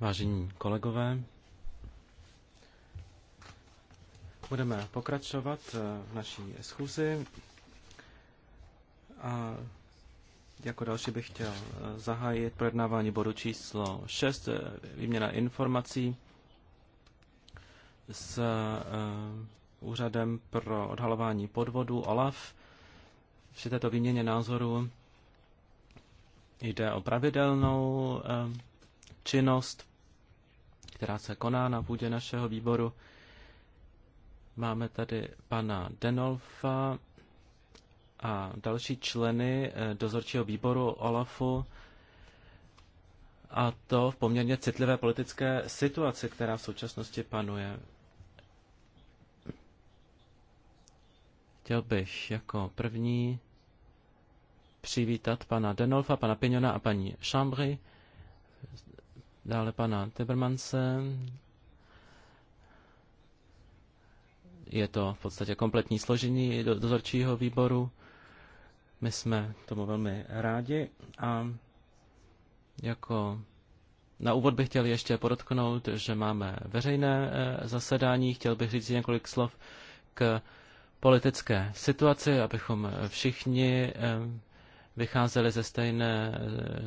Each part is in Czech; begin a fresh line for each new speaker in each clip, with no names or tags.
Vážení kolegové, budeme pokračovat eh, v naší schůzi a jako další bych chtěl eh, zahájit projednávání bodu číslo 6, eh, výměna informací s Úřadem pro odhalování podvodu OLAF. Při této výměně názorů Jde o pravidelnou eh, činnost, která se koná na půdě našeho výboru. Máme tady pana Denolfa a další členy eh, dozorčího výboru OLAFu a to v poměrně citlivé politické situaci, která v současnosti panuje. Chtěl bych jako první přivítat pana Denolfa, pana Pignona a paní Chambry, dále pana Tebermanse. Je to v podstatě kompletní složení do, dozorčího výboru. My jsme tomu velmi rádi a jako na úvod bych chtěl ještě podotknout, že máme veřejné eh, zasedání. Chtěl bych říct několik slov k politické situaci, abychom všichni eh, vycházeli ze, stejné,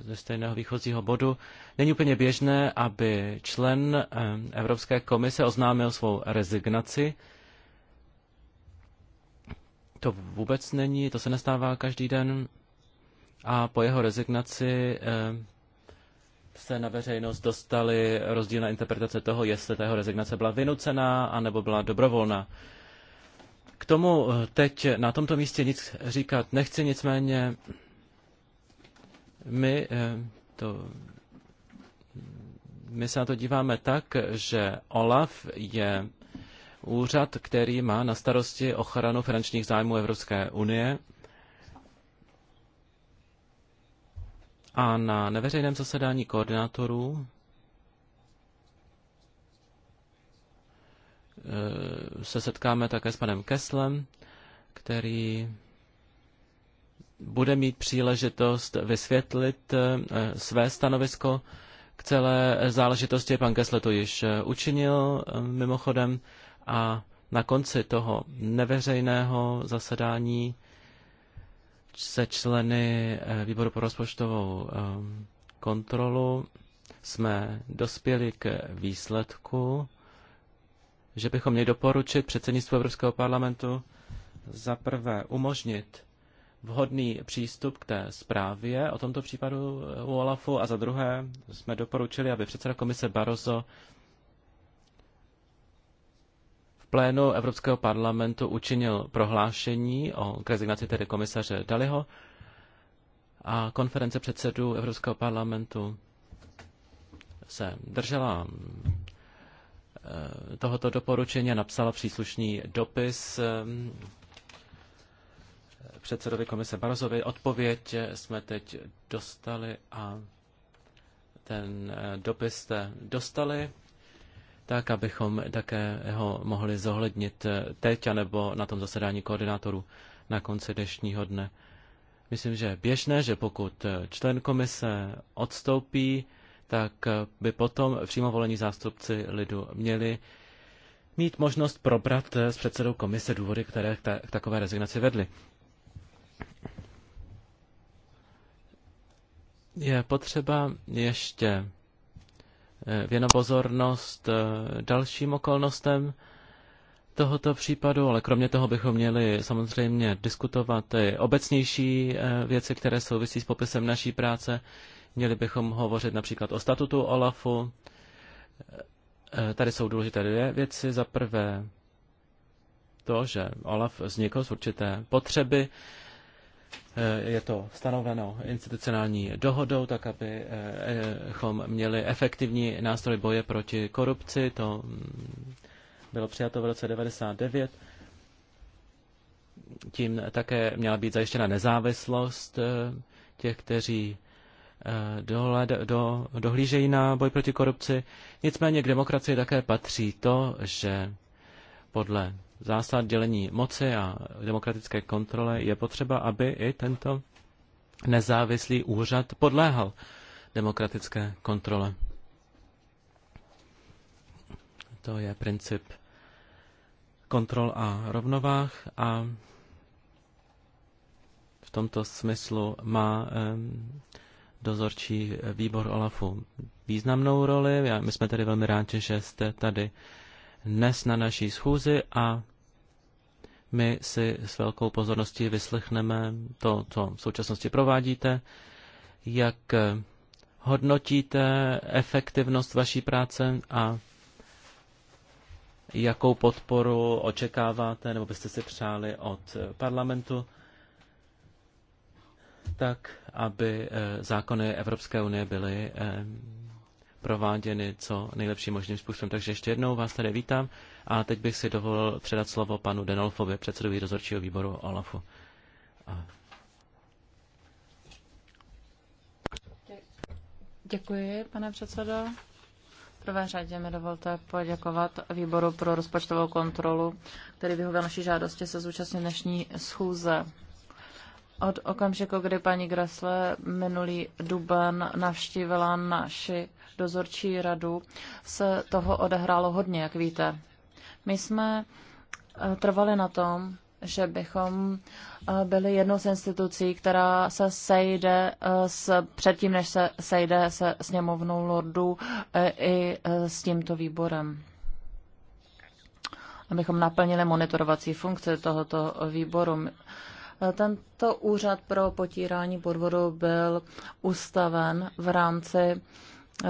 ze stejného výchozího bodu. Není úplně běžné, aby člen Evropské komise oznámil svou rezignaci. To vůbec není, to se nestává každý den. A po jeho rezignaci se na veřejnost dostaly rozdílné interpretace toho, jestli ta jeho rezignace byla vynucená anebo byla dobrovolná. K tomu eh, teď na tomto místě nic říkat nechci, nicméně my eh, to my se na to díváme tak, že OLAF je úřad, který má na starosti ochranu finančních zájmů Evropské unie. A na neveřejném zasedání koordinátorů eh, se setkáme také s panem Kesslem, který bude mít příležitost vysvětlit eh, své stanovisko k celé záležitosti. Pan Kessler to již eh, učinil eh, mimochodem a na konci toho neveřejného zasedání se členy výboru pro rozpočtovou kontrolu jsme dospěli k výsledku, že bychom měli doporučit předsednictvu Evropského parlamentu za prvé umožnit vhodný přístup k té zprávě o tomto případu u Olafu a za druhé jsme doporučili, aby předseda komise Barroso v plénu Evropského parlamentu učinil prohlášení o k rezignaci tedy komisaře Daliho a konference předsedů Evropského parlamentu se držela eh, tohoto doporučení a napsala příslušný dopis eh, předsedovi komise Barozovi. Odpověď jsme teď dostali a ten eh, dopis jste dostali, tak abychom také ho mohli zohlednit eh, teď anebo na tom zasedání koordinátorů na konci dnešního dne. Myslím, že je běžné, že pokud eh, člen komise odstoupí, tak by potom přímo volení zástupci lidu měli mít možnost probrat s předsedou komise důvody, které k takové rezignaci vedly je potřeba ještě eh, věnovat pozornost eh, dalším okolnostem tohoto případu, ale kromě toho bychom měli samozřejmě diskutovat i obecnější eh, věci, které souvisí s popisem naší práce. Měli bychom hovořit například o statutu OLAFu. Tady jsou důležité dvě věci. Za prvé to, že OLAF vznikl z určité potřeby Eh, je to stanoveno institucionální dohodou, tak abychom eh, eh, měli efektivní nástroj boje proti korupci. To mm, bylo přijato v roce 99. Tím také měla být zajištěna nezávislost těch, kteří dohled, do, dohlížejí na boj proti korupci. Nicméně k demokracii také patří to, že podle zásad dělení moci a demokratické kontrole, je potřeba, aby i tento nezávislý úřad podléhal demokratické kontrole. To je princip kontrol a rovnovách a v tomto smyslu má dozorčí výbor OLAFu významnou roli. My jsme tedy velmi rádi, že jste tady dnes na naší schůzi a my si s velkou pozorností vyslechneme to, co v současnosti provádíte, jak eh, hodnotíte efektivnost vaší práce a jakou podporu očekáváte nebo byste si přáli od eh, parlamentu, tak aby eh, zákony Evropské unie byly prováděny co nejlepším možným způsobem. Takže ještě jednou vás tady vítám. A teď bych si dovolil předat slovo panu Denolfovi, předsedovi dozorčího výboru OLAFu. A...
Děkuji, pane předsedo. V prvé řadě mi dovolte poděkovat výboru pro rozpočtovou kontrolu, který vyhověl naší žádosti se zúčastnit dnešní schůze. Od okamžiku, kdy paní Grasle minulý duben navštívila naši dozorčí radu, se toho odehrálo hodně, jak víte. My jsme eh, trvali na tom, že bychom eh, byli jednou z institucí, která se sejde eh, s, předtím, než se sejde se sněmovnou lordů i s tímto výborem. Abychom naplnili monitorovací funkci tohoto výboru. Tento úřad pro potírání podvodu byl ustaven v rámci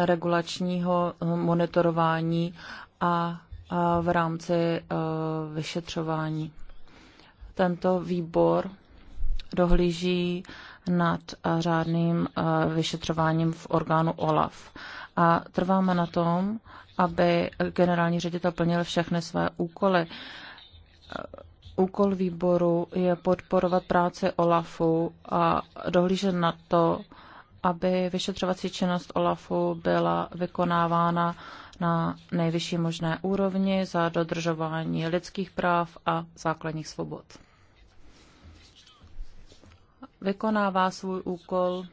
regulačního monitorování a v rámci e, vyšetřování. Tento výbor dohlíží nad e, řádným e, vyšetřováním v orgánu OLAF. A trváme na tom, aby generální ředitel plnil všechny své úkoly. Úkol výboru je podporovat práci OLAFu a dohlížet na to, aby vyšetřovací činnost OLAFu byla vykonávána na nejvyšší možné úrovni za dodržování lidských práv a základních svobod. Vykonává svůj úkol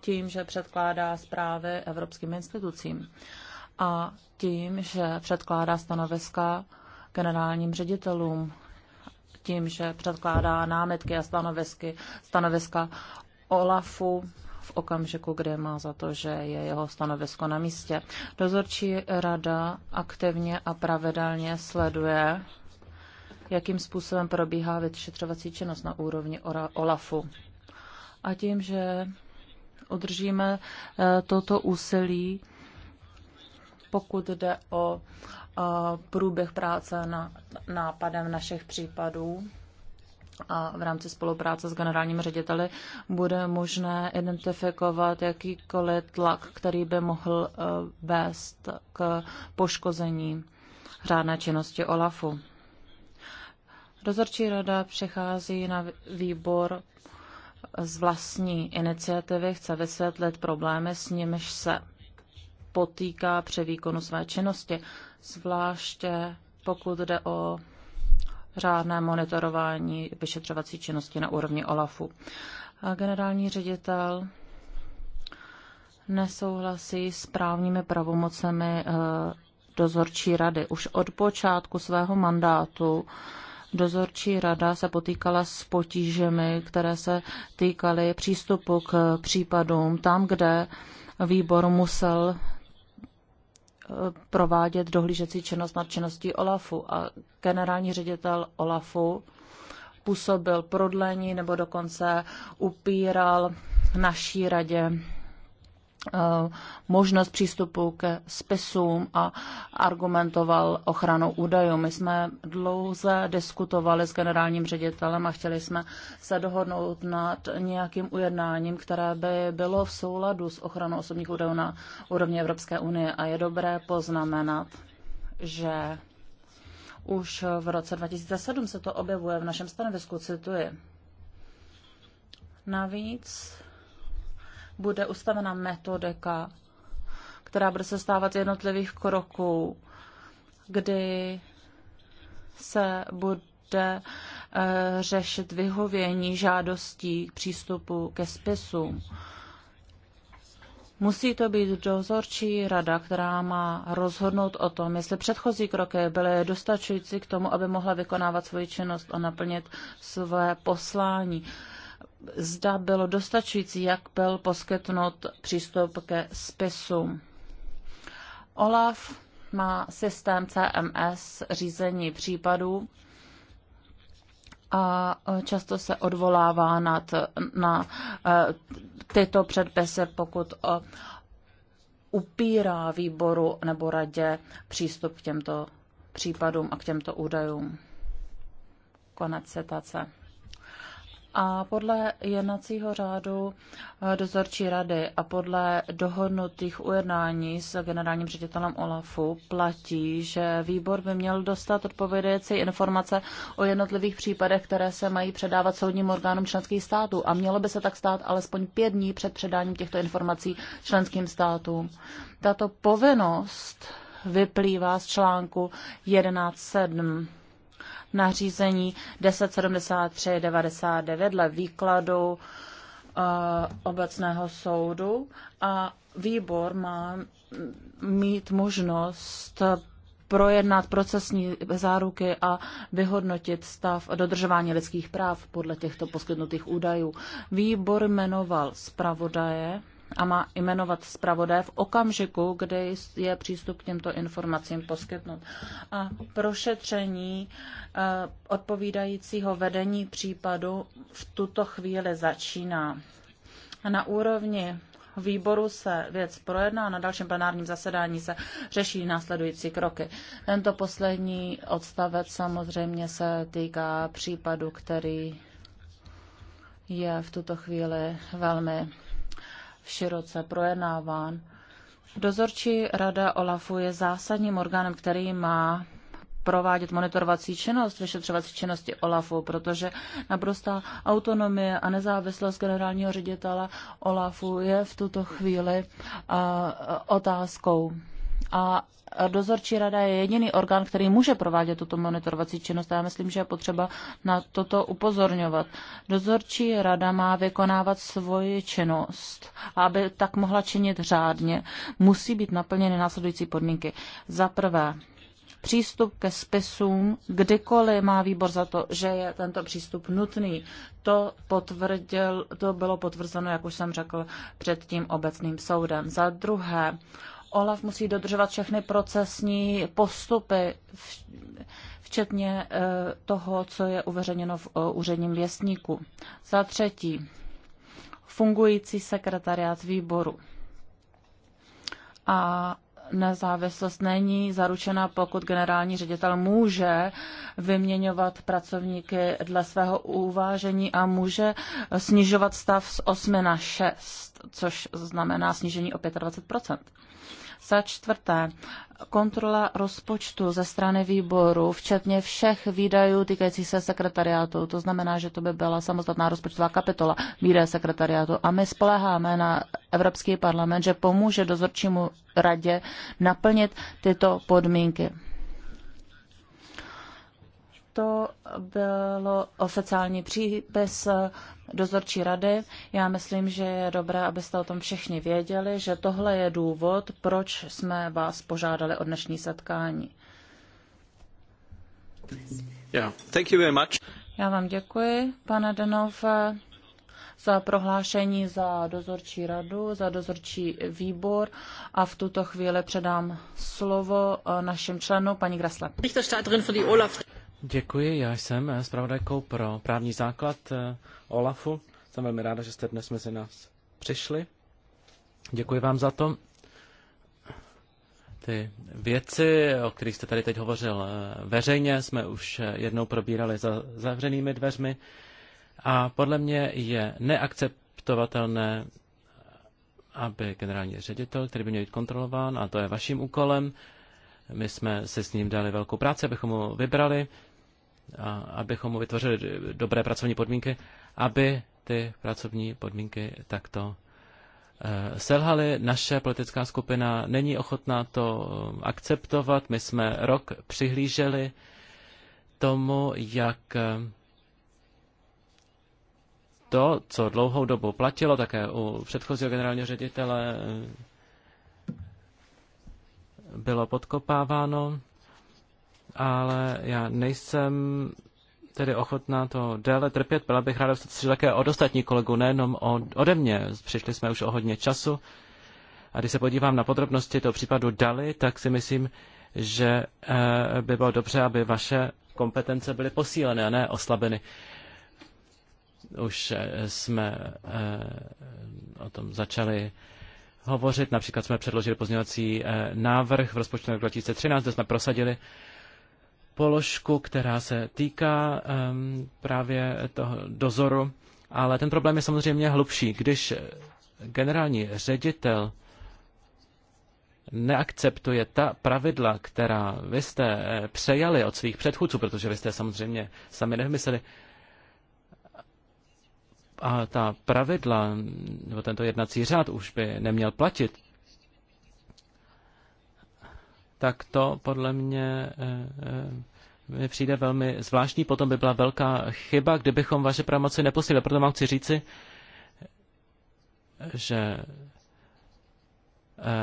tím, že předkládá zprávy evropským institucím a tím, že předkládá stanoviska generálním ředitelům, tím, že předkládá námitky a stanovisky, stanoviska OLAFu, v okamžiku, kdy má za to, že je jeho stanovisko na místě. Dozorčí rada aktivně a pravidelně sleduje, jakým způsobem probíhá vyšetřovací činnost na úrovni OLAFu. A tím, že udržíme eh, toto úsilí, pokud jde o eh, průběh práce na nápadem našich případů, a v rámci spolupráce s generálním řediteli bude možné identifikovat jakýkoliv tlak, který by mohl eh, vést k poškození řádné činnosti OLAFu. Dozorčí rada přechází na výbor z vlastní iniciativy, chce vysvětlit problémy, s nimiž se potýká při výkonu své činnosti, zvláště pokud jde o řádné monitorování vyšetřovací činnosti na úrovni OLAFu. A generální ředitel nesouhlasí s právními pravomocemi eh, dozorčí rady. Už od počátku svého mandátu dozorčí rada se potýkala s potížemi, které se týkaly přístupu k případům tam, kde výbor musel provádět dohlížecí činnost nad činností OLAFu a generální ředitel OLAFu působil prodlení nebo dokonce upíral naší radě Eh, možnost přístupu ke spisům a argumentoval ochranou údajů. My jsme dlouze diskutovali s generálním ředitelem a chtěli jsme se dohodnout nad nějakým ujednáním, které by bylo v souladu s ochranou osobních údajů na úrovni Evropské unie. A je dobré poznamenat, že už v roce 2007 se to objevuje v našem stanovisku, cituji. Navíc bude ustavena metodika, která bude se stávat jednotlivých kroků, kdy se bude eh, řešit vyhovění žádostí k přístupu ke spisům. Musí to být dozorčí rada, která má rozhodnout o tom, jestli předchozí kroky byly dostačující k tomu, aby mohla vykonávat svoji činnost a naplnit své poslání zda bylo dostačující, jak byl poskytnut přístup ke spisu. OLAF má systém CMS řízení případů a často se odvolává nad, na eh, tyto předpisy, pokud eh, upírá výboru nebo radě přístup k těmto případům a k těmto údajům. Konec citace a podle jednacího řádu eh, dozorčí rady a podle dohodnutých ujednání s generálním ředitelem OLAFu platí, že výbor by měl dostat odpovědějící informace o jednotlivých případech, které se mají předávat soudním orgánům členských států a mělo by se tak stát alespoň pět dní před předáním těchto informací členským státům. Tato povinnost vyplývá z článku 11.7 nařízení 1073-99 dle výkladu eh, obecného soudu a výbor má mít možnost projednat procesní záruky a vyhodnotit stav dodržování lidských práv podle těchto poskytnutých údajů. Výbor jmenoval zpravodaje a má jmenovat zpravodaj v okamžiku, kdy je přístup k těmto informacím poskytnut. A prošetření eh, odpovídajícího vedení případu v tuto chvíli začíná. Na úrovni výboru se věc projedná a na dalším plenárním zasedání se řeší následující kroky. Tento poslední odstavec samozřejmě se týká případu, který je v tuto chvíli velmi široce projednáván. Dozorčí rada OLAFu je zásadním orgánem, který má provádět monitorovací činnost, vyšetřovací činnosti OLAFu, protože naprostá autonomie a nezávislost generálního ředitele OLAFu je v tuto chvíli uh, otázkou a dozorčí rada je jediný orgán, který může provádět tuto monitorovací činnost a já myslím, že je potřeba na toto upozorňovat. Dozorčí rada má vykonávat svoji činnost a aby tak mohla činit řádně, musí být naplněny následující podmínky. Za prvé, přístup ke spisům, kdykoliv má výbor za to, že je tento přístup nutný. To, potvrdil, to bylo potvrzeno, jak už jsem řekl, před tím obecným soudem. Za druhé, Olaf musí dodržovat všechny procesní postupy, včetně eh, toho, co je uveřejněno v eh, úředním věstníku. Za třetí, fungující sekretariát výboru. A nezávislost není zaručena, pokud generální ředitel může vyměňovat pracovníky dle svého uvážení a může snižovat stav z 8 na 6, což znamená snížení o 25 za čtvrté, kontrola rozpočtu ze strany výboru, včetně všech výdajů týkajících se sekretariátu. To znamená, že to by byla samostatná rozpočtová kapitola výdaje sekretariátu. A my spoleháme na Evropský parlament, že pomůže dozorčímu radě naplnit tyto podmínky to bylo oficiální přípis dozorčí rady. Já myslím, že je dobré, abyste o tom všichni věděli, že tohle je důvod, proč jsme vás požádali o dnešní setkání.
Yeah. Thank you very much.
Já vám děkuji, pane Denov, za prohlášení za dozorčí radu, za dozorčí výbor a v tuto chvíli předám slovo našim členům, paní Grasle.
Děkuji, já jsem eh, zpravodajkou pro právní základ eh, Olafu. Jsem velmi ráda, že jste dnes mezi nás přišli. Děkuji vám za to. Ty věci, o kterých jste tady teď hovořil eh, veřejně, jsme už jednou probírali za zavřenými dveřmi a podle mě je neakceptovatelné, aby generální ředitel, který by měl být kontrolován, a to je vaším úkolem, my jsme si s ním dali velkou práci, abychom ho vybrali, a abychom mu vytvořili dobré pracovní podmínky, aby ty pracovní podmínky takto eh, selhaly. Naše politická skupina není ochotná to akceptovat. My jsme rok přihlíželi tomu, jak eh, to, co dlouhou dobu platilo, také u předchozího generálního ředitele eh, bylo podkopáváno ale já nejsem tedy ochotná to déle trpět. Byla bych ráda si také od ostatní kolegu, nejenom od, ode mě. Přišli jsme už o hodně času. A když se podívám na podrobnosti toho případu Dali, tak si myslím, že eh, by bylo dobře, aby vaše kompetence byly posíleny a ne oslabeny. Už eh, jsme eh, o tom začali hovořit. Například jsme předložili pozměňovací návrh v rozpočtu 2013, kde jsme prosadili, položku, která se týká um, právě toho dozoru, ale ten problém je samozřejmě hlubší. Když generální ředitel neakceptuje ta pravidla, která vy jste eh, přejali od svých předchůdců, protože vy jste samozřejmě sami nevymysleli, a ta pravidla, nebo tento jednací řád už by neměl platit, tak to podle mě eh, eh, mi přijde velmi zvláštní. Potom by byla velká chyba, kdybychom vaše pravomoci neposílili. Proto mám chci říci, že eh,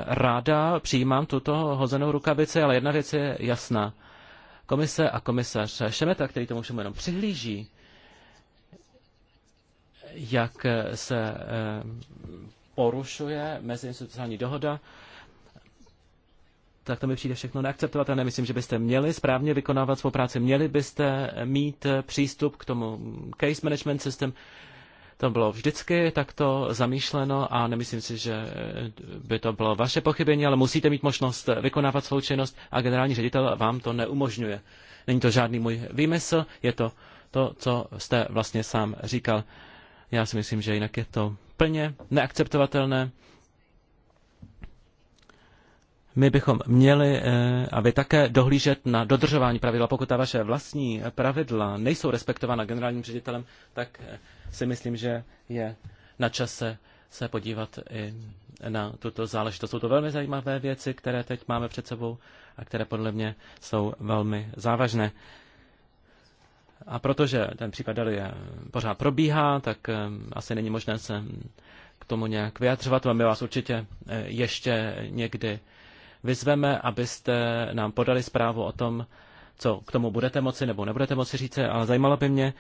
ráda přijímám tuto hozenou rukavici, ale jedna věc je jasná. Komise a komisař Šemeta, který tomu všemu jenom přihlíží, jak se porušuje meziinstitucionální dohoda, tak to mi přijde všechno neakceptovatelné. Myslím, že byste měli správně vykonávat svou práci, měli byste mít eh, přístup k tomu case management systém. To bylo vždycky takto zamýšleno a nemyslím si, že eh, by to bylo vaše pochybení, ale musíte mít možnost vykonávat svou činnost a generální ředitel vám to neumožňuje. Není to žádný můj výmysl, je to to, co jste vlastně sám říkal. Já si myslím, že jinak je to plně neakceptovatelné my bychom měli, eh, a vy také, dohlížet na dodržování pravidla. Pokud ta vaše vlastní pravidla nejsou respektována generálním ředitelem, tak eh, si myslím, že je na čase se podívat i na tuto záležitost. Jsou to velmi zajímavé věci, které teď máme před sebou a které podle mě jsou velmi závažné. A protože ten případ Dali eh, pořád probíhá, tak asi není možné se k tomu nějak vyjadřovat. My vás určitě ještě někdy vyzveme, abyste nám podali zprávu o tom, co k tomu budete moci nebo nebudete moci říct, ale zajímalo by mě,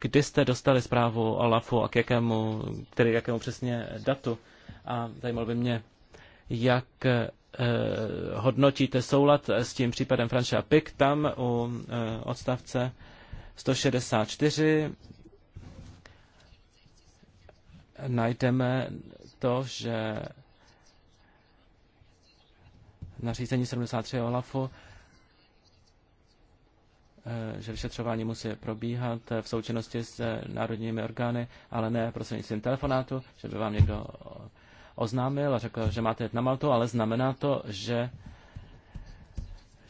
kdy jste dostali zprávu o LAFu a k jakému, který, jakému přesně datu. A zajímalo by mě, jak eh, hodnotíte soulad s tím případem Franša Pik tam u eh, odstavce 164 najdeme to, že nařízení 73 OLAFu eh, že vyšetřování musí probíhat v součinnosti s eh, národními orgány, ale ne prostřednictvím telefonátu, že by vám někdo oznámil a řekl, že máte jet na Maltu, ale znamená to, že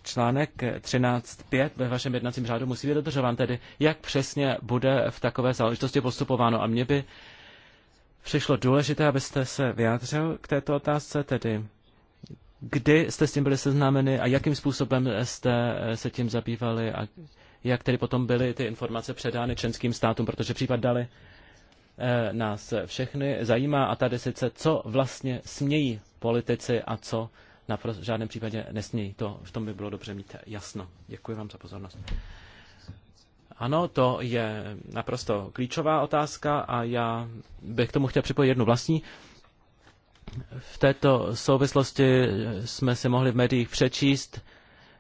článek 13.5 ve vašem jednacím řádu musí být dodržován. Tedy jak přesně bude v takové záležitosti postupováno. A mě by přišlo důležité, abyste se vyjádřil k této otázce, tedy kdy jste s tím byli seznámeni a jakým způsobem jste eh, se tím zabývali a jak tedy potom byly ty informace předány členským státům, protože případ dali eh, nás všechny zajímá a tady sice, co vlastně smějí politici a co na žádném případě nesmějí. To, v tom by bylo dobře mít jasno. Děkuji vám za pozornost. Ano, to je naprosto klíčová otázka a já bych k tomu chtěl připojit jednu vlastní. V této souvislosti jsme si mohli v médiích přečíst,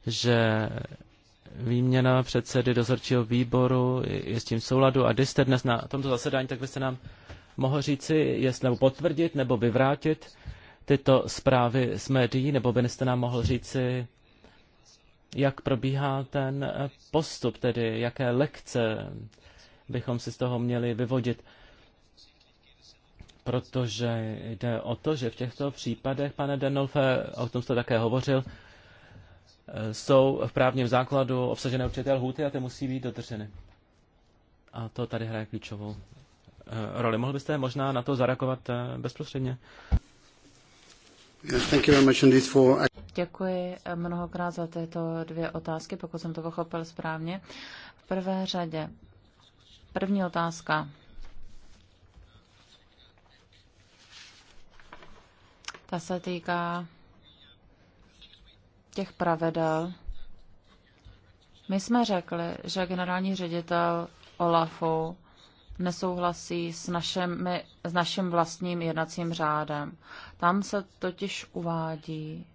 že výměna předsedy dozorčího výboru je s tím souladu a když jste dnes na tomto zasedání, tak byste nám mohl říci, jestli nebo potvrdit nebo vyvrátit tyto zprávy z médií, nebo byste nám mohl říci, jak probíhá ten eh, postup, tedy jaké lekce bychom si z toho měli vyvodit. Protože jde o to, že v těchto případech, pane Denolfe, o tom jste také hovořil, eh, jsou v právním základu obsažené určité lhůty a ty musí být dodrženy. A to tady hraje klíčovou eh, roli. Mohl byste možná na to zareagovat bezprostředně?
Děkuji mnohokrát za tyto dvě otázky, pokud jsem to pochopil správně. V prvé řadě, první otázka. Ta se týká těch pravidel. My jsme řekli, že generální ředitel OLAFu nesouhlasí s, našemi, s naším vlastním jednacím řádem. Tam se totiž uvádí,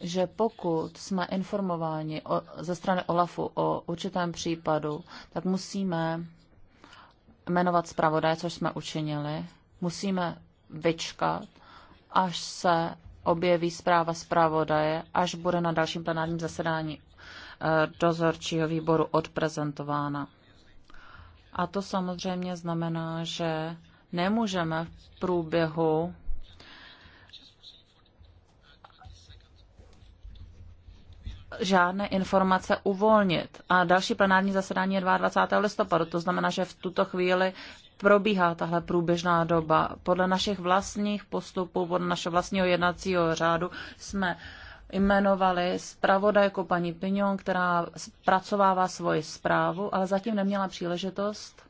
že pokud jsme informováni o, ze strany OLAFu o určitém případu, tak musíme jmenovat zpravodaje, což jsme učinili. Musíme vyčkat, až se objeví zpráva zpravodaje, až bude na dalším plenárním zasedání eh, dozorčího výboru odprezentována. A to samozřejmě znamená, že nemůžeme v průběhu žádné informace uvolnit. A další plenární zasedání je 22. listopadu, to znamená, že v tuto chvíli probíhá tahle průběžná doba. Podle našich vlastních postupů, podle našeho vlastního jednacího řádu jsme uh, jmenovali zpravodajku paní Pignon, která zpracovává svoji zprávu, ale zatím neměla příležitost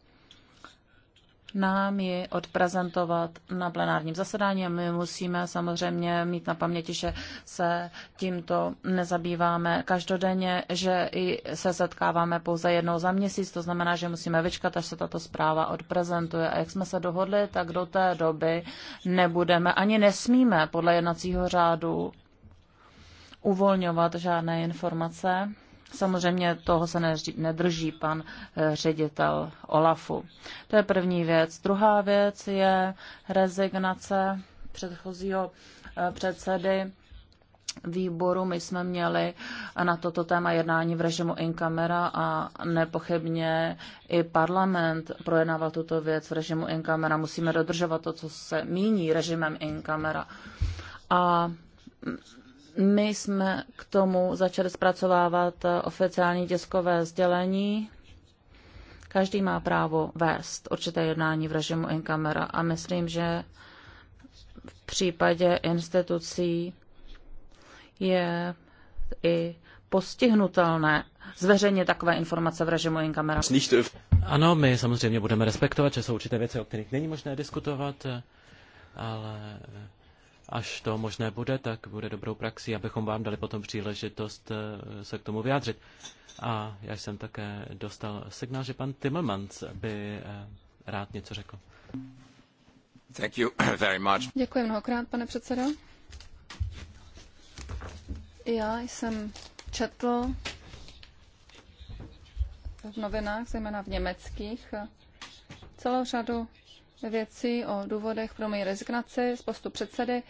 nám ji odprezentovat na plenárním zasedání. My musíme samozřejmě mít na paměti, že se tímto nezabýváme každodenně, že i se setkáváme pouze jednou za měsíc, to znamená, že musíme vyčkat, až se tato zpráva odprezentuje. A jak jsme se dohodli, tak do té doby nebudeme, ani nesmíme podle jednacího řádu uvolňovat žádné informace. Samozřejmě toho se nedrží pan eh, ředitel Olafu. To je první věc. Druhá věc je rezignace předchozího eh, předsedy výboru. My jsme měli na toto téma jednání v režimu in camera a nepochybně i parlament projednával tuto věc v režimu in camera. Musíme dodržovat to, co se míní režimem in camera. A my jsme k tomu začali zpracovávat eh, oficiální tiskové sdělení. Každý má právo vést určité jednání v režimu in camera a myslím, že v případě institucí je i postihnutelné zveřejně takové informace v režimu in camera.
Ano, my samozřejmě budeme respektovat, že jsou určité věci, o kterých není možné diskutovat, eh, ale eh, až to možné bude, tak bude dobrou praxí, abychom vám dali potom příležitost eh, se k tomu vyjádřit. A já jsem také dostal signál, že pan Timmermans by eh, rád něco řekl. Thank you very much.
Děkuji mnohokrát, pane předsedo. Já jsem četl v novinách, zejména v německých, celou řadu Věci o důvodech pro moji rezignaci z postu předsedy.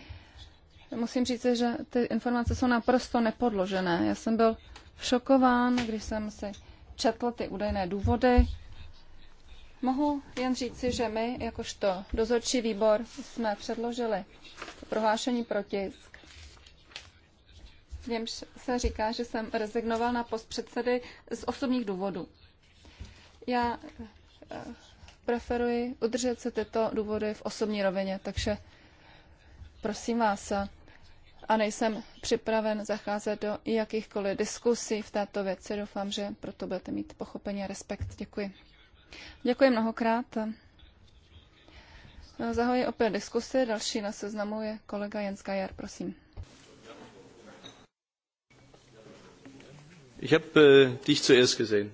Musím říct, že ty informace jsou naprosto nepodložené. Já jsem byl šokován, když jsem si četl ty údajné důvody. Mohu jen říci, že my, jakožto dozorčí výbor, jsme předložili prohlášení proti tisk, v němž se říká, že jsem rezignoval na post předsedy z osobních důvodů. Já eh, preferuji udržet se tyto důvody v osobní rovině, takže prosím vás, a nejsem připraven zacházet do jakýchkoliv diskusí v této věci. Doufám, že proto budete mít pochopení a respekt. Děkuji. Děkuji mnohokrát. Zahoji opět diskusy. Další na seznamu je kolega Jens Gajar. Prosím. Ich habe äh, dich zuerst gesehen.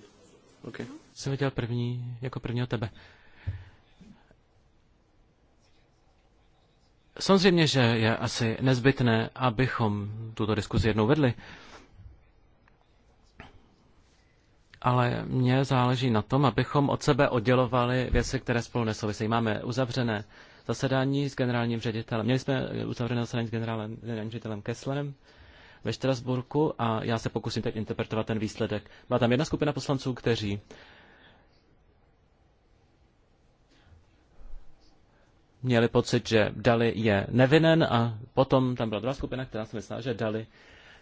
Okay. Jsem viděl první, jako první o tebe. Samozřejmě, že je asi nezbytné, abychom tuto diskuzi jednou vedli. Ale mně záleží na tom, abychom od sebe oddělovali věci, které spolu nesouvisejí. Máme uzavřené zasedání s generálním ředitelem. Měli jsme uzavřené zasedání s generálem, generálním ředitelem Kesslerem ve Štrasburku a já se pokusím teď interpretovat ten výsledek. Byla tam jedna skupina poslanců, kteří měli pocit, že Dali je nevinen a potom tam byla druhá skupina, která si myslela, že Dali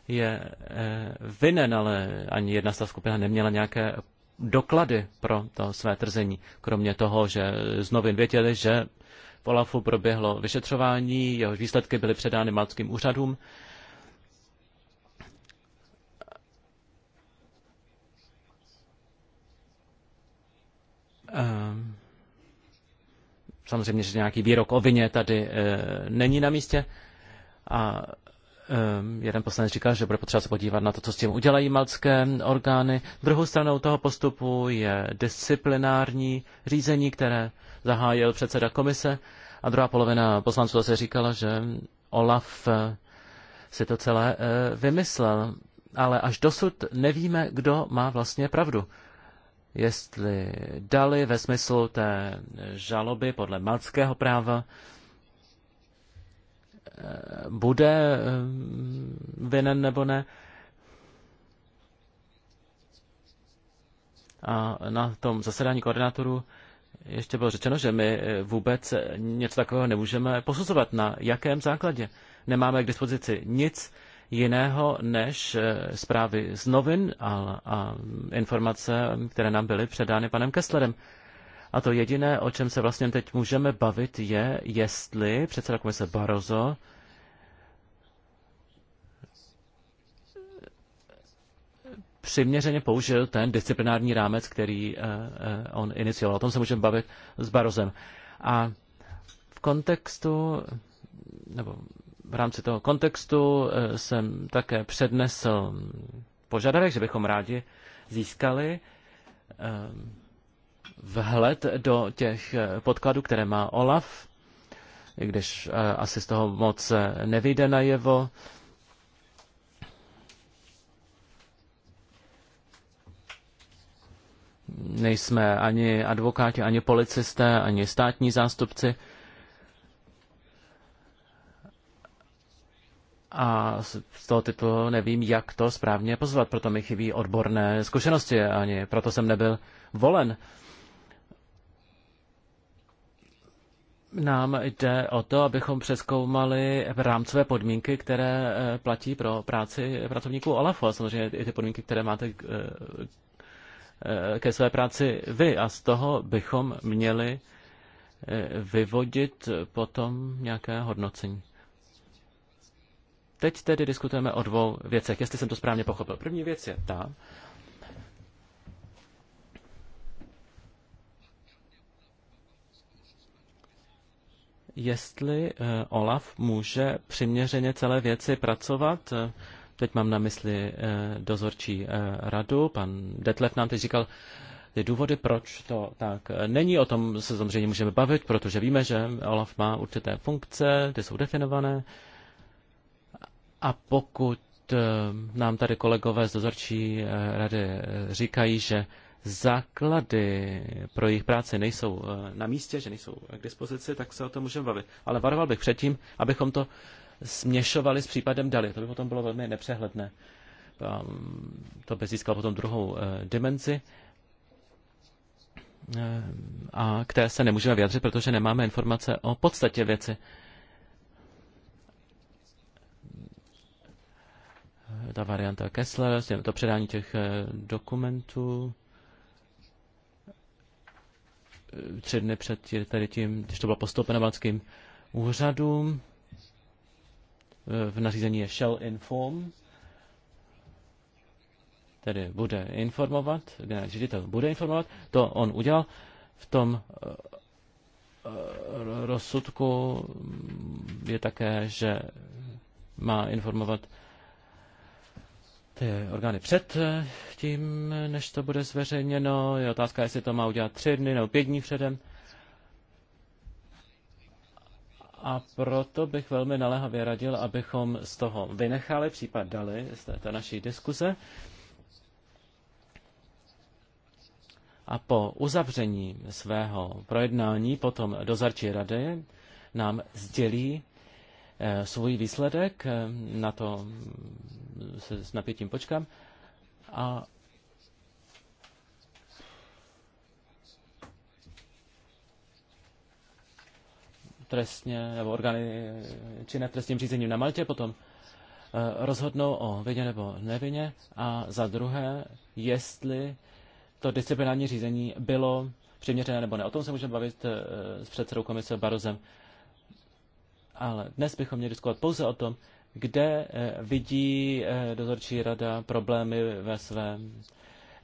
je e, vinen, ale ani jedna z ta skupina neměla nějaké doklady pro to své trzení. Kromě toho, že z novin věděli, že v Olafu proběhlo vyšetřování, jeho výsledky byly předány malckým úřadům. Um, Samozřejmě, že nějaký výrok o vině tady eh, není na místě. A eh, jeden poslanec říkal, že bude potřeba se podívat na to, co s tím udělají malcké orgány. Druhou stranou toho postupu je disciplinární řízení, které zahájil předseda komise. A druhá polovina poslanců se říkala, že Olaf eh, si to celé vymyslel. Ale až dosud nevíme, kdo má vlastně pravdu jestli dali ve smyslu té žaloby podle malckého práva, eh, bude eh, vinen nebo ne. A na tom zasedání koordinátorů ještě bylo řečeno, že my eh, vůbec něco takového nemůžeme posuzovat. Na jakém základě? Nemáme k dispozici nic, jiného než eh, zprávy z novin a, a informace, které nám byly předány panem Kesslerem. A to jediné, o čem se vlastně teď můžeme bavit, je, jestli předseda komise Barozo přiměřeně použil ten disciplinární rámec, který eh, eh, on inicioval. O tom se můžeme bavit s Barozem. A v kontextu nebo v rámci toho kontextu eh, jsem také přednesl požadavek, že bychom rádi získali eh, vhled do těch eh, podkladů, které má Olaf, i když asi z toho moc nevyjde najevo. Nejsme ani advokáti, ani policisté, ani státní zástupci. a z toho titulu nevím, jak to správně pozvat, proto mi chybí odborné zkušenosti ani, proto jsem nebyl volen. Nám jde o to, abychom přeskoumali rámcové podmínky, které eh, platí pro práci pracovníků OLAFu a samozřejmě i ty podmínky, které máte eh, eh, ke své práci vy a z toho bychom měli vyvodit potom nějaké hodnocení. Teď tedy diskutujeme o dvou věcech, jestli jsem to správně pochopil. První věc je ta, jestli eh, Olaf může přiměřeně celé věci pracovat. Eh, teď mám na mysli eh, dozorčí radu. Pan Detlef nám teď říkal ty důvody, proč to tak není. O tom se samozřejmě můžeme bavit, protože víme, že Olaf má určité funkce, ty jsou definované. A pokud eh, nám tady kolegové z dozorčí eh, rady eh, říkají, že základy pro jejich práci nejsou na místě, že nejsou k dispozici, tak se o tom můžeme bavit. Ale varoval bych předtím, abychom to směšovali s případem Dali. To by potom bylo velmi nepřehledné. To by získalo potom druhou dimenzi. A k té se nemůžeme vyjadřit, protože nemáme informace o podstatě věci. ta varianta Kessler, vlastně to předání těch eh, dokumentů eh, tři dny před tady tím, když to bylo postoupeno valským úřadům, eh, v nařízení je Shell Inform, tedy bude informovat, generální ředitel bude informovat, to on udělal v tom rozsudku je také, že má informovat ty orgány před eh, tím, než to bude zveřejněno. Je otázka, jestli to má udělat tři dny nebo pět dní předem. A proto bych velmi naléhavě radil, abychom z toho vynechali, případ dali z této naší diskuze. A po uzavření svého projednání potom dozorčí rady nám sdělí eh, svůj výsledek. Eh, na to se s napětím počkám. A trestně, nebo orgány činné ne trestním řízení na Maltě potom eh, rozhodnou o vině nebo nevině a za druhé, jestli to disciplinární řízení bylo přiměřené nebo ne. O tom se můžeme bavit eh, s předsedou komise Barozem. Ale dnes bychom měli diskutovat pouze o tom, kde eh, vidí eh, dozorčí rada problémy ve svém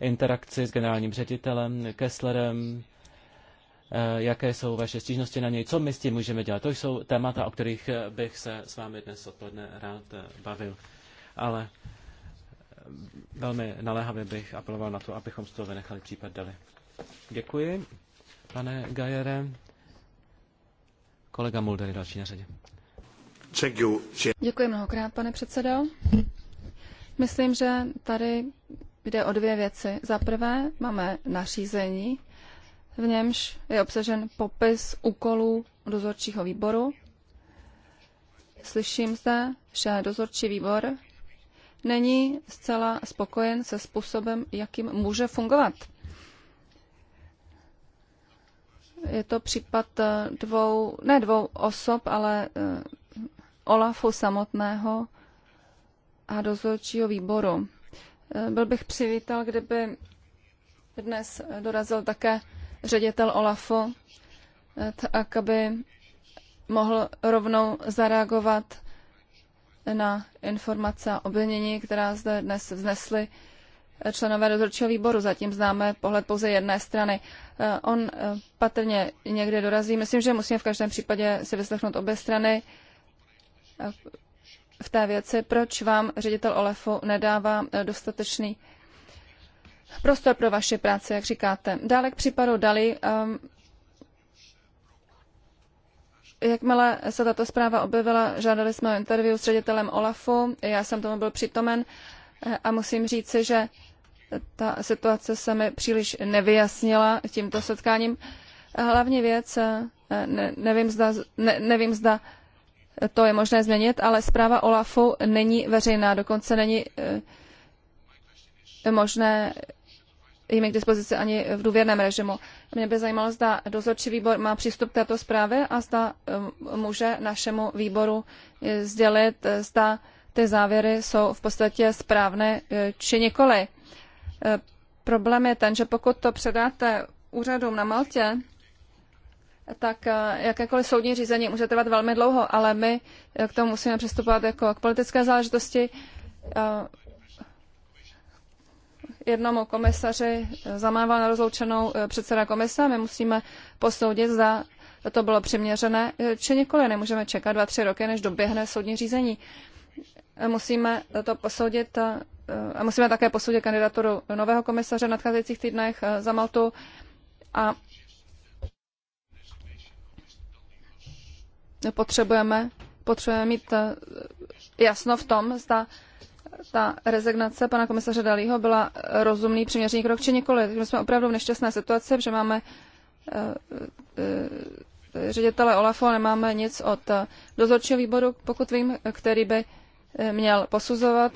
interakci s generálním ředitelem Kesslerem, eh, jaké jsou vaše stížnosti na něj, co my s tím můžeme dělat. To jsou témata, o kterých bych se s vámi dnes odpoledne rád bavil. Ale velmi naléhavě bych apeloval na to, abychom z toho vynechali případ dali. Děkuji, pane Gajere. Kolega Mulder je další na řadě.
Děkuji mnohokrát, pane předsedo. Myslím, že tady jde o dvě věci. Za prvé máme nařízení, v němž je obsažen popis úkolů dozorčího výboru. Slyším zde, že dozorčí výbor není zcela spokojen se způsobem, jakým může fungovat. Je to případ eh, dvou, ne dvou osob, ale eh, OLAFu samotného a dozorčího výboru. Eh, byl bych přivítal, kdyby dnes dorazil také ředitel OLAFu, eh, tak aby mohl rovnou zareagovat na informace a obvinění, která zde dnes vznesly eh, členové dozorčího výboru. Zatím známe pohled pouze jedné strany. On patrně někde dorazí. Myslím, že musíme v každém případě si vyslechnout obě strany v té věci, proč vám ředitel OLEFu nedává eh, dostatečný prostor pro vaši práci, jak říkáte. Dále k případu Dali. Um, jakmile se tato zpráva objevila, žádali jsme o interview s ředitelem OLAFu, já jsem tomu byl přítomen eh, a musím říci, že ta situace se mi příliš nevyjasnila tímto setkáním. Hlavní věc, eh, ne, nevím zda, ne, nevím zda to je možné změnit, ale zpráva OLAFu není veřejná, dokonce není eh, možné jim k dispozici ani v důvěrném režimu. Mě by zajímalo, zda dozorčí výbor má přístup k této zprávě a zda eh, může našemu výboru eh, sdělit, zda ty závěry jsou v podstatě správné či nikoli. Problém je ten, že pokud to předáte úřadům na Maltě, tak eh, jakékoliv soudní řízení může trvat velmi dlouho, ale my eh, k tomu musíme přistupovat jako k politické záležitosti. Eh, jednomu komisaři zamával na rozloučenou předseda komise, my musíme posoudit, zda to bylo přiměřené, či nikoli. Nemůžeme čekat dva, tři roky, než doběhne soudní řízení. Musíme to posoudit a musíme také posoudit kandidaturu nového komisaře v nadcházejících týdnech za Maltu a potřebujeme, potřebujeme mít eh, jasno v tom, zda ta rezignace pana komisaře Dalího byla rozumný přiměřený krok či nikoli. Takže jsme opravdu v nešťastné situaci, že máme eh, eh, ředitele Olafu a nemáme nic od dozorčího výboru, pokud vím, který by měl posuzovat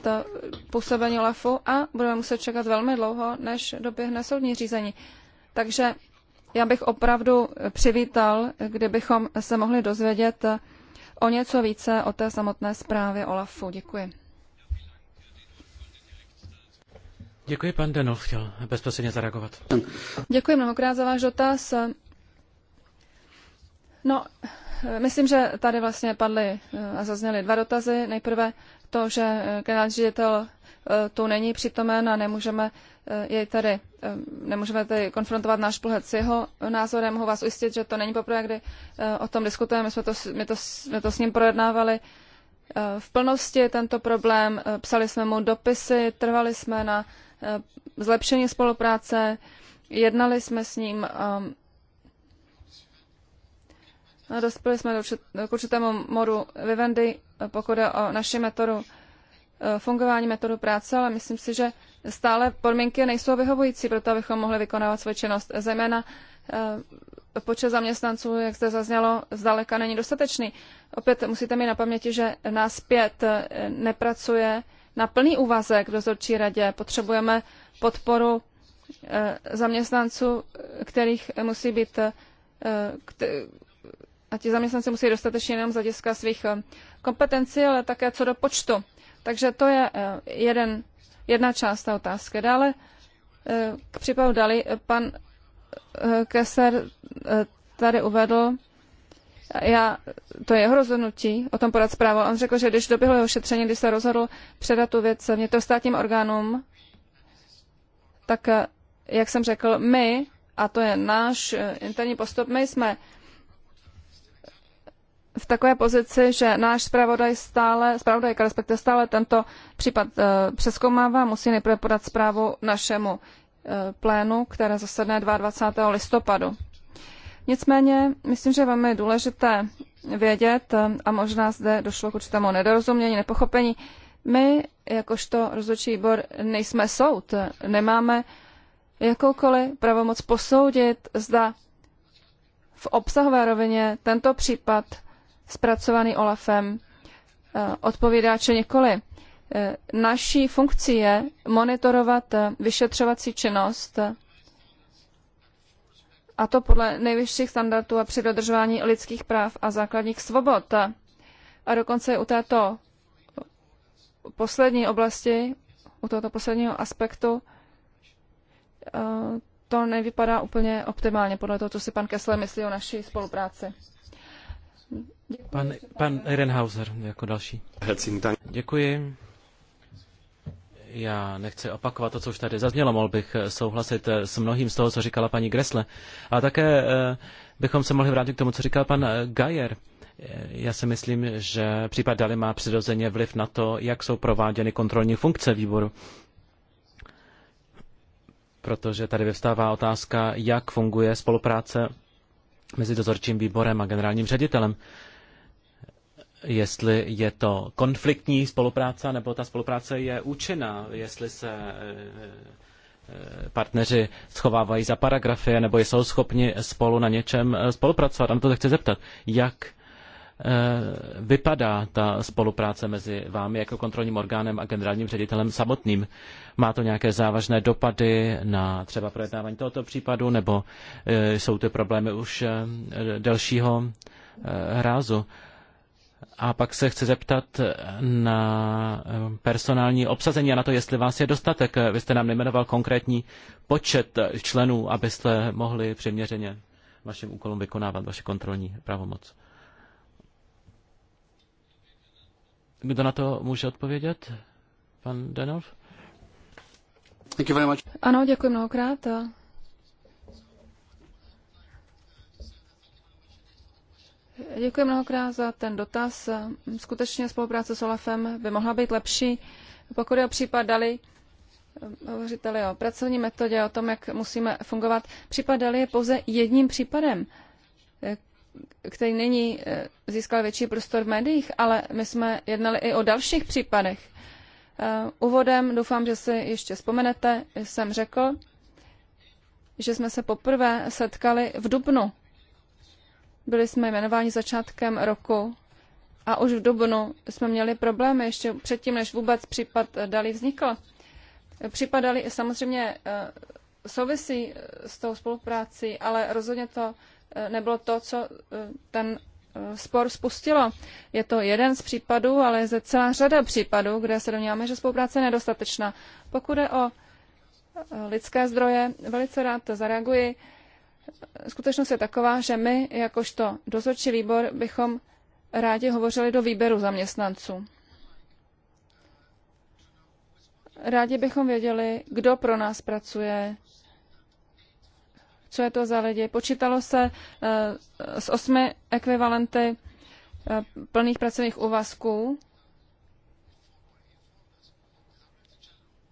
působení Olafu a budeme muset čekat velmi dlouho, než doběhne soudní řízení. Takže já bych opravdu přivítal, kdybychom se mohli dozvědět o něco více o té samotné zprávě OLAFu. Děkuji.
Děkuji, pan Denov chtěl bezprostředně zareagovat.
Děkuji mnohokrát za váš dotaz. No, myslím, že tady vlastně padly a zazněly dva dotazy. Nejprve to, že generální ředitel Eh, tu není přítomen a nemůžeme eh, jej tady, eh, nemůžeme tady konfrontovat náš pohled s jeho názorem. Mohu vás ujistit, že to není poprvé, kdy o tom diskutujeme. My jsme to, my to, my to s ním projednávali v plnosti tento problém. Psali jsme mu dopisy, trvali jsme na zlepšení spolupráce, jednali jsme s ním a dospěli jsme do k určitému moru vivendi, pokud je o naši metodu Eh, fungování metodu práce, ale myslím si, že stále podmínky nejsou vyhovující pro to, abychom mohli vykonávat svou činnost. Zejména eh, počet zaměstnanců, jak zde zaznělo, zdaleka není dostatečný. Opět musíte mít na paměti, že nás pět eh, nepracuje na plný úvazek v dozorčí radě. Potřebujeme podporu zaměstnanců, kterých musí být a ti zaměstnanci musí dostatečně nejenom z hlediska svých kompetencí, ale také co do počtu. Takže to je eh, jeden, jedna část té otázky. Dále eh, k případu Dali eh, pan Kesser tady uvedl, já, to je jeho rozhodnutí o tom podat zprávu. On řekl, že když doběhlo jeho šetření, když se rozhodl předat tu věc vnitrostátním orgánům, tak, jak jsem řekl, my, a to je náš interní postup, my jsme v takové pozici, že náš zpravodaj stále, zpravodajka respektive stále tento případ e, přeskoumává, musí nejprve podat zprávu našemu e, plénu, které zasedne 22. listopadu. Nicméně, myslím, že je velmi důležité vědět, eh, a možná zde došlo k určitému nedorozumění, nepochopení, my, jakožto rozhodčí výbor, nejsme soud, nemáme jakoukoliv pravomoc posoudit, zda v obsahové rovině tento případ zpracovaný OLAFem, eh, odpovídá či nikoli. Eh, naší funkcí je monitorovat eh, vyšetřovací činnost a to podle nejvyšších standardů a při dodržování lidských práv a základních svobod. A dokonce u této poslední oblasti, u tohoto posledního aspektu, to nevypadá úplně optimálně podle toho, co si pan Kessler myslí o naší spolupráci.
Děkuji. Pan, pan jako další. Děkuji. Já nechci opakovat to, co už tady zaznělo, mohl bych eh, souhlasit eh, s mnohým z toho, co říkala paní Gresle. A také eh, bychom se mohli vrátit k tomu, co říkal pan Gajer. Já si myslím, že případ Dali má přirozeně vliv na to, jak jsou prováděny kontrolní funkce výboru. Protože tady vyvstává otázka, jak funguje spolupráce mezi dozorčím výborem a generálním ředitelem. Jestli je to konfliktní spolupráce, nebo ta spolupráce je účinná, jestli se eh, eh, partneři schovávají za paragrafy, nebo jsou schopni spolu na něčem eh, spolupracovat. A na to se chci zeptat, jak Eh, vypadá ta spolupráce mezi vámi jako kontrolním orgánem a generálním ředitelem samotným? Má to nějaké závažné dopady na třeba projednávání tohoto případu, nebo eh, jsou ty problémy už eh, delšího hrázu? A pak se chci zeptat na personální obsazení a na to, jestli vás je dostatek. Vy jste nám nejmenoval konkrétní počet členů, abyste mohli přiměřeně vašim úkolům vykonávat vaše kontrolní pravomoc. Kdo na to může odpovědět? Pan Denov?
Ano, děkuji mnohokrát. Děkuji mnohokrát za ten dotaz. Skutečně spolupráce s OLAFem by mohla být lepší. Pokud je o případ Dali, hovořiteli o pracovní metodě, o tom, jak musíme fungovat, případ Dali je pouze jedním případem, který není eh, získal větší prostor v médiích, ale my jsme jednali i o dalších případech. Eh, úvodem doufám, že si ještě vzpomenete, jsem řekl, že jsme se poprvé setkali v Dubnu. Byli jsme jmenováni začátkem roku a už v Dubnu jsme měli problémy ještě předtím, než vůbec případ Dali vznikl. Případ Dali samozřejmě eh, souvisí s tou spoluprácí, ale rozhodně to Eh, nebylo to, co eh, ten eh, spor spustilo. Je to jeden z případů, ale je zde celá řada případů, kde se domníváme, že spolupráce je nedostatečná. Pokud je o lidské zdroje, velice rád to zareaguji. Skutečnost je taková, že my, jakožto dozorčí výbor, bychom rádi hovořili do výběru zaměstnanců. Rádi bychom věděli, kdo pro nás pracuje, co je to za lidi. Počítalo se eh, s osmi ekvivalenty eh, plných pracovních úvazků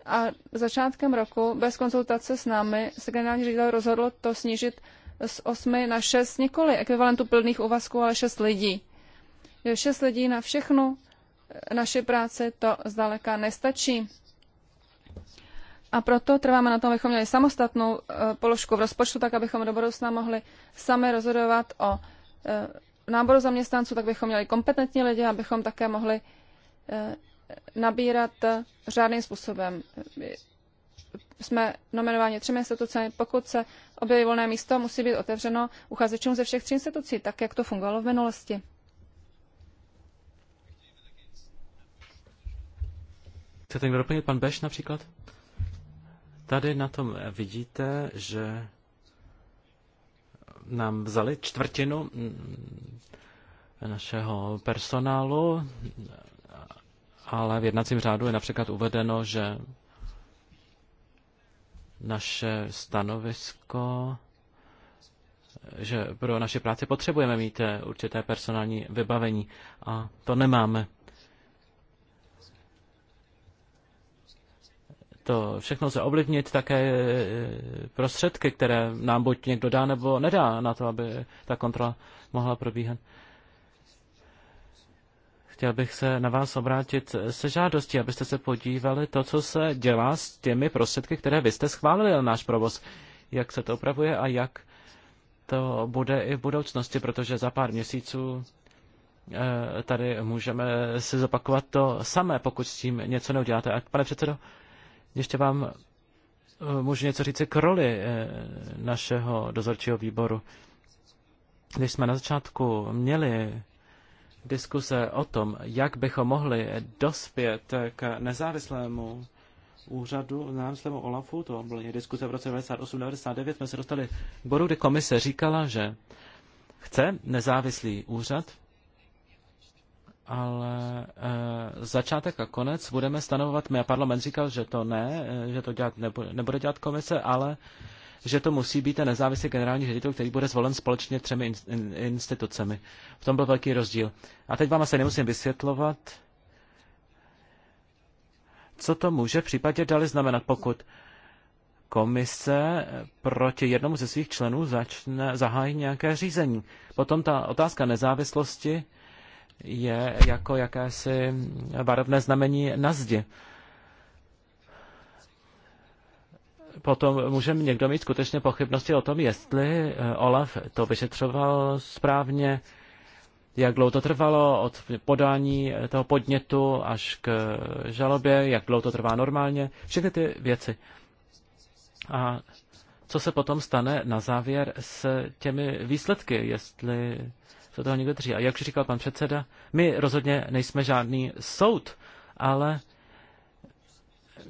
a začátkem roku bez konzultace s námi se generální ředitel rozhodl to snížit z osmi na šest nikoli ekvivalentu plných úvazků, ale šest lidí. Je šest lidí na všechnu naši práci to zdaleka nestačí. A proto trváme na tom, abychom měli samostatnou eh, položku v rozpočtu, tak abychom do budoucna mohli sami rozhodovat o eh, náboru zaměstnanců, tak bychom měli kompetentní lidi, abychom také mohli eh, nabírat řádným způsobem. Jsme nominováni třemi institucemi. Pokud se objeví volné místo, musí být otevřeno uchazečům ze všech tří institucí, tak jak to fungovalo v minulosti.
Chcete někdo doplnit? Pan Beš například? Tady na tom vidíte, že nám vzali čtvrtinu mm, našeho personálu, ale v jednacím řádu je například uvedeno, že naše stanovisko, že pro naše práci potřebujeme mít eh, určité personální vybavení a to nemáme. To všechno se ovlivnit také e, prostředky, které nám buď někdo dá nebo nedá na to, aby ta kontrola mohla probíhat. Chtěl bych se na vás obrátit se žádostí, abyste se podívali to, co se dělá s těmi prostředky, které vy jste schválili na náš provoz. Jak se to opravuje a jak to bude i v budoucnosti, protože za pár měsíců e, tady můžeme si zopakovat to samé, pokud s tím něco neuděláte. A pane předsedo, ještě vám eh, můžu něco říct k roli eh, našeho dozorčího výboru. Když jsme na začátku měli diskuse o tom, jak bychom mohli dospět k nezávislému úřadu, nezávislému OLAFu, to byly diskuse v roce 1998-1999, jsme se dostali k bodu, kdy komise říkala, že chce nezávislý úřad, ale e, začátek a konec budeme stanovovat my. parlament říkal, že to ne, eh, že to dělat nebude, nebude dělat komise, ale že to musí být ten nezávislý generální ředitel, který bude zvolen společně třemi in, in, institucemi. V tom byl velký rozdíl. A teď vám asi nemusím vysvětlovat, co to může v případě dali znamenat, pokud komise proti jednomu ze svých členů začne zahájit nějaké řízení. Potom ta otázka nezávislosti je jako jakési varovné znamení na zdi. Potom může někdo mít skutečně pochybnosti o tom, jestli eh, Olaf to vyšetřoval správně, jak dlouho to trvalo od podání eh, toho podnětu až k eh, žalobě, jak dlouho to trvá normálně, všechny ty věci. A co se potom stane na závěr s těmi výsledky, jestli se toho někdo drží. A jak říkal pan předseda, my rozhodně nejsme žádný soud, ale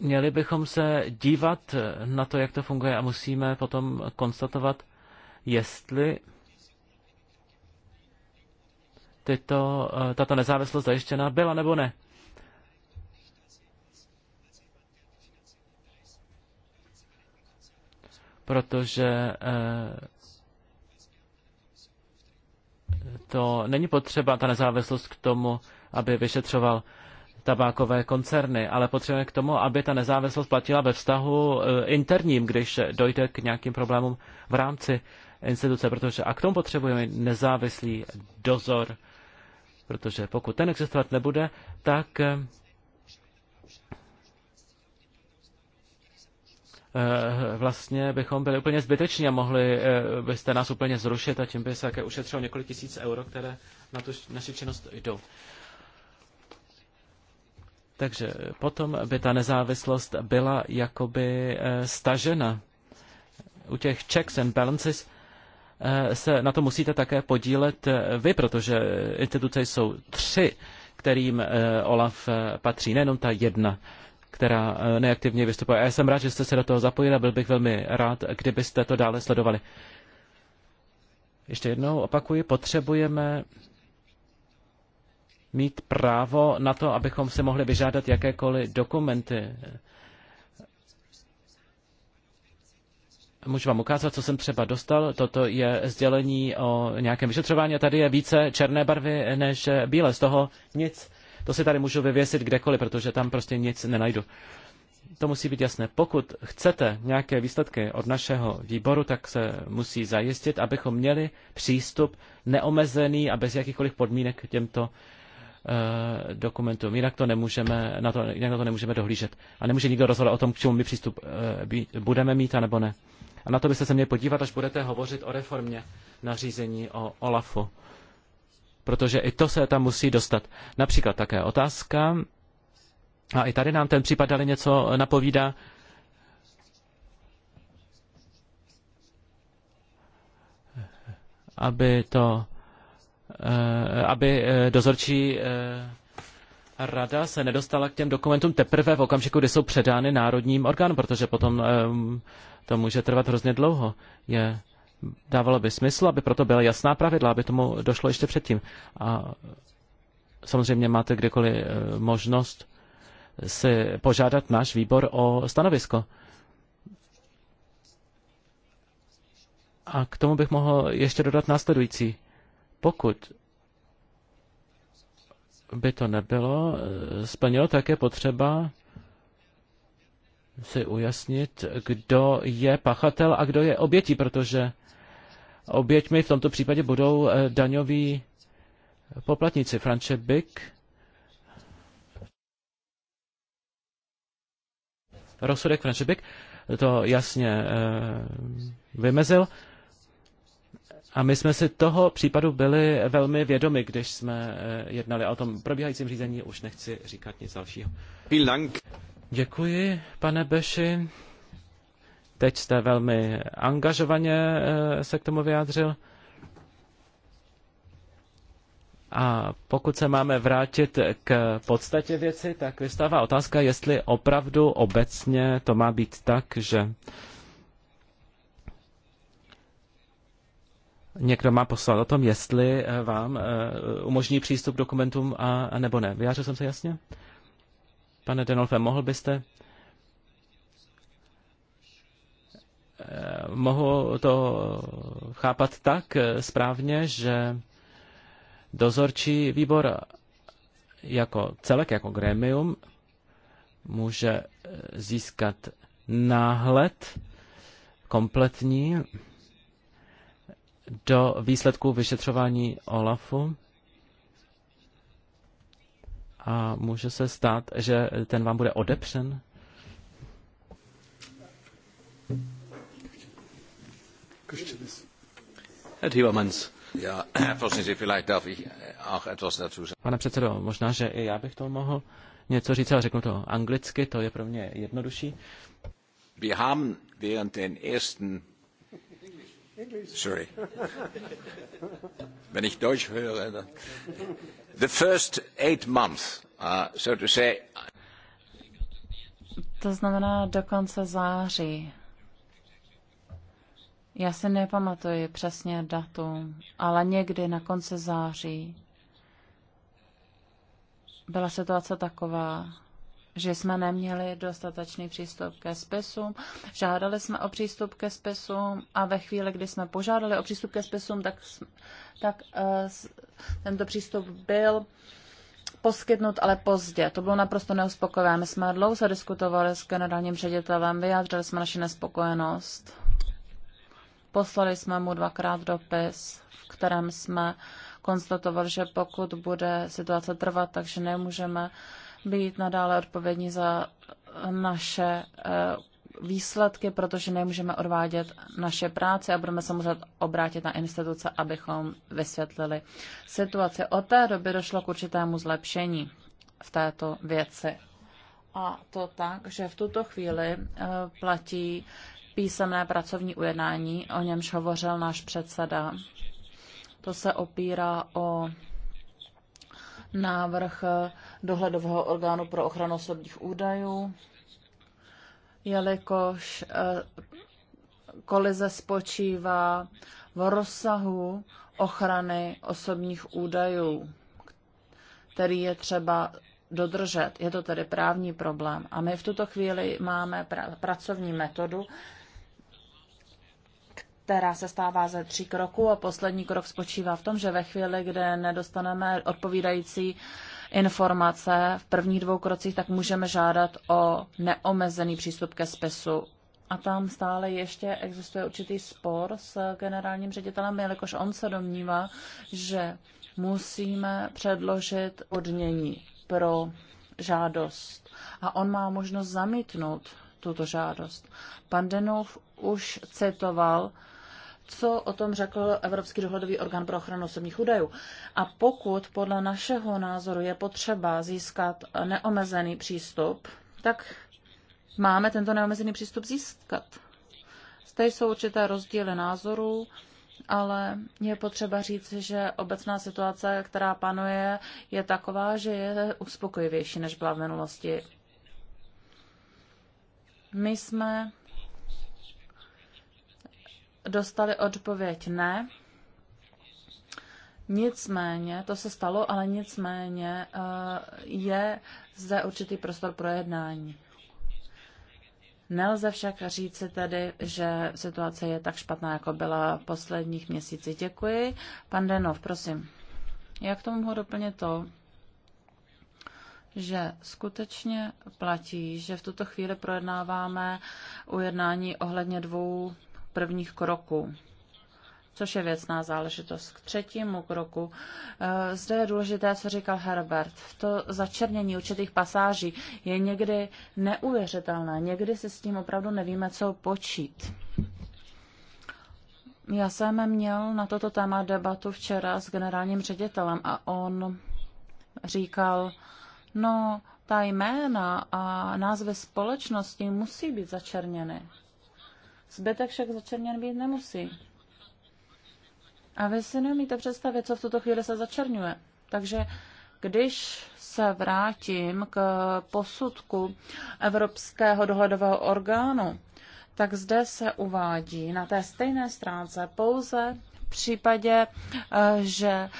měli bychom se dívat na to, jak to funguje a musíme potom konstatovat, jestli tyto, tato nezávislost zajištěna byla nebo ne. Protože eh, to není potřeba ta nezávislost k tomu, aby vyšetřoval tabákové koncerny, ale potřebujeme k tomu, aby ta nezávislost platila ve vztahu eh, interním, když dojde k nějakým problémům v rámci instituce, protože a k tomu potřebujeme nezávislý dozor, protože pokud ten existovat nebude, tak eh, Eh, vlastně bychom byli úplně zbyteční a mohli eh, byste nás úplně zrušit a tím by se také ušetřilo několik tisíc euro, které na tu naši činnost jdou. Takže potom by ta nezávislost byla jakoby eh, stažena. U těch checks and balances se na to musíte také podílet vy, protože instituce jsou tři, kterým OLAF patří, nejenom ta jedna která eh, neaktivně vystupuje. A já jsem rád, že jste se do toho zapojili a byl bych velmi rád, kdybyste to dále sledovali. Ještě jednou opakuji, potřebujeme mít právo na to, abychom se mohli vyžádat jakékoliv dokumenty. Můžu vám ukázat, co jsem třeba dostal. Toto je sdělení o nějakém vyšetřování tady je více černé barvy než bílé. Z toho nic to si tady můžu vyvěsit kdekoliv, protože tam prostě nic nenajdu. To musí být jasné. Pokud chcete nějaké výsledky od našeho výboru, tak se musí zajistit, abychom měli přístup neomezený a bez jakýchkoliv podmínek k těmto uh, dokumentům. Jinak to nemůžeme, na to, jinak na to nemůžeme dohlížet. A nemůže nikdo rozhodovat o tom, k čemu my přístup uh, eh, být, budeme mít, a nebo ne. A na to byste se měli podívat, až budete hovořit o reformě nařízení o OLAFu protože i to se tam musí dostat. Například také otázka, a i tady nám ten případ ale něco napovídá, aby to, eh, aby eh, dozorčí eh, rada se nedostala k těm dokumentům teprve v okamžiku, kdy jsou předány národním orgánům, protože potom to může trvat hrozně dlouho. Je dávalo by smysl, aby proto byla jasná pravidla, aby tomu došlo ještě předtím. A samozřejmě máte kdekoliv eh, možnost si požádat náš výbor o stanovisko. A k tomu bych mohl ještě dodat následující. Pokud by to nebylo eh, splnilo, tak je potřeba si ujasnit, kdo je pachatel a kdo je obětí, protože oběťmi v tomto případě budou eh, daňoví poplatníci. Franče Bick rozsudek Frančebik to jasně eh, vymezil. A my jsme si toho případu byli velmi vědomi, když jsme eh, jednali o tom probíhajícím řízení. Už nechci říkat nic dalšího. Děkuji, pane Beši. Teď jste velmi angažovaně eh, se k tomu vyjádřil. A pokud se máme vrátit k podstatě věci, tak vystává otázka, jestli opravdu obecně to má být tak, že někdo má poslat o tom, jestli eh, vám eh, umožní přístup k dokumentům a, a nebo ne. Vyjářil jsem se jasně? Pane Denolfe, mohl byste Eh, mohu to chápat tak eh, správně, že dozorčí výbor jako celek, jako gremium, může eh, získat náhled kompletní do výsledků vyšetřování OLAFu a může se stát, že ten vám bude odepřen Herr Timmermans. Eh, Pane předsedo, možná, že i já bych to mohl něco říct, ale řeknu to anglicky, to je pro mě jednodušší. Wir haben während den ersten Sorry. Wenn ich Deutsch höre, dann the first eight months, uh, so to say.
To znamená do konce září já se nepamatuji přesně datum, ale někdy na konci září byla situace taková, že jsme neměli dostatečný přístup ke spisům. Žádali jsme o přístup ke spisům a ve chvíli, kdy jsme požádali o přístup ke spisům, tak, tak uh, tento přístup byl poskytnout, ale pozdě. To bylo naprosto neuspokojivé. My jsme se diskutovali s generálním ředitelem, vyjádřili jsme naši nespokojenost Poslali jsme mu dvakrát dopis, v kterém jsme konstatovali, že pokud bude situace trvat, takže nemůžeme být nadále odpovědní za eh, naše eh, výsledky, protože nemůžeme odvádět naše práce a budeme se muset obrátit na instituce, abychom vysvětlili situaci. Od té doby došlo k určitému zlepšení v této věci. A to tak, že v tuto chvíli eh, platí písemné pracovní ujednání, o němž hovořil náš předseda. To se opírá o návrh dohledového orgánu pro ochranu osobních údajů, jelikož eh, kolize spočívá v rozsahu ochrany osobních údajů, který je třeba dodržet. Je to tedy právní problém. A my v tuto chvíli máme pra- pracovní metodu, která se stává ze tří kroků a poslední krok spočívá v tom, že ve chvíli, kde nedostaneme odpovídající informace v prvních dvou krocích, tak můžeme žádat o neomezený přístup ke spisu. A tam stále ještě existuje určitý spor s generálním ředitelem, jelikož on se domnívá, že musíme předložit odnění pro žádost. A on má možnost zamítnout tuto žádost. Pan Denov už citoval co o tom řekl Evropský dohledový orgán pro ochranu osobních údajů. A pokud podle našeho názoru je potřeba získat neomezený přístup, tak máme tento neomezený přístup získat. Zde jsou určité rozdíly názorů, ale je potřeba říct, že obecná situace, která panuje, je taková, že je uspokojivější, než byla v minulosti. My jsme dostali odpověď ne. Nicméně, to se stalo, ale nicméně eh, je zde určitý prostor pro jednání. Nelze však říci tedy, že situace je tak špatná, jako byla v posledních měsících. Děkuji. Pan Denov, prosím. Já k tomu mohu doplnit to, že skutečně platí, že v tuto chvíli projednáváme ujednání ohledně dvou prvních kroků což je věcná záležitost. K třetímu kroku. Eh, zde je důležité, co říkal Herbert. To začernění určitých pasáží je někdy neuvěřitelné. Někdy si s tím opravdu nevíme, co počít. Já jsem měl na toto téma debatu včera s generálním ředitelem a on říkal, no, ta jména a názvy společnosti musí být začerněny. Zbytek však začerněn být nemusí. A vy si neumíte představit, co v tuto chvíli se začerňuje. Takže když se vrátím k posudku Evropského dohledového orgánu, tak zde se uvádí na té stejné stránce pouze v případě, eh, že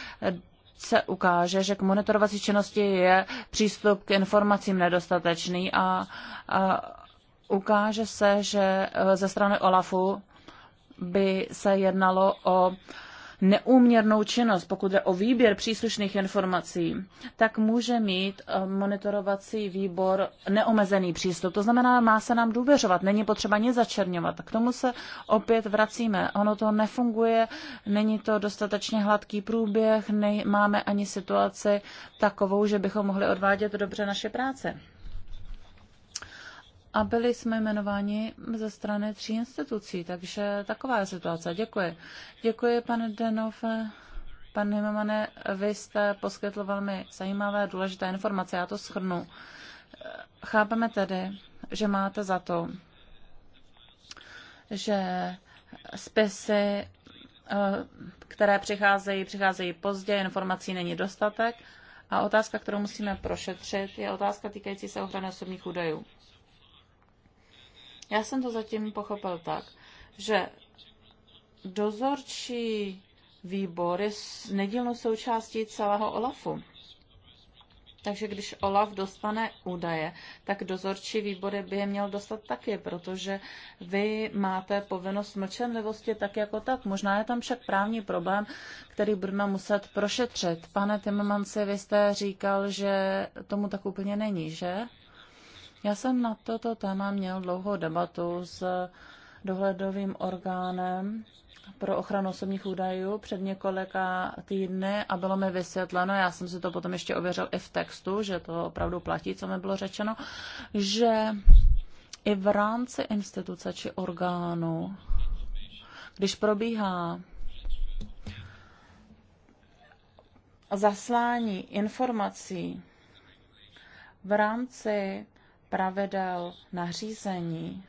se ukáže, že k monitorovací činnosti je přístup k informacím nedostatečný a, a ukáže se, že eh, ze strany OLAFu by se jednalo o neúměrnou činnost, pokud je o výběr příslušných informací, tak může mít eh, monitorovací výbor neomezený přístup. To znamená, má se nám důvěřovat, není potřeba nic začerňovat. K tomu se opět vracíme. Ono to nefunguje, není to dostatečně hladký průběh, nemáme ani situaci takovou, že bychom mohli odvádět dobře naše práce a byli jsme jmenováni ze strany tří institucí, takže taková je situace. Děkuji. Děkuji, pane Denov. Pane Himemane, vy jste poskytl velmi zajímavé, důležité informace. Já to shrnu. Chápeme tedy, že máte za to, že spisy, eh, které přicházejí, přicházejí pozdě, informací není dostatek. A otázka, kterou musíme prošetřit, je otázka týkající se ochrany osobních údajů. Já jsem to zatím pochopil tak, že dozorčí výbor je nedílnou součástí celého OLAFu. Takže když OLAF dostane údaje, tak dozorčí výbory by je měl dostat taky, protože vy máte povinnost mlčenlivosti tak jako tak. Možná je tam však právní problém, který budeme muset prošetřit. Pane Timmanci, vy jste říkal, že tomu tak úplně není, že? Já jsem na toto téma měl dlouhou debatu s dohledovým orgánem pro ochranu osobních údajů před několika týdny a bylo mi vysvětleno, já jsem si to potom ještě ověřil i v textu, že to opravdu platí, co mi bylo řečeno, že i v rámci instituce či orgánu, když probíhá zaslání informací v rámci pravidel nařízení,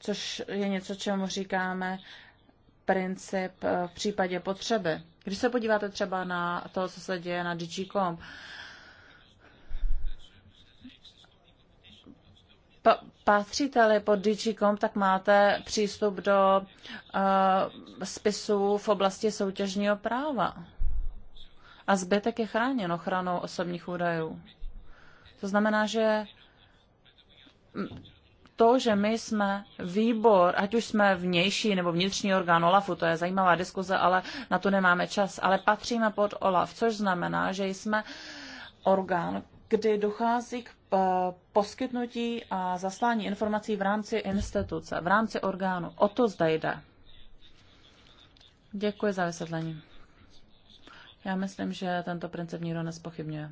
což je něco, čemu říkáme princip eh, v případě potřeby. Když se podíváte třeba na to, co se děje na DigiCom, pa- patříte-li pod DigiCom, tak máte přístup do uh, spisů v oblasti soutěžního práva. A zbytek je chráněn ochranou osobních údajů. To znamená, že to, že my jsme výbor, ať už jsme vnější nebo vnitřní orgán OLAFu, to je zajímavá diskuze, ale na to nemáme čas, ale patříme pod OLAF, což znamená, že jsme orgán, kdy dochází k eh, poskytnutí a zaslání informací v rámci instituce, v rámci orgánu. O to zde jde. Děkuji za vysvětlení. Já myslím, že tento princip nikdo nespochybňuje.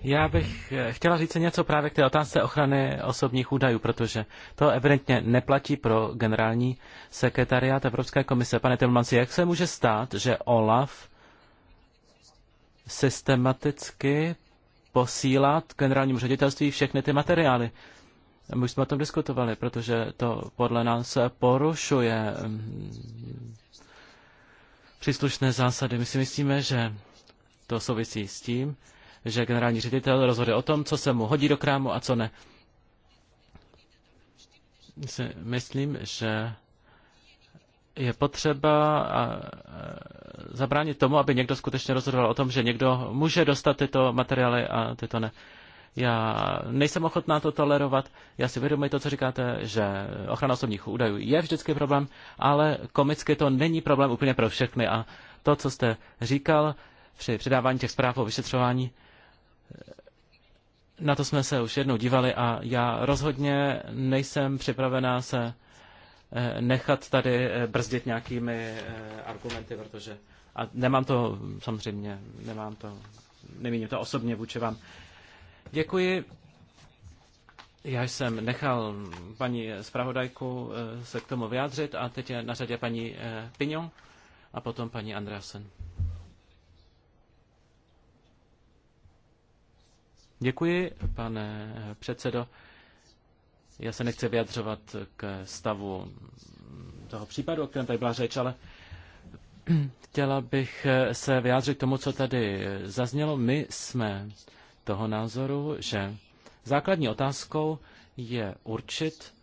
Já bych eh, chtěla říct něco právě k té otázce ochrany osobních údajů, protože to evidentně neplatí pro generální sekretariát Evropské komise. Pane Timmermans, jak se může stát, že OLAF systematicky posílá generálnímu ředitelství všechny ty materiály? My jsme o tom diskutovali, protože to podle nás porušuje mm, příslušné zásady. My si myslíme, že to souvisí s tím, že generální ředitel rozhoduje o tom, co se mu hodí do krámu a co ne. Myslím, že je potřeba zabránit tomu, aby někdo skutečně rozhodoval o tom, že někdo může dostat tyto materiály a tyto ne. Já nejsem ochotná to tolerovat. Já si vědomuji to, co říkáte, že ochrana osobních údajů je vždycky problém, ale komicky to není problém úplně pro všechny. A to, co jste říkal, při předávání těch zpráv o vyšetřování. Na to jsme se už jednou dívali a já rozhodně nejsem připravená se eh, nechat tady eh, brzdit nějakými eh, argumenty, protože a nemám to samozřejmě, nemám to, nemíním to osobně vůči vám. Děkuji. Já jsem nechal paní zpravodajku se k tomu vyjádřit a teď je na řadě paní Pignon a potom paní Andreasen. Děkuji, pane předsedo. Já se nechci vyjadřovat k stavu toho případu, o kterém tady byla řeč, ale chtěla bych se vyjádřit k tomu, co tady zaznělo. My jsme toho názoru, že základní otázkou je určit,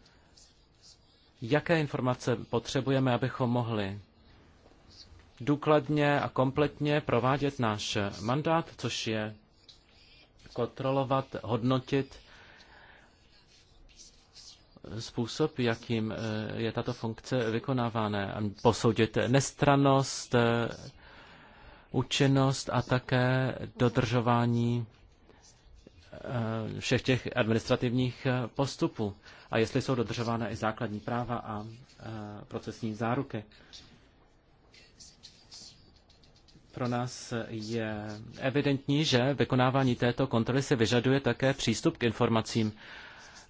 jaké informace potřebujeme, abychom mohli důkladně a kompletně provádět náš mandát, což je kontrolovat, hodnotit způsob, jakým eh, je tato funkce vykonávána. Posoudit nestranost, eh, účinnost a také dodržování eh, všech těch administrativních postupů a jestli jsou dodržována i základní práva a procesní záruky. Pro nás je evidentní, že vykonávání této kontroly se vyžaduje také přístup k informacím.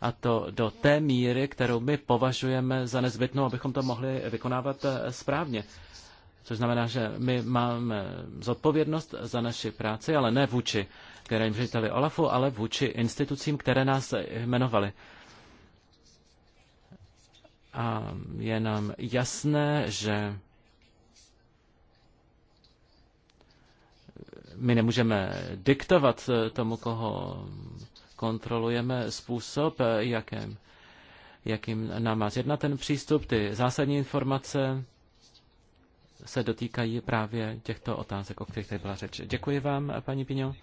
A to do té míry, kterou my považujeme za nezbytnou, abychom to mohli vykonávat eh, správně. Což znamená, že my máme zodpovědnost za naši práci, ale ne vůči kterým řediteli Olafu, ale vůči institucím, které nás jmenovaly. A je nám jasné, že my nemůžeme diktovat eh, tomu, koho kontrolujeme, způsob, eh, jakým, jakým nám má zjednat ten přístup. Ty zásadní informace se dotýkají právě těchto otázek, o kterých tady byla řeč. Děkuji vám, eh, paní Pino.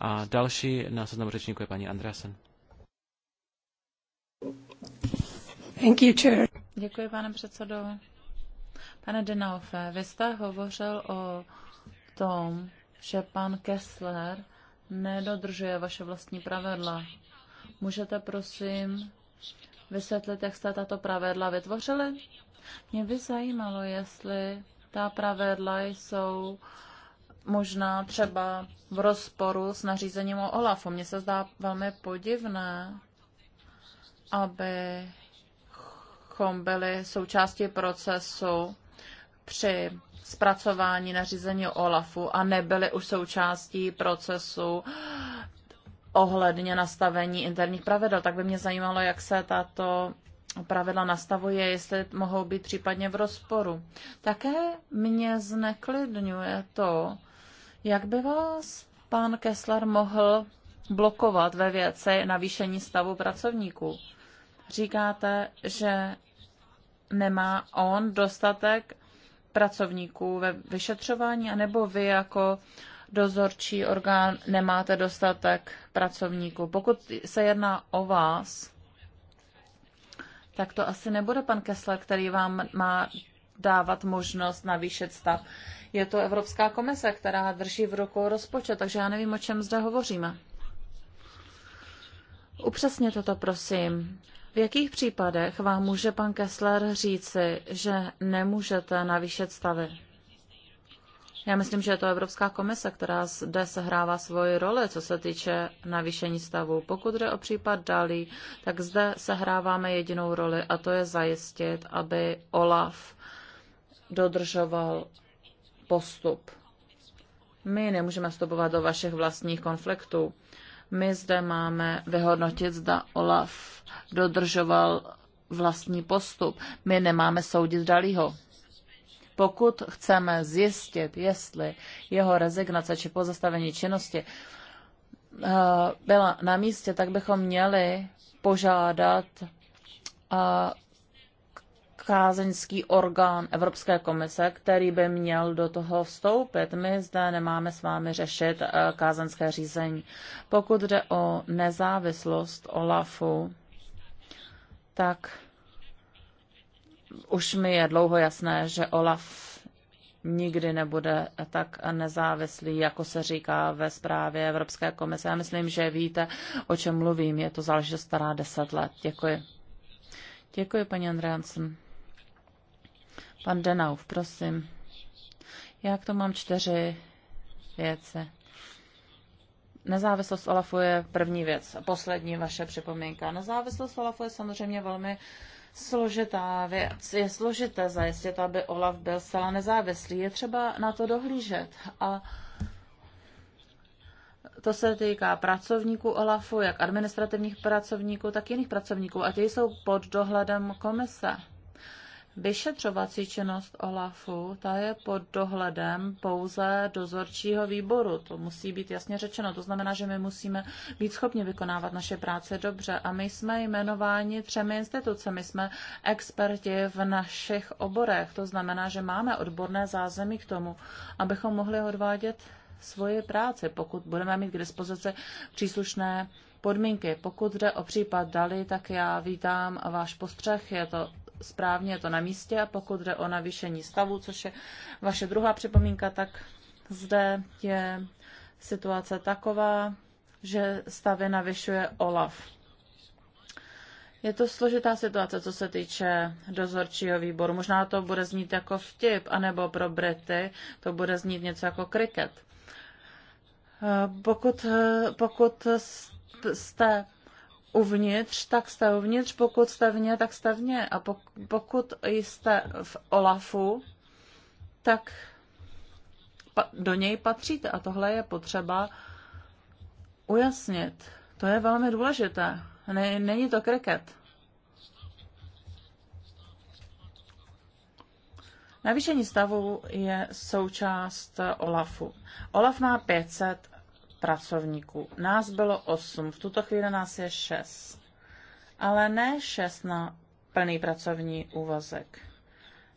A další na seznamu řečníku je paní Andreasen. Thank you, chair.
Děkuji, pane předsedo. Pane Denaufe, vy jste hovořil o tom, že pan Kessler nedodržuje vaše vlastní pravidla. Můžete prosím vysvětlit, jak jste tato pravidla vytvořili? Mě by zajímalo, jestli ta pravidla jsou možná třeba v rozporu s nařízením o OLAFu. Mně se zdá velmi podivné, abychom byli součástí procesu při zpracování nařízení OLAFu a nebyly už součástí procesu ohledně nastavení interních pravidel. Tak by mě zajímalo, jak se tato pravidla nastavuje, jestli mohou být případně v rozporu. Také mě zneklidňuje to, jak by vás pan Kessler mohl blokovat ve věci navýšení stavu pracovníků. Říkáte, že nemá on dostatek pracovníků ve vyšetřování, anebo vy jako dozorčí orgán nemáte dostatek pracovníků. Pokud se jedná o vás, tak to asi nebude pan Kessler, který vám má dávat možnost navýšit stav. Je to Evropská komise, která drží v rukou rozpočet, takže já nevím, o čem zde hovoříme. Upřesněte to, prosím. V jakých případech vám může pan Kessler říci, že nemůžete navýšet stavy? Já myslím, že je to Evropská komise, která zde sehrává svoji roli, co se týče navýšení stavu. Pokud jde o případ Dalí, tak zde sehráváme jedinou roli a to je zajistit, aby OLAF dodržoval postup. My nemůžeme vstupovat do vašich vlastních konfliktů. My zde máme vyhodnotit, zda Olaf dodržoval vlastní postup. My nemáme soudit Dalího. Pokud chceme zjistit, jestli jeho rezignace či pozastavení činnosti eh, byla na místě, tak bychom měli požádat eh, kázeňský orgán Evropské komise, který by měl do toho vstoupit. My zde nemáme s vámi řešit eh, kázeňské řízení. Pokud jde o nezávislost OLAFu, tak už mi je dlouho jasné, že OLAF nikdy nebude tak nezávislý, jako se říká ve zprávě Evropské komise. Já myslím, že víte, o čem mluvím. Je to záležitost stará deset let. Děkuji. Děkuji, paní Andreansen. Pan Denauf, prosím. Já k tomu mám čtyři věci. Nezávislost Olafu je první věc. Poslední vaše připomínka. Nezávislost Olafu je samozřejmě velmi složitá věc. Je složité zajistit, aby Olaf byl zcela nezávislý. Je třeba na to dohlížet. A to se týká pracovníků OLAFu, jak administrativních pracovníků, tak jiných pracovníků. A ty jsou pod dohledem komise. Vyšetřovací činnost OLAFu, ta je pod dohledem pouze dozorčího výboru. To musí být jasně řečeno. To znamená, že my musíme být schopni vykonávat naše práce dobře. A my jsme jmenováni třemi institucemi. Jsme experti v našich oborech. To znamená, že máme odborné zázemí k tomu, abychom mohli odvádět svoji práci, pokud budeme mít k dispozici příslušné podmínky. Pokud jde o případ Dali, tak já vítám váš postřeh, je to správně, je to na místě. A pokud jde o navýšení stavu, což je vaše druhá připomínka, tak zde je situace taková, že stavy navyšuje OLAF. Je to složitá situace, co se týče dozorčího výboru. Možná to bude znít jako vtip, anebo pro Brity to bude znít něco jako kriket. Eh, pokud, eh, pokud jste uvnitř, tak jste uvnitř, pokud jste vně, tak jste vně. A pokud jste v OLAFu, tak do něj patříte. A tohle je potřeba ujasnit. To je velmi důležité. Není to kriket. Navýšení stavu je součást OLAFu. OLAF má 500 pracovníků. Nás bylo 8, v tuto chvíli nás je 6. Ale ne 6 na plný pracovní úvazek.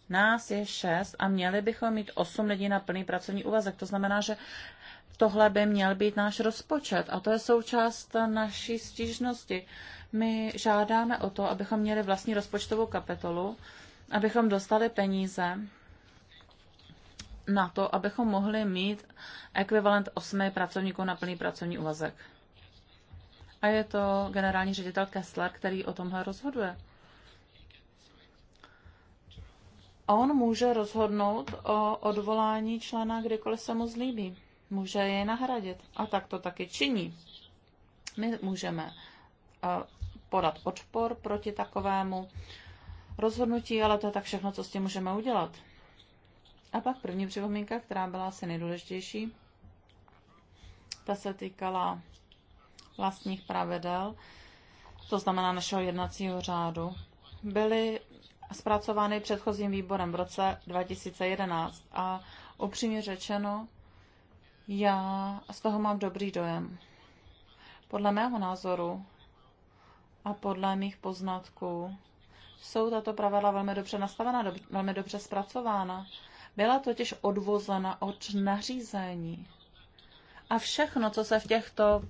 Nás je 6 a měli bychom mít 8 lidí na plný pracovní úvazek. To znamená, že tohle by měl být náš rozpočet a to je součást naší stížnosti. My žádáme o to, abychom měli vlastní rozpočtovou kapitolu, abychom dostali peníze na to, abychom mohli mít ekvivalent osmi pracovníků na plný pracovní úvazek. A je to generální ředitel Kessler, který o tomhle rozhoduje. A on může rozhodnout o odvolání člena, kdykoliv se mu zlíbí. Může jej nahradit. A tak to taky činí. My můžeme eh, podat odpor proti takovému rozhodnutí, ale to je tak všechno, co s tím můžeme udělat. A pak první připomínka, která byla asi nejdůležitější, ta se týkala vlastních pravidel, to znamená našeho jednacího řádu. Byly zpracovány předchozím výborem v roce 2011 a upřímně řečeno, já z toho mám dobrý dojem. Podle mého názoru a podle mých poznatků jsou tato pravidla velmi dobře nastavena, velmi dobře zpracována byla totiž odvozena od nařízení. A všechno, co se v těchto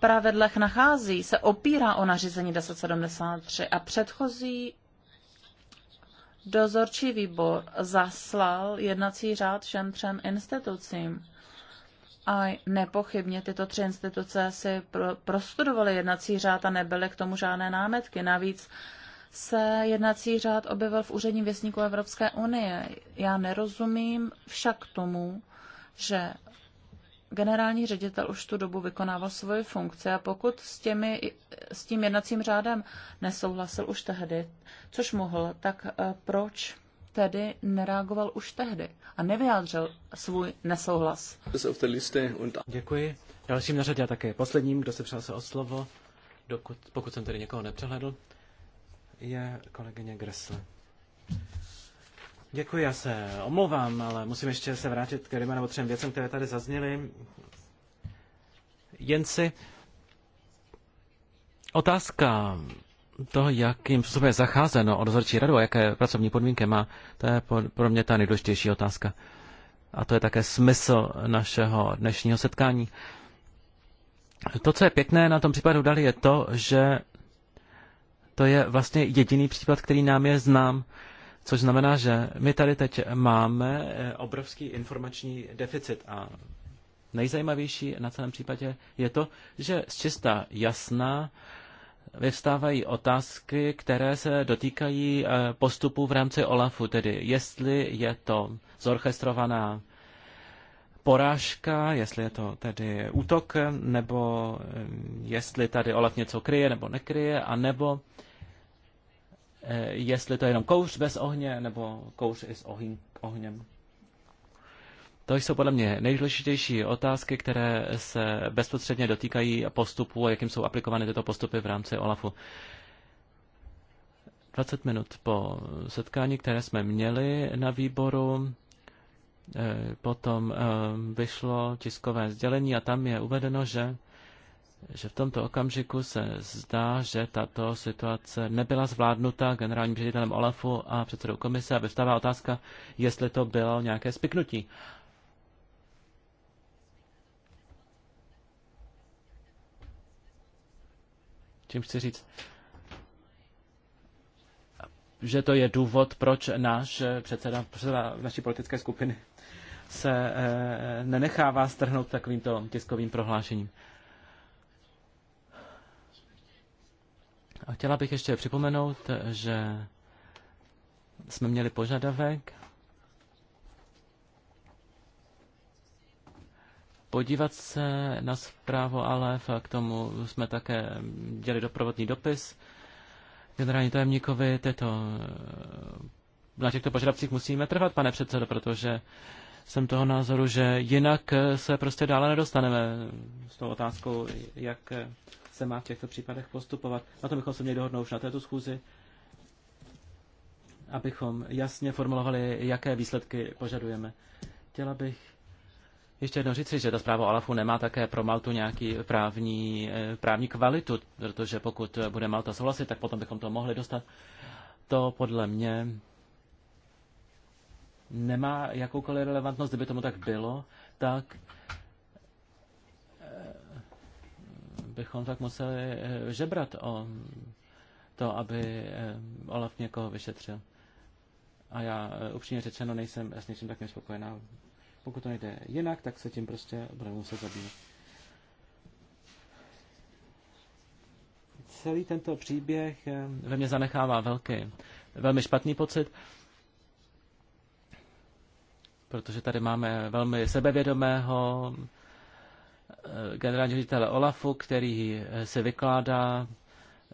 pravidlech nachází, se opírá o nařízení 1073 a předchozí dozorčí výbor zaslal jednací řád všem třem institucím. A nepochybně tyto tři instituce si prostudovaly jednací řád a nebyly k tomu žádné námetky. Navíc se jednací řád objevil v úředním věstníku Evropské unie. Já nerozumím však tomu, že generální ředitel už tu dobu vykonával svoji funkci a pokud s, těmi, s tím jednacím řádem nesouhlasil už tehdy, což mohl, tak eh, proč tedy nereagoval už tehdy
a nevyjádřil svůj nesouhlas? Děkuji. Dalším na řadě také posledním, kdo se přihlásil o slovo, dokud, pokud jsem tedy někoho nepřehledl je kolegyně Gressle. Děkuji, já se omlouvám, ale musím ještě se vrátit k dvěma nebo třem věcem, které tady zazněly. Jen si otázka to jakým způsobem je zacházeno o dozorčí radu a jaké pracovní podmínky má, to je pro mě ta nejdůležitější otázka. A to je také smysl našeho dnešního setkání. To, co je pěkné na tom případu dali, je to, že to je vlastně jediný případ, který nám je znám. Což znamená, že my tady teď máme eh, obrovský informační deficit a nejzajímavější na celém případě je to, že z čista jasná vyvstávají otázky, které se dotýkají eh, postupu v rámci OLAFu, tedy jestli je to zorchestrovaná porážka, jestli je to tedy útok, nebo eh, jestli tady Olaf něco kryje nebo nekryje, a nebo eh, jestli to je jenom kouř bez ohně, nebo kouř i s ohým, ohněm. To jsou podle mě nejdůležitější otázky, které se bezprostředně dotýkají postupu a jakým jsou aplikovány tyto postupy v rámci OLAFu. 20 minut po setkání, které jsme měli na výboru, Eh, potom eh, vyšlo tiskové sdělení a tam je uvedeno, že, že v tomto okamžiku se zdá, že tato situace nebyla zvládnuta generálním ředitelem Olafu a předsedou komise a vystává otázka, jestli to bylo nějaké spiknutí. Čím chci říct, že to je důvod, proč náš eh, předseda, předseda naší politické skupiny se eh, nenechává strhnout takovýmto tiskovým prohlášením. A chtěla bych ještě připomenout, že jsme měli požadavek podívat se na zprávu Alef a k tomu jsme také dělali doprovodný dopis generální tajemníkovi. Této, na těchto požadavcích musíme trvat, pane předsedo, protože jsem toho názoru, že jinak eh, se prostě dále nedostaneme s tou otázkou, jak eh, se má v těchto případech postupovat. Na to bychom se měli dohodnout už na této schůzi, abychom jasně formulovali, jaké výsledky požadujeme. Chtěla bych ještě jednou říci, že ta zpráva Olafu nemá také pro Maltu nějaký právní, eh, právní kvalitu, protože pokud bude Malta souhlasit, tak potom bychom to mohli dostat. To podle mě nemá jakoukoliv relevantnost, kdyby tomu tak bylo, tak eh, bychom tak museli eh, žebrat o to, aby eh, Olaf někoho vyšetřil. A já upřímně řečeno nejsem s něčím takovým spokojená. Pokud to nejde jinak, tak se tím prostě budeme muset zabývat. Celý tento příběh ve mně zanechává velký, velmi špatný pocit protože tady máme velmi sebevědomého eh, generálního ředitele Olafu, který eh, se vykládá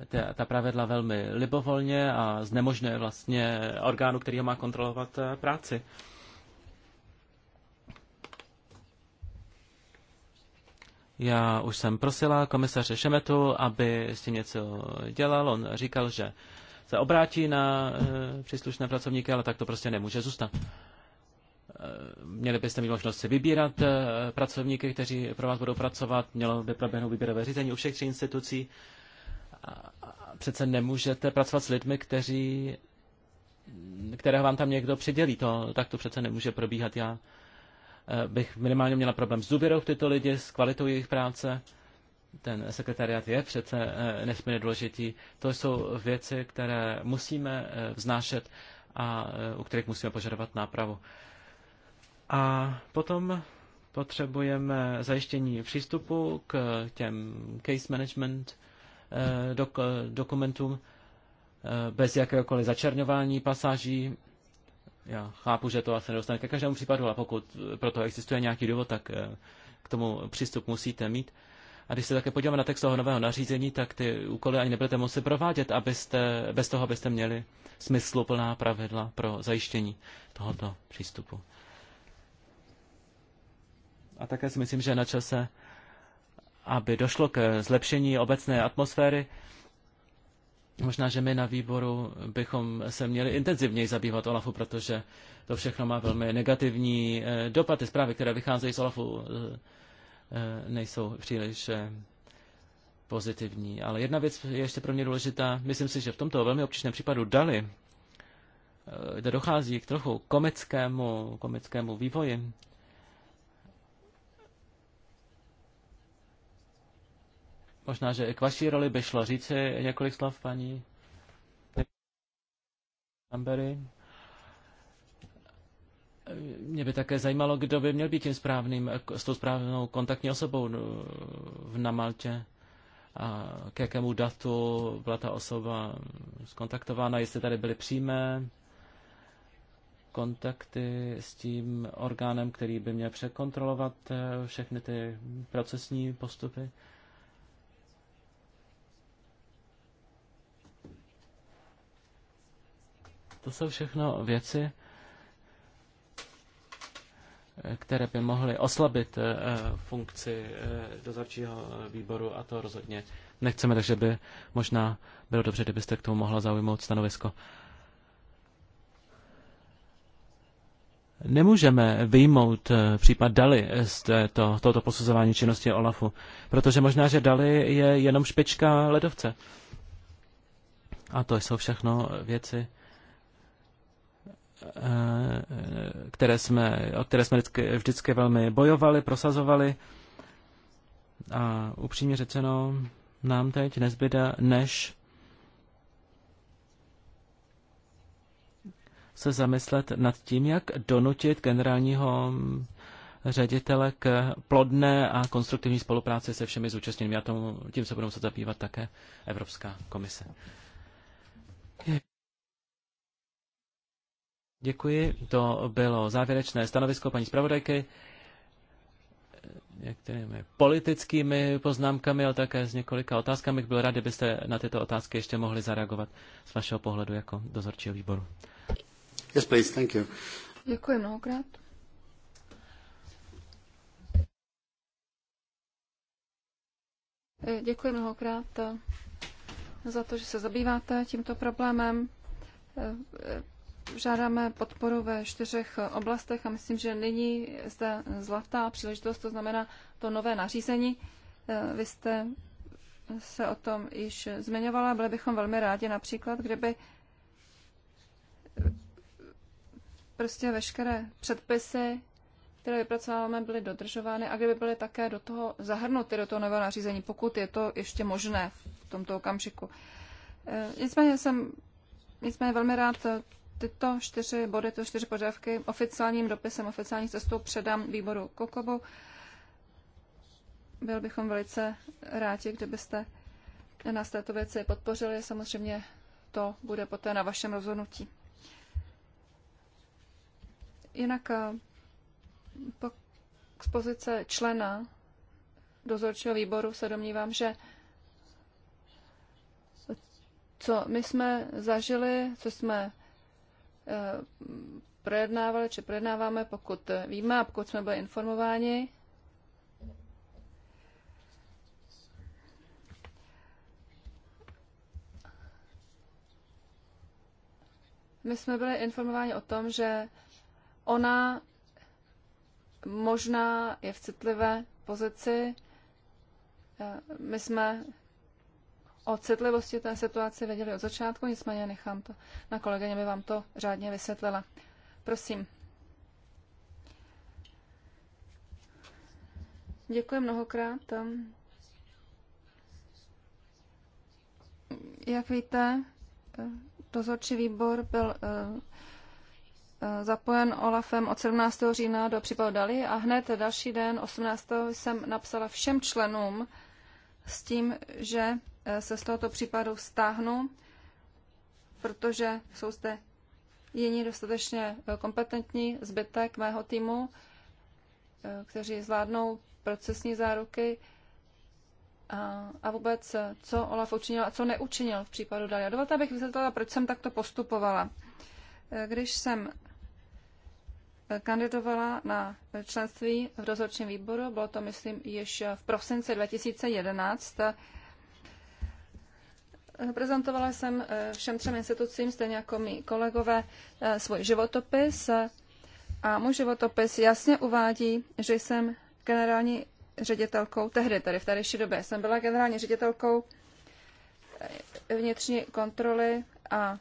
ta, ta pravidla velmi libovolně a znemožňuje vlastně orgánu, který ho má kontrolovat eh, práci. Já už jsem prosila komisaře Šemetu, aby s tím něco dělal. On říkal, že se obrátí na příslušné pracovníky, ale tak to prostě nemůže zůstat. Eh, měli byste mít možnost si vybírat eh, pracovníky, kteří pro vás budou pracovat, mělo by proběhnout výběrové řízení u všech tří institucí. Přece nemůžete pracovat s lidmi, kteří, kterého vám tam někdo přidělí. To, tak to přece nemůže probíhat. Já eh, bych minimálně měla problém s důvěrou v tyto lidi, s kvalitou jejich práce. Ten sekretariat je přece nesmírně důležitý. To jsou věci, které musíme vznášet a u kterých musíme požadovat nápravu. A potom potřebujeme zajištění přístupu k těm case management eh, dok- dokumentům eh, bez jakéhokoliv začerňování pasáží. Já chápu, že to asi nedostane ke každému případu, ale pokud pro to existuje nějaký důvod, tak eh, k tomu přístup musíte mít. A když se také podíváme na text toho nového nařízení, tak ty úkoly ani nebudete muset provádět, abyste, bez toho, abyste měli smysluplná pravidla pro zajištění tohoto přístupu. A také si myslím, že na čase, aby došlo k zlepšení obecné atmosféry, možná, že my na výboru bychom se měli intenzivněji zabývat OLAFu, protože to všechno má velmi negativní eh, dopad. Ty zprávy, které vycházejí z OLAFu, eh, eh, nejsou příliš pozitivní. Ale jedna věc je ještě pro mě důležitá. Myslím si, že v tomto velmi obtížném případu Dali, kde dochází k trochu komickému, komickému vývoji, Možná, že k vaší roli by šlo říci několik slov, paní Ambery. Mě by také zajímalo, kdo by měl být tím správným, s tou správnou kontaktní osobou no, v Namaltě a k jakému datu byla ta osoba skontaktována, jestli tady byly přímé kontakty s tím orgánem, který by měl překontrolovat eh, všechny ty procesní postupy. To jsou všechno věci, které by mohly oslabit eh, funkci eh, dozorčího výboru a to rozhodně nechceme, takže by možná bylo dobře, kdybyste k tomu mohla zaujmout stanovisko. Nemůžeme vyjmout eh, případ Dali z této, tohoto posuzování činnosti Olafu, protože možná, že Dali je jenom špička ledovce. A to jsou všechno věci, Eh, které jsme, o které jsme vždycky, vždycky velmi bojovali, prosazovali. A upřímně řečeno, nám teď nezbyde, než se zamyslet nad tím, jak donutit generálního ředitele k plodné a konstruktivní spolupráci se všemi zúčastněnými. A tomu, tím se budou se zabývat také Evropská komise. Děkuji, to bylo závěrečné stanovisko paní zpravodajky některými politickými poznámkami, ale také s několika otázkami. Byl rád, kdybyste na tyto otázky ještě mohli zareagovat z vašeho pohledu jako dozorčího výboru. Yes, please, thank you.
Děkuji mnohokrát. Děkuji mnohokrát za to, že se zabýváte tímto problémem žádáme podporu ve čtyřech oblastech a myslím, že nyní zde zlatá příležitost, to znamená to nové nařízení. Eh, vy jste se o tom již zmiňovala, byli bychom velmi rádi například, kdyby prostě veškeré předpisy, které vypracováváme, byly dodržovány a kdyby byly také do toho zahrnuty, do toho nového nařízení, pokud je to ještě možné v tomto okamžiku. Eh, nicméně jsem nicméně velmi rád tyto čtyři body, tyto čtyři požadavky oficiálním dopisem, oficiální cestou předám výboru Kokobu. Byl bychom velice rádi, kdybyste nás této věci podpořili. Samozřejmě to bude poté na vašem rozhodnutí. Jinak eh, po, expozice člena dozorčího výboru se domnívám, že co my jsme zažili, co jsme Eh, projednávali či projednáváme, pokud víme a pokud jsme byli informováni. My jsme byli informováni o tom, že ona možná je v citlivé pozici. Eh, my jsme o citlivosti té situace věděli od začátku, nicméně nechám to na kolegyně, aby vám to řádně vysvětlila. Prosím. Děkuji mnohokrát. Jak víte, dozorčí výbor byl eh, eh, zapojen Olafem od 17. října do případu Dali a hned další den, 18. jsem napsala všem členům s tím, že se z tohoto případu stáhnu, protože jsou zde jiní dostatečně kompetentní, zbytek mého týmu, kteří zvládnou procesní záruky a, a vůbec, co Olaf učinil a co neučinil v případu Dalia. Dovolte, abych vysvětlila, proč jsem takto postupovala. Když jsem kandidovala na členství v dozorčním výboru, bylo to, myslím, již v prosinci 2011, Prezentovala jsem eh, všem třem institucím, stejně jako mý kolegové, eh, svůj životopis a můj životopis jasně uvádí, že jsem generální ředitelkou, tehdy tady v tehdejší době jsem byla generální ředitelkou eh, vnitřní kontroly a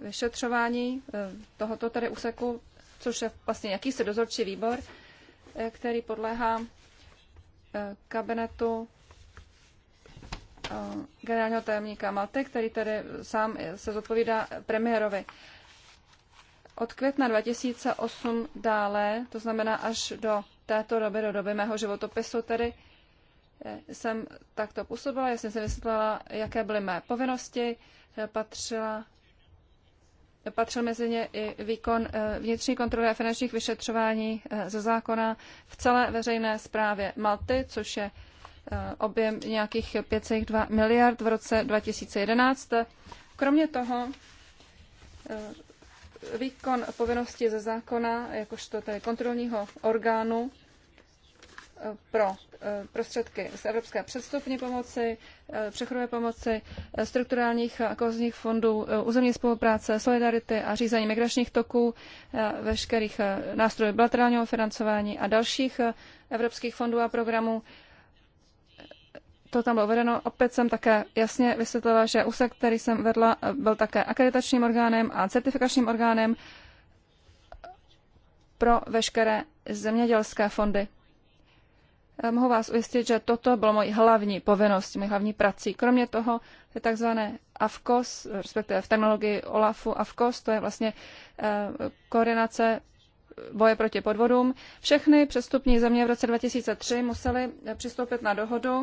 vyšetřování tohoto tady úseku, což je vlastně jakýsi dozorčí výbor, který podléhá kabinetu Eh, generálního tajemníka Malte, který tedy sám se zodpovídá premiérovi. Od května 2008 dále, to znamená až do této doby, do doby mého životopisu, tedy eh, jsem takto působila, já jsem si vysvětlila, jaké byly mé povinnosti, eh, patřila, patřil mezi ně i výkon vnitřní kontroly a finančních vyšetřování ze zákona v celé veřejné správě Malty, což je Eh, objem nějakých 5,2 miliard v roce 2011. Kromě toho eh, výkon povinnosti ze zákona, jakožto tedy kontrolního orgánu eh, pro prostředky z Evropské předstupní pomoci, přechodové pomoci, strukturálních a kozních fondů, územní spolupráce, solidarity a řízení migračních toků, veškerých nástrojů bilaterálního financování a dalších evropských fondů a programů to tam bylo vedeno. Opět jsem také jasně vysvětlila, že úsek, který jsem vedla, byl také akreditačním orgánem a certifikačním orgánem pro veškeré zemědělské fondy. Eh, mohu vás ujistit, že toto bylo mojí hlavní povinnost, mojí hlavní prací. Kromě toho je takzvané AFKOS, respektive v terminologii OLAFu AFKOS, to je vlastně eh, koordinace boje proti podvodům. Všechny přestupní země v roce 2003 musely eh, přistoupit na dohodu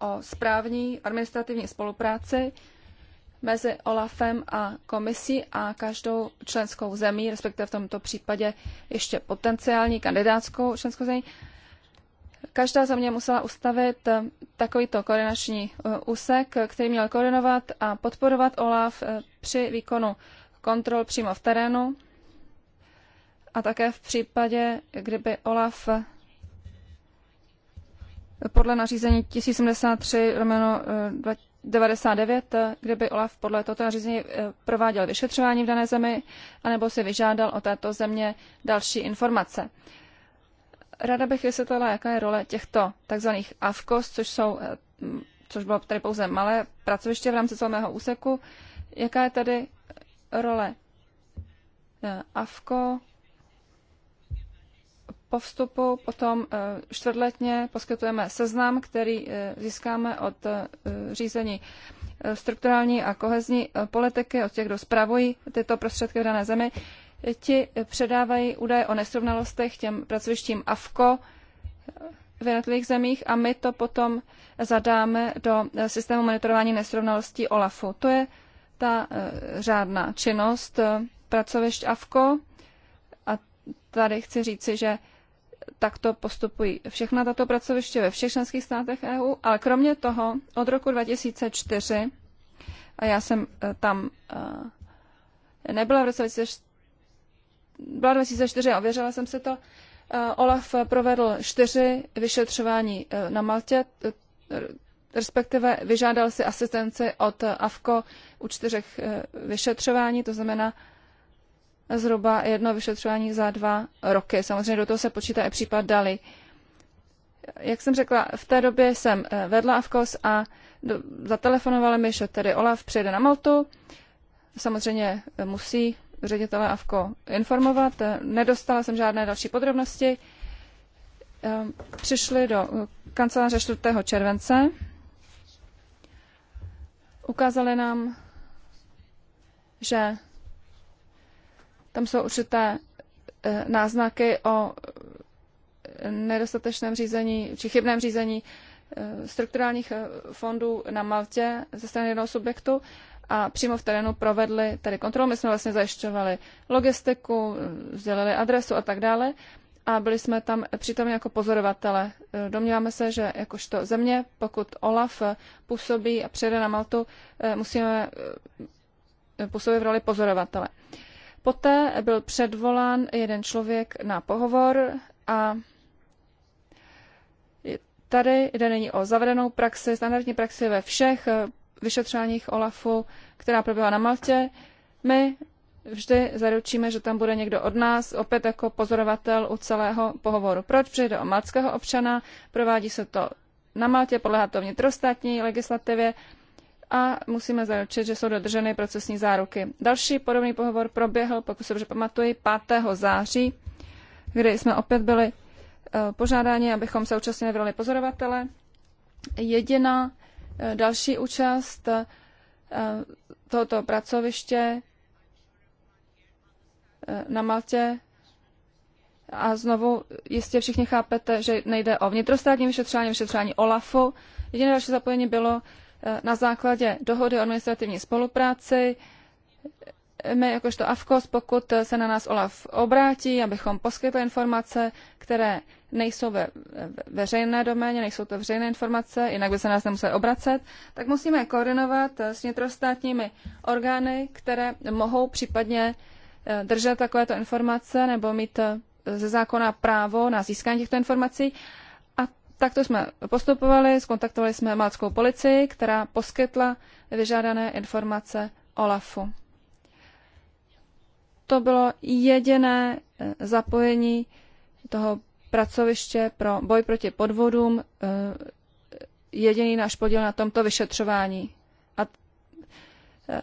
o správní administrativní spolupráci mezi OLAFem a komisí a každou členskou zemí, respektive v tomto případě ještě potenciální kandidátskou členskou zemí. Každá země musela ustavit takovýto koordinační eh, úsek, který měl koordinovat a podporovat OLAF eh, při výkonu kontrol přímo v terénu a také v případě, kdyby OLAF podle nařízení 1073 99, eh, eh, kde by OLAF podle tohoto nařízení eh, prováděl vyšetřování v dané zemi, anebo si vyžádal o této země další informace. Ráda bych vysvětlila, jaká je role těchto tzv. AFKOS, což, jsou, což bylo tady pouze malé pracoviště v rámci celého úseku. Jaká je tady role AFKO po vstupu potom eh, čtvrtletně poskytujeme seznam, který eh, získáme od eh, řízení strukturální a kohezní politiky, od těch, kdo zpravují tyto prostředky v dané zemi. Ti předávají údaje o nesrovnalostech těm pracovištím AFKO v jednotlivých zemích a my to potom zadáme do systému monitorování nesrovnalostí OLAFu. To je ta řádná činnost pracovišť AFKO. A tady chci říci, že takto postupují všechna tato pracoviště ve všech členských státech EU, ale kromě toho od roku 2004, a já jsem eh, tam eh, nebyla v roce 2004, byla 2004 a ověřila jsem se to, eh, Olaf provedl čtyři vyšetřování na Maltě, respektive vyžádal si asistenci od AFKO u čtyřech vyšetřování, to znamená, zhruba jedno vyšetřování za dva roky. Samozřejmě do toho se počítá i případ Dali. Jak jsem řekla, v té době jsem eh, vedla AVKOS a do, zatelefonovali mi, že tedy Olaf přijede na Maltu. Samozřejmě eh, musí ředitele AVKO informovat. Eh, nedostala jsem žádné další podrobnosti. Přišli do kanceláře 4. července. Ukázali nám, že tam jsou určité eh, náznaky o eh, nedostatečném řízení či chybném řízení eh, strukturálních fondů na Maltě ze strany jednoho subjektu a přímo v terénu provedli tady kontrolu. My jsme vlastně zajišťovali logistiku, vzdělili adresu a tak dále a byli jsme tam přítomně jako pozorovatele. Domníváme se, že jakožto země, pokud OLAF působí a přijede na Maltu, musíme působit v roli pozorovatele. Poté byl předvolán jeden člověk na pohovor a tady jde nyní o zavedenou praxi, standardní praxi ve všech eh, vyšetřováních OLAFu, která proběhla na Maltě. My vždy zaručíme, že tam bude někdo od nás, opět jako pozorovatel u celého pohovoru. Proč přijde o maltského občana? Provádí se to na Maltě, podlehá to vnitrostátní legislativě a musíme zaručit, že jsou dodrženy procesní záruky. Další podobný pohovor proběhl, pokud se dobře pamatuji, 5. září, kdy jsme opět byli eh, požádáni, abychom se účastnili v roli pozorovatele. Jediná eh, další účast eh, tohoto pracoviště na Maltě a znovu jistě všichni chápete, že nejde o vnitrostátní vyšetřování, vyšetřování OLAFu. Jediné další zapojení bylo Eh, na základě dohody o administrativní spolupráci eh, my jakožto AFKOS, pokud eh, se na nás OLAF obrátí, abychom poskytli informace, které nejsou ve veřejné doméně, nejsou to veřejné informace, jinak by se nás nemuseli obracet, tak musíme koordinovat s vnitrostátními orgány, které mohou případně držet takovéto informace nebo mít ze zákona právo na získání těchto informací Takto jsme postupovali, skontaktovali jsme malckou policii, která poskytla vyžádané informace OLAFu. To bylo jediné eh, zapojení toho pracoviště pro boj proti podvodům, eh, jediný náš podíl na tomto vyšetřování. A eh,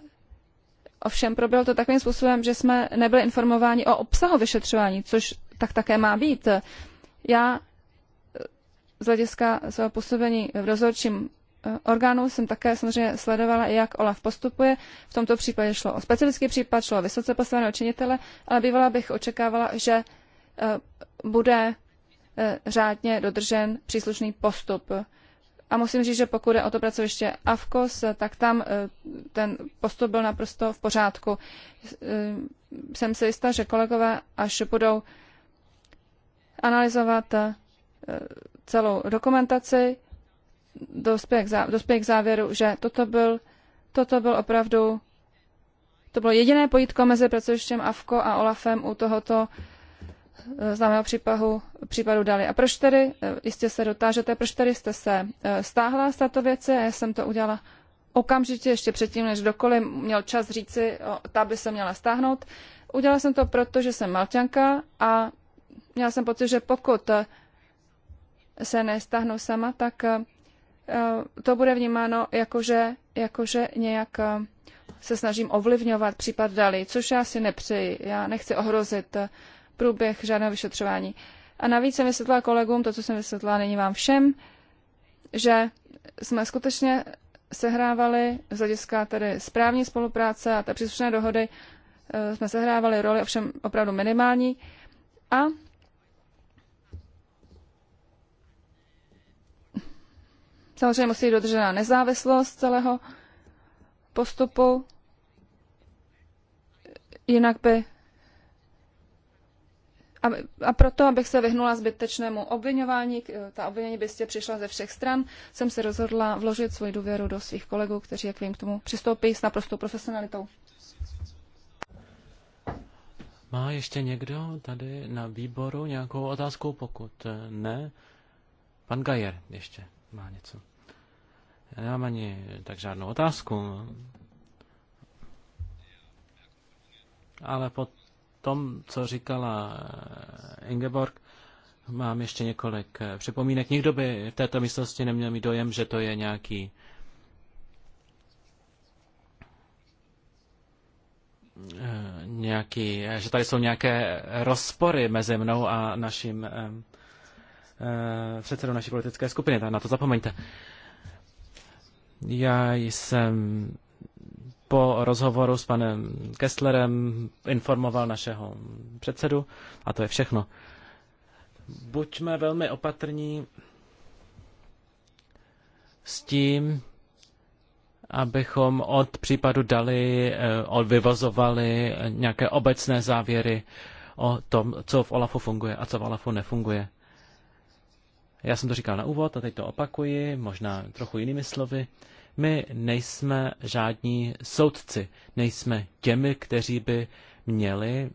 ovšem proběhlo to takovým způsobem, že jsme nebyli informováni o obsahu vyšetřování, což tak také má být. Já z hlediska svého působení v dozorčím eh, orgánu jsem také samozřejmě sledovala, jak OLAF postupuje. V tomto případě šlo o specifický případ, šlo o vysoce postaveného činitele, ale bývala bych očekávala, že eh, bude eh, řádně dodržen příslušný postup. A musím říct, že pokud je o to pracoviště AFKOS, tak tam ten postup byl naprosto v pořádku. Jsem si jistá, že kolegové, až budou analyzovat celou dokumentaci, dospěje k, závěru, že toto byl, toto byl opravdu, to bylo jediné pojítko mezi pracovištěm AFKO a OLAFem u tohoto eh, známého případu, případu dali. A proč tedy, eh, jistě se dotážete, proč tedy jste se eh, stáhla z této věci a já jsem to udělala okamžitě, ještě předtím, než dokoliv měl čas říci, o, ta by se měla stáhnout. Udělala jsem to proto, že jsem malťanka a měla jsem pocit, že pokud se nestáhnou sama, tak eh, to bude vnímáno jakože, jakože nějak eh, se snažím ovlivňovat případ Dali, což já si nepřeji. Já nechci ohrozit eh, průběh žádného vyšetřování. A navíc jsem vysvětlila kolegům, to, co jsem vysvětlila, není vám všem, že jsme skutečně sehrávali z hlediska tedy správní spolupráce a té příslušné dohody jsme sehrávali roli ovšem opravdu minimální a Samozřejmě musí být dodržena nezávislost celého postupu, jinak by a, a proto, abych se vyhnula zbytečnému obvinování, ta obvinění by jistě přišla ze všech stran, jsem se rozhodla vložit svoji důvěru do svých kolegů, kteří, jak vím, k tomu přistoupí s naprostou profesionalitou.
Má ještě někdo tady na výboru nějakou otázku? Pokud eh, ne, pan Gajer ještě má něco. Já nemám ani tak žádnou otázku. Ale po tom, co říkala eh, Ingeborg, mám ještě několik eh, připomínek. Nikdo by v této místnosti neměl mít dojem, že to je nějaký eh, nějaký, že tady jsou nějaké rozpory mezi mnou a naším Eh, předsedou naší politické skupiny, tak na to zapomeňte. Já jsem po rozhovoru s panem Kesslerem informoval našeho předsedu a to je všechno. Buďme velmi opatrní s tím, abychom od případu dali, eh, odvyvozovali nějaké obecné závěry o tom, co v OLAFu funguje a co v OLAFu nefunguje já jsem to říkal na úvod a teď to opakuji, možná trochu jinými slovy, my nejsme žádní soudci, nejsme těmi, kteří by měli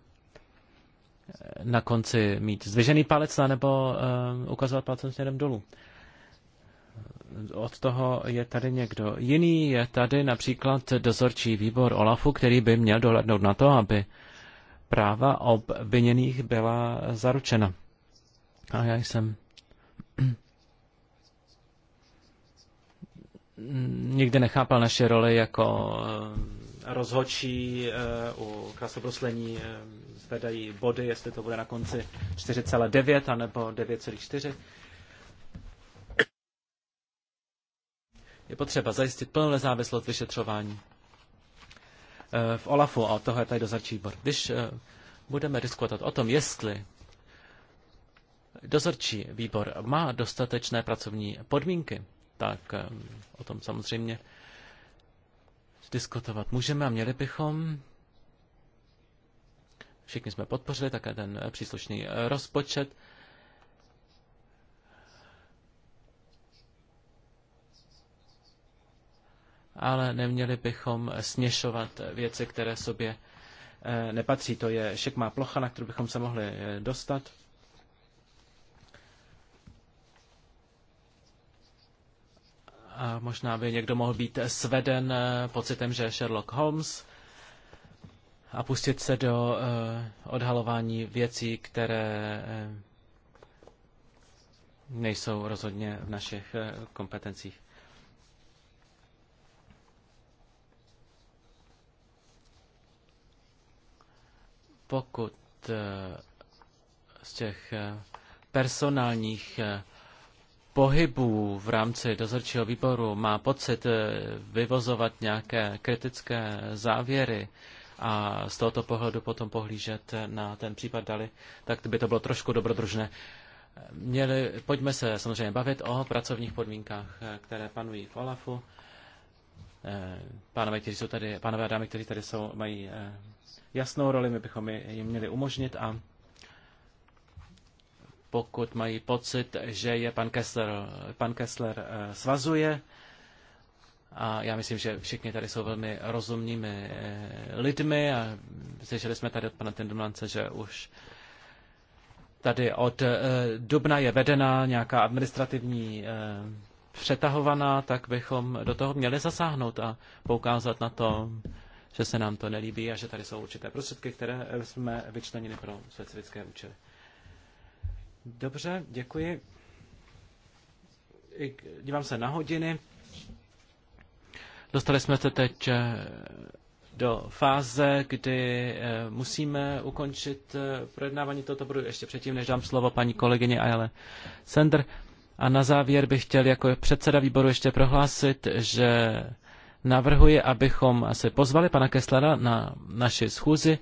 eh, na konci mít zvěžený palec nebo uh, eh, ukazovat palcem směrem dolů. Od toho je tady někdo jiný, je tady například dozorčí výbor OLAFu, který by měl dohlednout na to, aby práva obviněných byla zaručena. A já jsem nikdy nechápal naše roli jako eh, rozhodčí eh, u krasobruslení eh, zvedají body, jestli to bude na konci 4,9 anebo 9,4. Je potřeba zajistit plnou nezávislost vyšetřování v OLAFu a od toho je tady dozorčí výbor. Když budeme diskutovat o tom, jestli dozorčí výbor má dostatečné pracovní podmínky, tak o tom samozřejmě diskutovat můžeme a měli bychom. Všichni jsme podpořili také ten příslušný rozpočet. Ale neměli bychom směšovat věci, které sobě eh, nepatří. To je šikmá plocha, na kterou bychom se mohli eh, dostat. A možná by někdo mohl být sveden eh, pocitem, že je Sherlock Holmes a pustit se do eh, odhalování věcí, které eh, nejsou rozhodně v našich kompetencích. Pokud z těch personálních pohybů v rámci dozorčího výboru má pocit eh, vyvozovat nějaké kritické závěry a z tohoto pohledu potom pohlížet na ten případ dali, tak by to bylo trošku dobrodružné. Měli, pojďme se samozřejmě bavit o pracovních podmínkách, eh, které panují v OLAFu. Eh, pánové, kteří jsou tady, pánové a dámy, kteří tady jsou, mají jasnou roli, my bychom jim měli umožnit a pokud mají pocit, že je pan Kessler, pan Kessler eh, svazuje. A já myslím, že všichni tady jsou velmi rozumnými eh, lidmi a slyšeli jsme tady od pana Tendumlance, že už tady od eh, Dubna je vedena nějaká administrativní přetahovaná, tak bychom do toho měli zasáhnout a poukázat na to, že se nám to nelíbí a že tady jsou určité prostředky, které jsme vyčlenili pro specifické účely. Dobře, děkuji. Dívám se na hodiny. Dostali jsme se teď eh, do fáze, kdy eh, musíme ukončit eh, projednávání tohoto bodu ještě předtím, než dám slovo paní kolegyně Ajale Sender. A na závěr bych chtěl jako předseda výboru ještě prohlásit, že navrhuji, abychom se pozvali pana Keslera na naši schůzi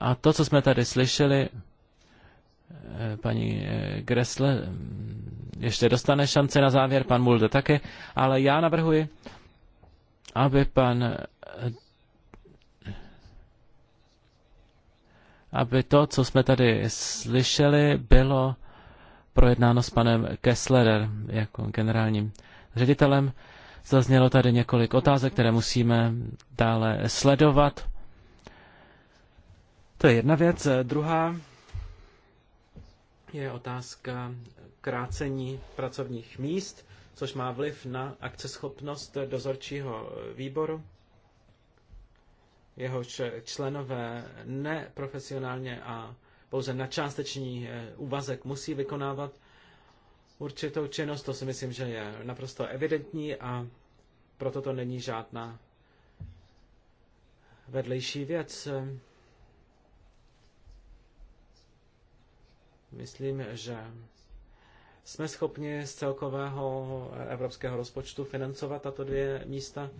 A to, co jsme tady slyšeli, eh, paní eh, Gressle mm, ještě dostane šance na závěr, pan Mulde také, ale já navrhuji, aby pan eh, aby to, co jsme tady slyšeli, bylo projednáno s panem Kesslerem jako generálním ředitelem. Zaznělo tady několik otázek, které musíme dále sledovat. To je jedna věc. Eh, druhá je otázka krácení pracovních míst, což má vliv na akceschopnost dozorčího eh, výboru. Jehož eh, členové neprofesionálně a pouze na částečný úvazek musí vykonávat určitou činnost. To si myslím, že je naprosto evidentní a proto to není žádná vedlejší věc. Myslím, že jsme schopni z celkového evropského rozpočtu financovat tato dvě místa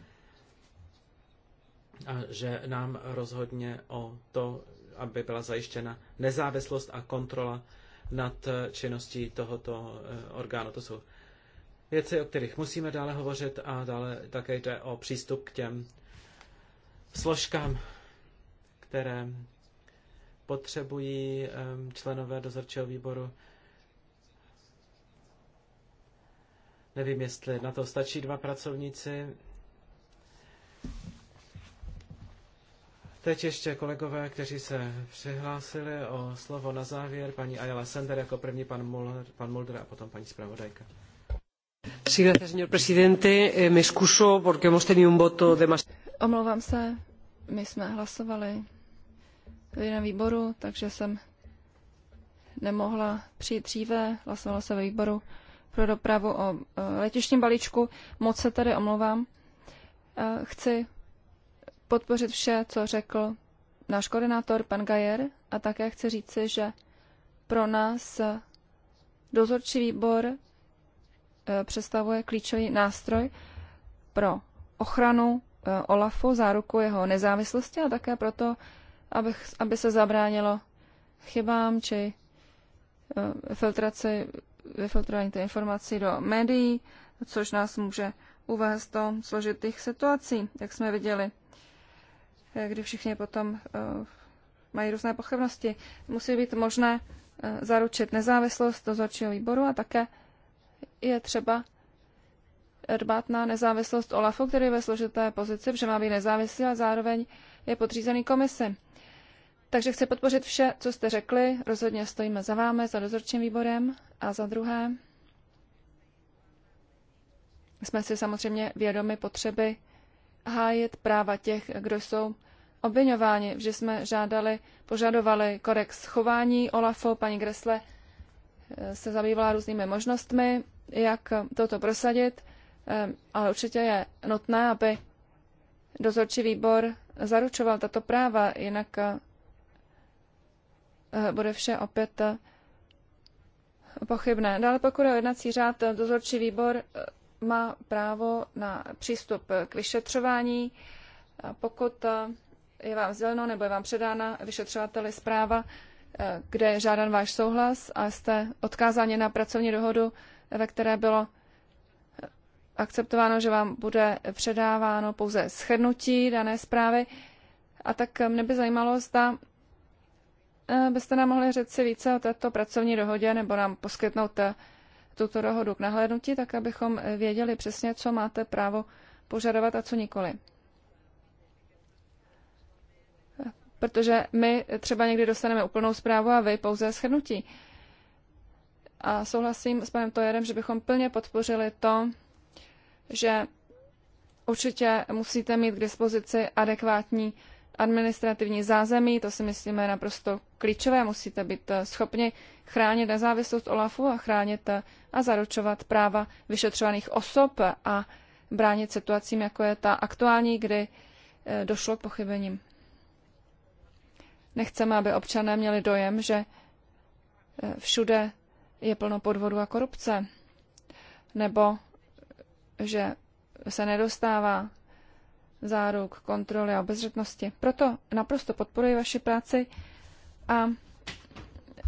a že nám rozhodně o to, aby byla zajištěna nezávislost a kontrola nad činností tohoto eh, orgánu. To jsou věci, o kterých musíme dále hovořit a dále také jde o přístup k těm složkám, které potřebují členové dozorčího výboru. Nevím, jestli na to stačí dva pracovníci. Teď ještě kolegové, kteří se přihlásili o slovo na závěr. Paní Ayala Sender jako první, pan Mulder, pan Mulder a potom paní zpravodajka. Sí, gracias, señor presidente. Eh, me excuso porque hemos tenido un voto de más.
Omlouvám se, my jsme hlasovali tady na výboru, takže jsem nemohla přijít dříve. Hlasovala se ve výboru pro dopravu o e, letišním balíčku. Moc se tady omlouvám. E, chci podpořit vše, co řekl náš koordinátor, pan Gajer, a také chci říci, že pro nás dozorčí výbor e, představuje klíčový nástroj pro ochranu OLAFu, záruku jeho nezávislosti a také proto, abych, aby se zabránilo chybám či eh, filtraci, vyfiltrování té informací do médií, což nás může uvést do složitých situací, jak jsme viděli, eh, kdy všichni potom eh, mají různé pochybnosti. Musí být možné zaručit nezávislost dozorčího výboru a také je třeba dbát na nezávislost OLAFu, který je ve složité pozici, protože má být nezávislý a zároveň je podřízený komisi. Takže chci podpořit vše, co jste řekli. Rozhodně stojíme za vámi, za dozorčím výborem a za druhé. Jsme si samozřejmě vědomi potřeby hájit práva těch, kdo jsou obvinováni. Vždy jsme žádali, požadovali korex chování Olafu. Paní Gresle eh, se zabývala různými možnostmi, jak toto prosadit, eh, ale určitě je nutné, aby dozorčí výbor zaručoval tato práva, jinak eh, Eh, bude vše opět eh, pochybné. Dále pokud je o jednací řád, eh, dozorčí výbor má právo na přístup k vyšetřování. Pokud je vám sděleno nebo je vám předána vyšetřovateli zpráva, kde je žádan váš souhlas a jste odkázáni na pracovní dohodu, ve které bylo akceptováno, že vám bude předáváno pouze shrnutí dané zprávy. A tak mě by zajímalo, zda Eh, byste nám mohli říct si více o této pracovní dohodě nebo nám poskytnout eh, tuto dohodu k nahlédnutí, tak abychom eh, věděli přesně, co máte právo požadovat a co nikoli. Protože my třeba někdy dostaneme úplnou zprávu a vy pouze shrnutí. A souhlasím s panem Tojerem, že bychom plně podpořili to, že určitě musíte mít k dispozici adekvátní administrativní zázemí, to si myslíme je naprosto klíčové. Musíte být eh, schopni chránit nezávislost OLAFu a chránit eh, a zaručovat práva vyšetřovaných osob a bránit situacím, jako je ta aktuální, kdy eh, došlo k pochybením. Nechceme, aby občané měli dojem, že všude je plno podvodu a korupce, nebo že se nedostává záruk, kontroly a obezřetnosti. Proto naprosto podporuji vaši práci a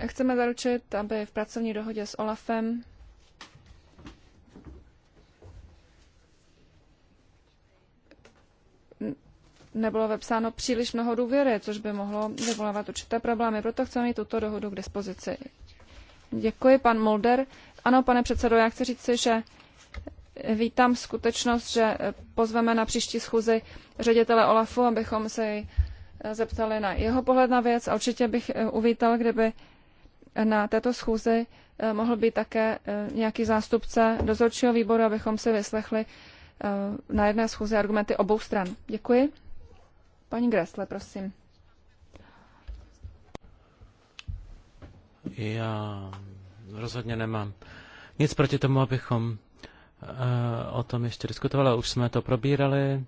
chceme zaručit, aby v pracovní dohodě s OLAFem nebylo vepsáno příliš mnoho důvěry, což by mohlo vyvolávat určité problémy. Proto chceme mít tuto dohodu k dispozici. Děkuji, pan Mulder. Ano, pane předsedo, já chci říci, že Vítám skutečnost, že pozveme na příští schůzi ředitele Olafu, abychom se jej eh, zeptali na jeho pohled na věc a určitě bych eh, uvítal, kdyby na této schůzi eh, mohl být také nějaký zástupce dozorčího výboru, abychom si vyslechli na jedné schůzi argumenty obou stran. Děkuji. Paní Gressle, prosím.
Já rozhodně nemám nic proti tomu, abychom Eh, o tom ještě diskutovala, už jsme to probírali,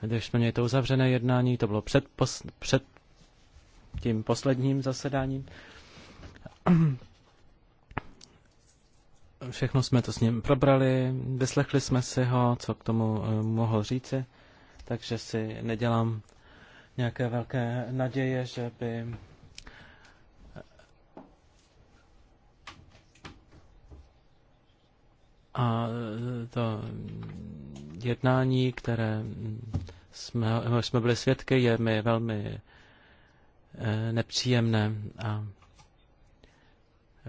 když jsme měli to uzavřené jednání, to bylo před, pos, před tím posledním zasedáním. Všechno jsme to s ním probrali, vyslechli jsme si ho, co k tomu eh, mohl říci, takže si nedělám nějaké velké naděje, že by A e, to jednání, které jsme, jsme byli svědky, je mi velmi e, nepříjemné. A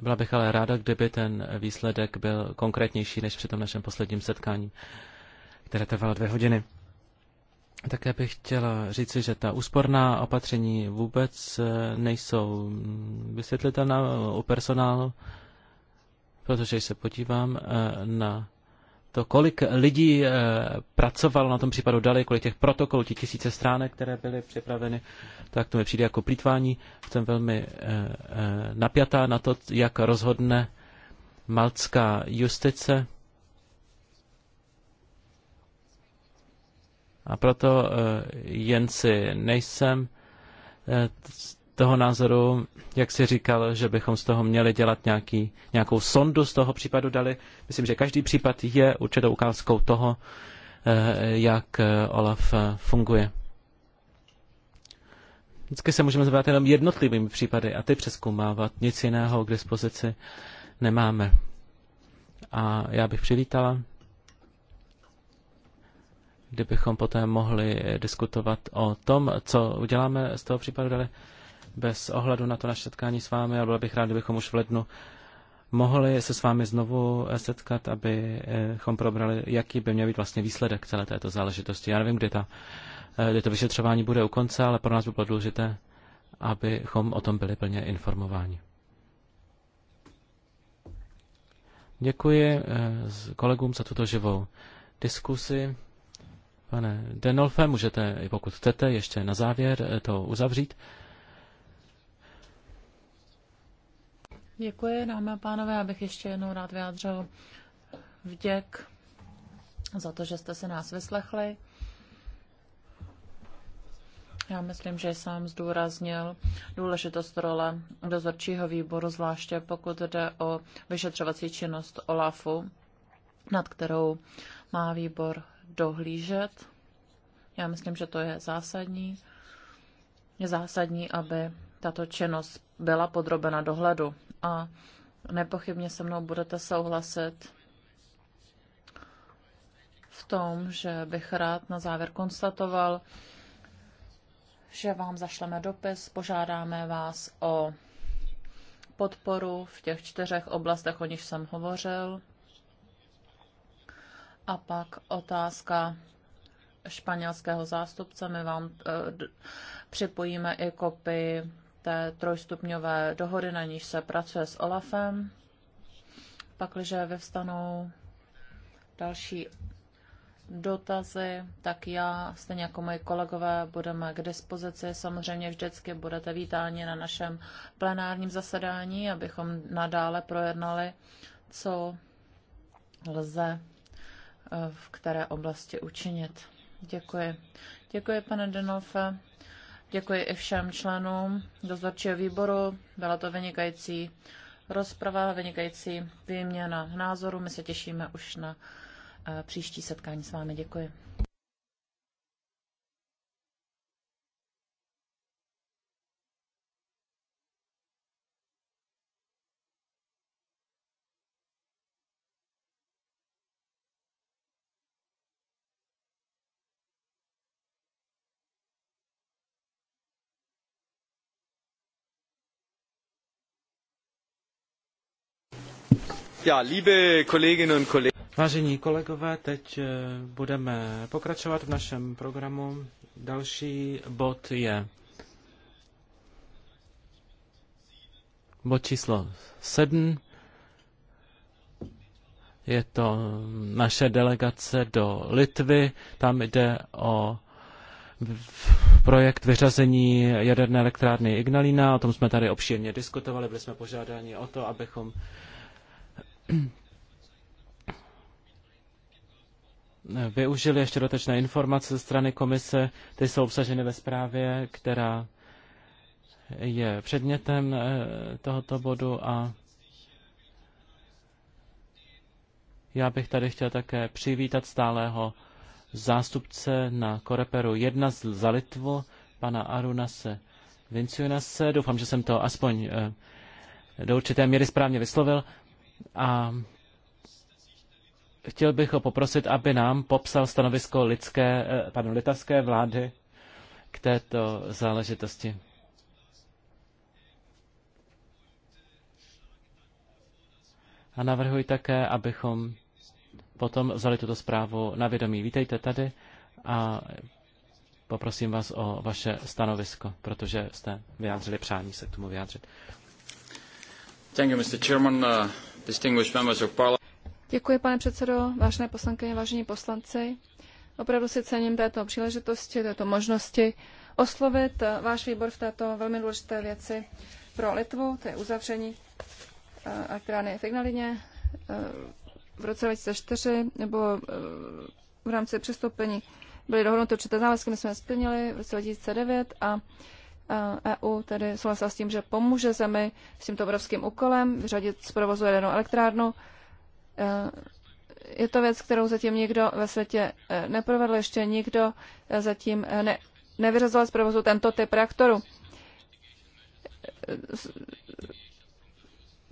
byla bych ale ráda, kdyby ten výsledek byl konkrétnější než při tom našem posledním setkání, které trvalo dvě hodiny. Také bych chtěla říci, že ta úsporná opatření vůbec e, nejsou mm, vysvětlitelná u personálu protože se podívám eh, na to, kolik lidí eh, pracovalo na tom případu dali, kolik těch protokolů, těch tisíce stránek, které byly připraveny, tak to mi přijde jako plítvání. Jsem velmi eh, napjatá na to, jak rozhodne malcká justice. A proto jen si nejsem toho názoru, jak si říkal, že bychom z toho měli dělat nějaký, nějakou sondu z toho případu dali. Myslím, že každý případ je určitou ukázkou toho, eh, jak eh, OLAF eh, funguje. Vždycky se můžeme zabývat jenom jednotlivými případy a ty přeskoumávat. Nic jiného k dispozici nemáme. A já bych přivítala, kdybychom poté mohli diskutovat o tom, co uděláme z toho případu dále bez ohledu na to naše setkání s vámi a byl bych rád, kdybychom už v lednu mohli se s vámi znovu eh, setkat, abychom probrali, jaký by měl být vlastně výsledek celé této záležitosti. Já nevím, kdy, ta, eh, kdy to vyšetřování bude u konce, ale pro nás by bylo důležité, abychom o tom byli plně informováni. Děkuji eh, kolegům za tuto živou diskusi. Pane Denolfe, můžete, pokud chcete, ještě na závěr to uzavřít.
Děkuji, dámy a pánové, abych ještě jednou rád vyjádřil vděk za to, že jste si nás vyslechli. Já myslím, že jsem zdůraznil důležitost role dozorčího výboru, zvláště pokud jde o vyšetřovací činnost OLAFu, nad kterou má výbor dohlížet. Já myslím, že to je zásadní. Je zásadní, aby tato činnost byla podrobena dohledu a nepochybně se mnou budete souhlasit v tom, že bych rád na závěr konstatoval, že vám zašleme dopis, požádáme vás o podporu v těch čtyřech oblastech, o nich jsem hovořil. A pak otázka španělského zástupce. My vám eh, připojíme i kopii té trojstupňové dohody, na níž se pracuje s OLAFem. Pakliže vyvstanou další dotazy, tak já, stejně jako moji kolegové, budeme k dispozici. Samozřejmě vždycky budete vítáni na našem plenárním zasedání, abychom nadále projednali, co lze eh, v které oblasti učinit. Děkuji. Děkuji, pane Denolfe. Děkuji i všem členům dozorčího výboru. Byla to vynikající rozprava, vynikající výměna názoru. My se těšíme už na eh, příští setkání s vámi. Děkuji.
Vážení kolegové, teď eh, budeme pokračovat v našem programu. Další bod je bod číslo 7. Je to naše delegace do Litvy. Tam jde o projekt vyřazení jaderné elektrárny Ignalina. O tom jsme tady obšírně diskutovali. Byli jsme požádáni o to, abychom využili ještě dotečné informace ze strany komise, ty jsou obsaženy ve zprávě, která je předmětem eh, tohoto bodu a já bych tady chtěl také přivítat stálého zástupce na Koreperu 1 za Litvu, pana Arunase Vinciunase. Doufám, že jsem to aspoň eh, do určité míry správně vyslovil. A chtěl bych ho poprosit, aby nám popsal stanovisko lidské, eh, pardon, litavské vlády k této záležitosti. A navrhuji také, abychom potom vzali tuto zprávu na vědomí. Vítejte tady a poprosím vás o vaše stanovisko, protože jste vyjádřili přání se k tomu vyjádřit. Thank you, Mr. Chairman. Uh...
Děkuji, pane předsedo, vážené poslankyně, vážení poslanci. Opravdu si cením této příležitosti, této možnosti oslovit eh, váš výbor v této velmi důležité věci pro Litvu, to je uzavření elektrárny eh, v Ignalině eh, v roce 2004, nebo v rámci přistoupení byly dohodnuty určité závazky, my jsme je splnili v roce 2009 a EU eh, e tedy souhlasila s tím, že pomůže zemi s tímto obrovským úkolem vyřadit z provozu jadernou elektrárnu. Eh, je to věc, kterou zatím nikdo ve světě eh, neprovedl, ještě nikdo zatím ne, nevyřazoval z provozu tento typ reaktoru.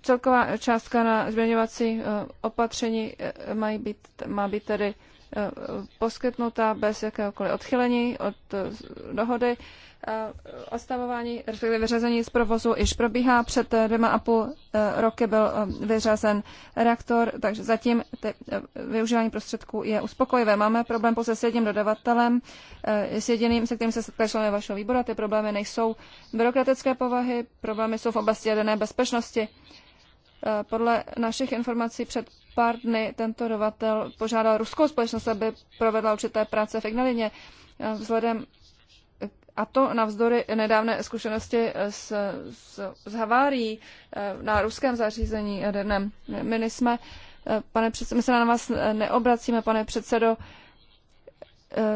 Celková částka na změňovací opatření mají být, má být tedy Eh, poskytnuta bez jakéhokoliv odchylení od eh, dohody. Eh, ostavování, respektive vyřazení z provozu již probíhá. Před dvěma a půl roky byl vyřazen reaktor, takže zatím te, využívání prostředků je uspokojivé. Máme problém pouze s jedním dodavatelem, s jediným, se kterým se setkali členové vašeho výboru. ty problémy nejsou byrokratické povahy, problémy jsou v oblasti jaderné bezpečnosti. Podle našich informací před pár dny tento dovatel požádal ruskou společnost, aby provedla určité práce v Ignalině. Vzhledem a to navzdory nedávné zkušenosti s, s, s havárií eh, na ruském zařízení jadernem. Eh, my, nejsme, eh, pane předsedo, my se na vás neobracíme, pane předsedo,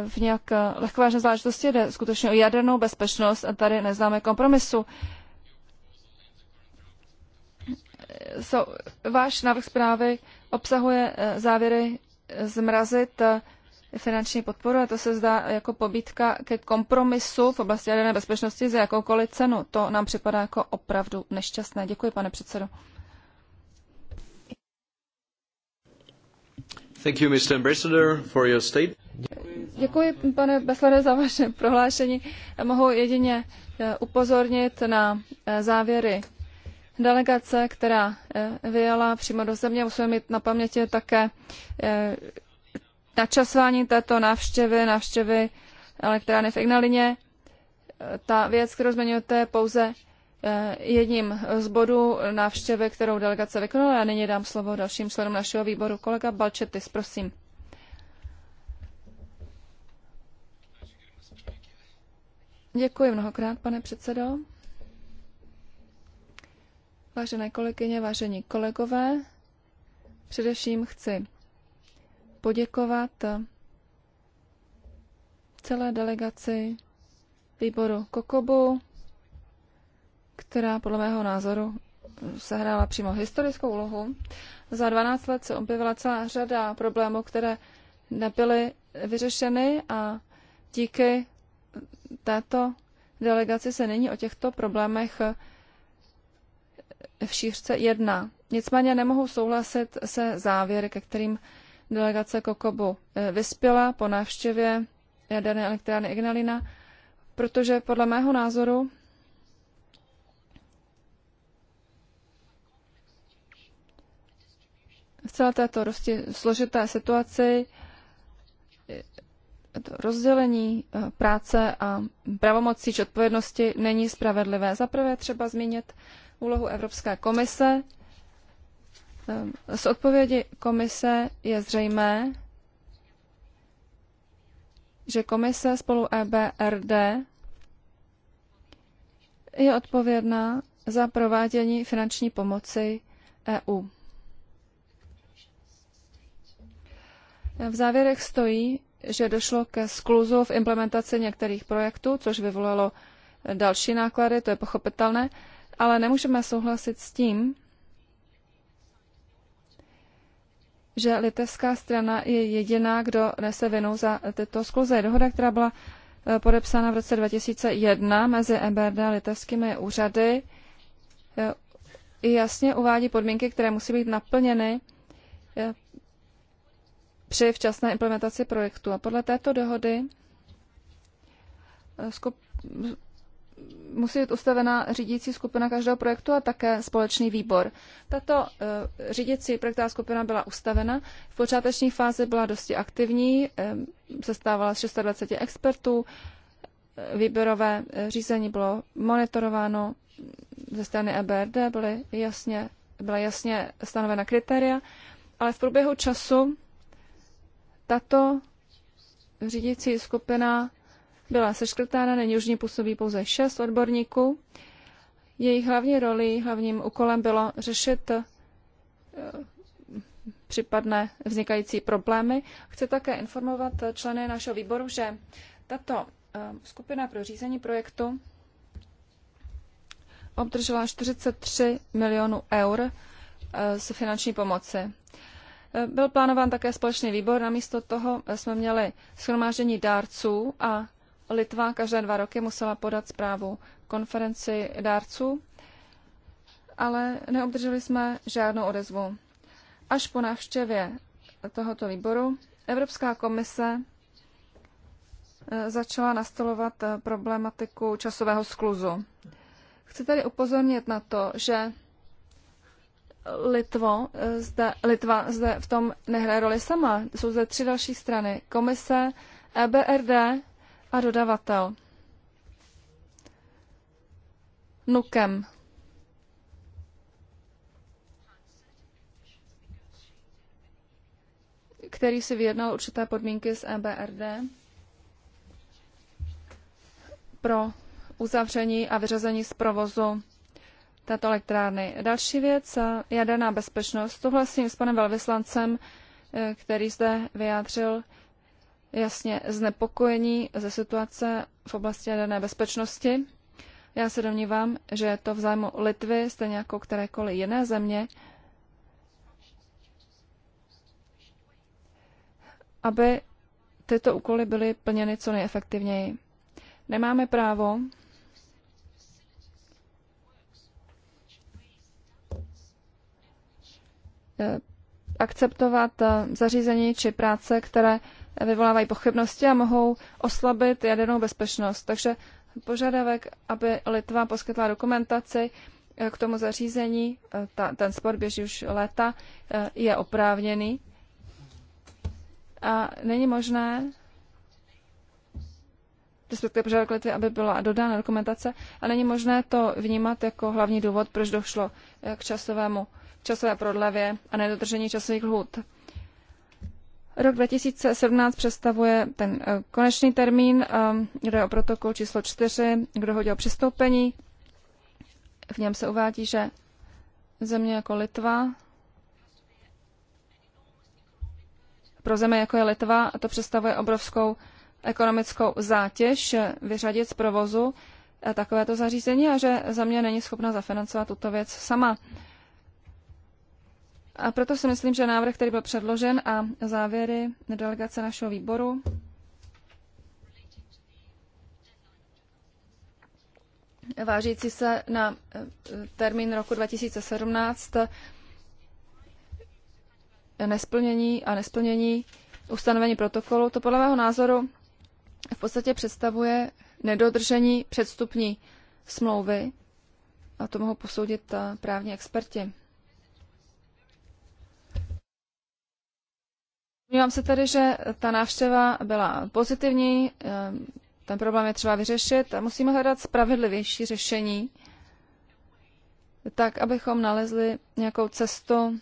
v nějak lehkovážné záležitosti jde skutečně o jadernou bezpečnost a tady neznáme kompromisu so, váš návrh zprávy obsahuje eh, závěry eh, zmrazit eh, finanční podporu a to se zdá jako pobítka ke kompromisu v oblasti jaderné bezpečnosti za jakoukoliv cenu. To nám připadá jako opravdu nešťastné. Děkuji, pane předsedo.
Thank you, Mr. Ambassador, for your state.
Děkuji, pane Beslere, za vaše prohlášení. Mohu jedině upozornit na závěry delegace, která eh, vyjela přímo do země, musíme mít na paměti také eh, načasování této návštěvy, návštěvy elektrárny v Ignalině. Ta věc, kterou zmiňujete, je pouze eh, jedním z bodů návštěvy, kterou delegace vykonala. Já nyní dám slovo dalším členům našeho výboru. Kolega Balčetis, prosím. Děkuji mnohokrát, pane předsedo. Vážené kolegyně, vážení kolegové, především chci poděkovat celé delegaci výboru Kokobu, která podle mého názoru sehrála přímo historickou úlohu. Za 12 let se objevila celá řada problémů, které nebyly vyřešeny a díky této delegaci se nyní o těchto problémech v šířce jedna. Nicméně nemohu souhlasit se závěry, ke kterým delegace Kokobu eh, vyspěla po návštěvě jaderné eh, elektrárny Ignalina, protože podle mého názoru v celé této rosti složité situaci eh, to rozdělení práce a pravomocí či odpovědnosti není spravedlivé. Zaprvé třeba zmínit úlohu Evropské komise. Ehm, z odpovědi komise je zřejmé, že komise spolu EBRD je odpovědná za provádění finanční pomoci EU. V závěrech stojí, že došlo ke skluzu v implementaci některých projektů, což vyvolalo další náklady, to je pochopitelné, ale nemůžeme souhlasit s tím, že litevská strana je jediná, kdo nese vinu za tyto skluze. Dohoda, která byla eh, podepsána v roce 2001 mezi EBRD a litevskými úřady, eh, jasně uvádí podmínky, které musí být naplněny eh, při včasné implementaci projektu. A podle této dohody musí být ustavena řídící skupina každého projektu a také společný výbor. Tato eh, řídící projektová skupina byla ustavena. V počáteční fázi byla dosti aktivní, eh, sestávala z 26 expertů, výběrové eh, řízení bylo monitorováno ze strany EBRD, byly jasně, byla jasně stanovena kritéria, ale v průběhu času tato řídící skupina byla seškrtána, není už ní působí pouze šest odborníků. Jejich hlavní roli, hlavním úkolem bylo řešit eh, případné vznikající problémy. Chci také informovat eh, členy našeho výboru, že tato eh, skupina pro řízení projektu obdržela 43 milionů eur z finanční pomoci. Byl plánován také společný výbor, namísto toho jsme měli schromáždění dárců a Litva každé dva roky musela podat zprávu konferenci dárců, ale neobdrželi jsme žádnou odezvu. Až po návštěvě tohoto výboru Evropská komise eh, začala nastolovat eh, problematiku časového skluzu. Chci tady upozornit na to, že Litvo eh, zde, Litva zde v tom nehraje roli sama. Jsou zde tři další strany. Komise, EBRD a dodavatel. Nukem. který si vyjednal určité podmínky s EBRD pro uzavření a vyřazení z provozu této elektrárny. Další věc, jaderná bezpečnost. Souhlasím s panem velvyslancem, eh, který zde vyjádřil jasně znepokojení ze situace v oblasti jaderné bezpečnosti. Já se domnívám, že je to v zájmu Litvy, stejně jako kterékoliv jiné země, aby tyto úkoly byly plněny co nejefektivněji. Nemáme právo eh, akceptovat eh, zařízení či práce, které vyvolávají pochybnosti a mohou oslabit jadernou bezpečnost. Takže požadavek, aby Litva poskytla dokumentaci eh, k tomu zařízení, eh, ta, ten spor běží už léta, eh, je oprávněný. A není možné, respektive požadavek Litvy, aby byla dodána dokumentace, a není možné to vnímat jako hlavní důvod, proč došlo k časovému, k časové prodlevě a nedodržení časových lhůt. Rok 2017 představuje ten eh, konečný termín, kde eh, o protokol číslo 4 k dohodě o přistoupení. V něm se uvádí, že země jako Litva, pro země jako je Litva, to představuje obrovskou ekonomickou zátěž eh, vyřadit z provozu takovéto zařízení a že země není schopna zafinancovat tuto věc sama. A proto si myslím, že návrh, který byl předložen a závěry delegace našeho výboru vážící se na eh, termín roku 2017 nesplnění a nesplnění ustanovení protokolu, to podle mého názoru v podstatě představuje nedodržení předstupní smlouvy a to mohou posoudit eh, právní experti. Vnímám se tady, že ta návštěva byla pozitivní, ehm, ten problém je třeba vyřešit a musíme hledat spravedlivější řešení, tak, abychom nalezli nějakou cestu,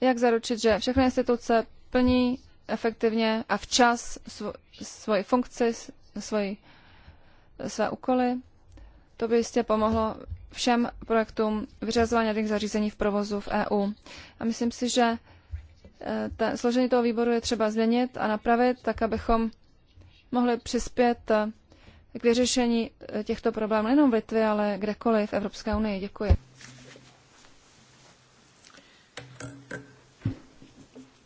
jak zaručit, že všechny instituce plní efektivně a včas svo, svoji funkci, svoji, své úkoly. To by jistě pomohlo všem projektům vyřazování těch zařízení v provozu v EU. A myslím si, že ta, složení toho výboru je třeba změnit a napravit, tak abychom mohli přispět eh, k vyřešení eh, těchto problémů nejenom v Litvě, ale kdekoliv v Evropské unii. Děkuji.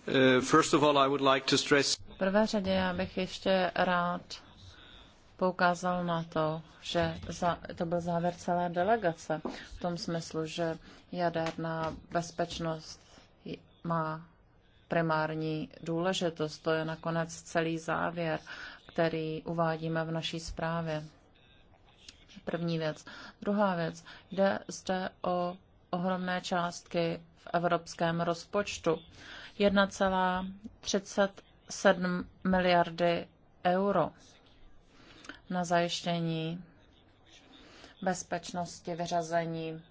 Eh, first of all, I would like to stress...
V prvé
řadě já bych ještě rád poukázal na to, že za, to byl závěr celé delegace v tom smyslu, že jaderná bezpečnost má primární důležitost. To je nakonec celý závěr, který uvádíme v naší zprávě. První věc. Druhá věc. Jde zde o ohromné částky v evropském rozpočtu. 1,37 miliardy euro na zajištění bezpečnosti vyřazení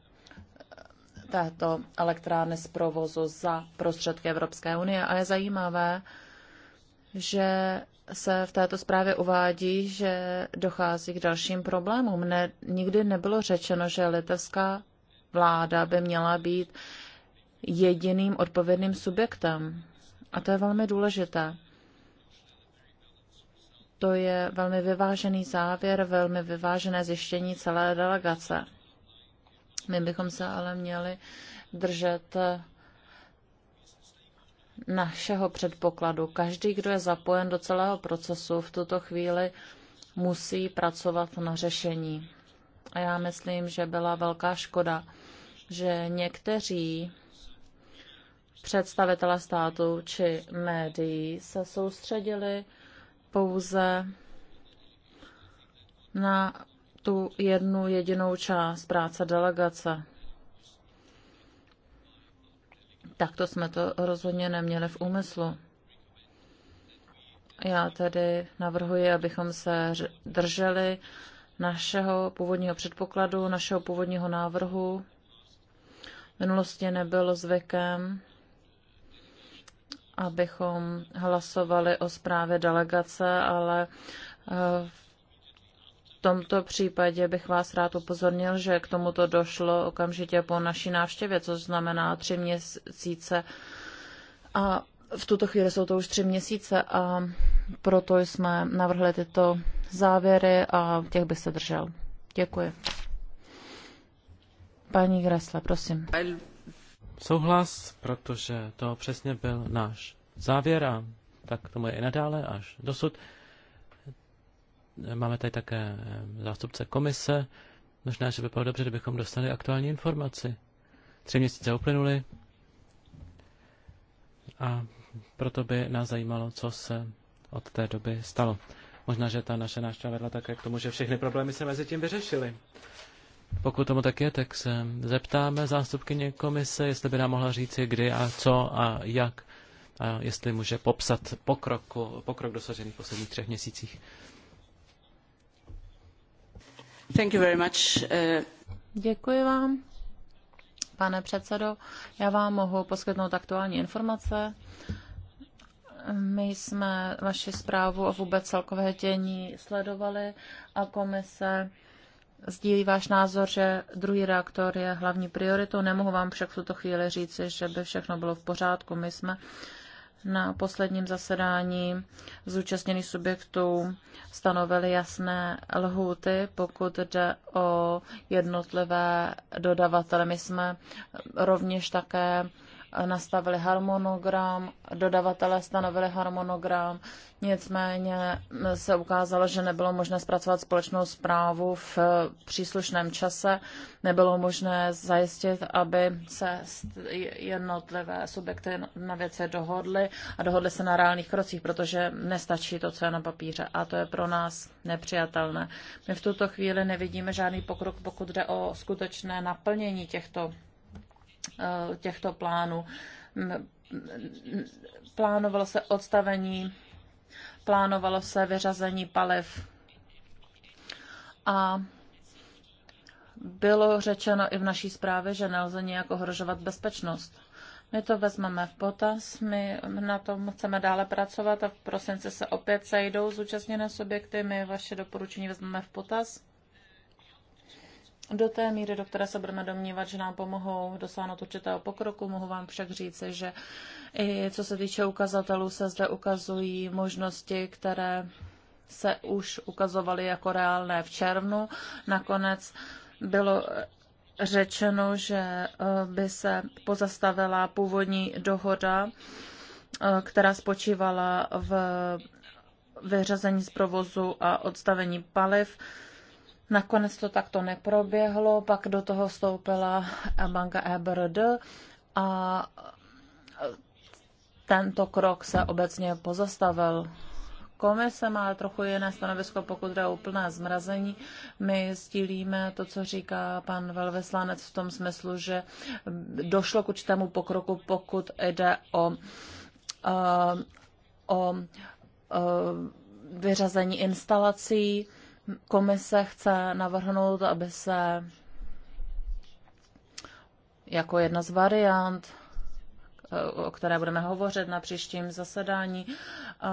této elektrárny z provozu za prostředky Evropské unie. A je zajímavé, že se v této zprávě uvádí, že dochází k dalším problémům. Ne, nikdy nebylo řečeno, že litevská vláda by měla být jediným odpovědným subjektem. A to je velmi důležité. To je velmi vyvážený závěr, velmi vyvážené zjištění celé delegace. My bychom se ale měli držet eh, našeho předpokladu. Každý, kdo je zapojen do celého procesu, v tuto chvíli musí pracovat na řešení. A já myslím, že byla velká škoda, že někteří představitelé státu či médií se soustředili pouze na tu jednu jedinou část práce delegace. Takto jsme to rozhodně neměli v úmyslu. Já tedy navrhuji, abychom se drželi našeho původního předpokladu, našeho původního návrhu. V minulosti nebylo zvykem, abychom hlasovali o zprávě delegace, ale v eh, tomto případě bych vás rád upozornil, že k tomuto došlo okamžitě po naší návštěvě, což znamená tři měsíce. A v tuto chvíli jsou to už tři měsíce a proto jsme navrhli tyto závěry a těch by se držel. Děkuji. Paní Gresle, prosím.
Souhlas, protože to přesně byl náš závěr a tak tomu je i nadále až dosud. Máme tady také eh, zástupce komise. Možná, že by bylo dobře, kdybychom dostali aktuální informaci. Tři měsíce uplynuly a proto by nás zajímalo, co se od té doby stalo. Možná, že ta naše návštěva vedla také k tomu, že všechny problémy se mezi tím vyřešily. Pokud tomu tak je, tak se zeptáme zástupkyně komise, jestli by nám mohla říci, kdy a co a jak a jestli může popsat pokroku, pokrok dosažený v posledních třech měsících. Uh,
Děkuji vám. Pane předsedo, já vám mohu poskytnout aktuální informace. My jsme vaši zprávu a vůbec celkové dění sledovali a komise sdílí váš názor, že druhý reaktor je hlavní prioritou. Nemohu vám však v tuto chvíli říci, že by všechno bylo v pořádku. My jsme na posledním zasedání zúčastněný subjektů stanovili jasné lhůty, pokud jde o jednotlivé dodavatele. My jsme rovněž také nastavili harmonogram, dodavatelé stanovili harmonogram, nicméně se ukázalo, že nebylo možné zpracovat společnou zprávu v příslušném čase, nebylo možné zajistit, aby se jednotlivé subjekty na věci dohodly a dohodly se na reálných krocích, protože nestačí to, co je na papíře a to je pro nás nepřijatelné. My v tuto chvíli nevidíme žádný pokrok, pokud jde o skutečné naplnění těchto Eh, těchto plánů. Plánovalo se odstavení, plánovalo se vyřazení paliv a bylo řečeno i v naší zprávě, že nelze nějak ohrožovat bezpečnost. My to vezmeme v potaz, my na tom chceme dále pracovat a v prosinci se opět sejdou zúčastněné subjekty, my vaše doporučení vezmeme v potaz do té míry, do které se budeme domnívat, že nám pomohou dosáhnout určitého pokroku. Mohu vám však říct, že i co se týče ukazatelů, se zde ukazují možnosti, které se už ukazovaly jako reálné v červnu. Nakonec bylo řečeno, že eh, by se pozastavila původní dohoda, eh, která spočívala v vyřazení z provozu a odstavení paliv. Nakonec to takto neproběhlo, pak do toho vstoupila banka EBRD a tento krok se obecně pozastavil. Komise má trochu jiné stanovisko, pokud jde o úplné zmrazení. My sdílíme to, co říká pan velvyslanec v tom smyslu, že došlo k určitému pokroku, pokud jde o, eh, o, o eh, vyřazení instalací. Komise chce navrhnout, aby se jako jedna z variant, o které budeme hovořit na příštím zasedání, eh,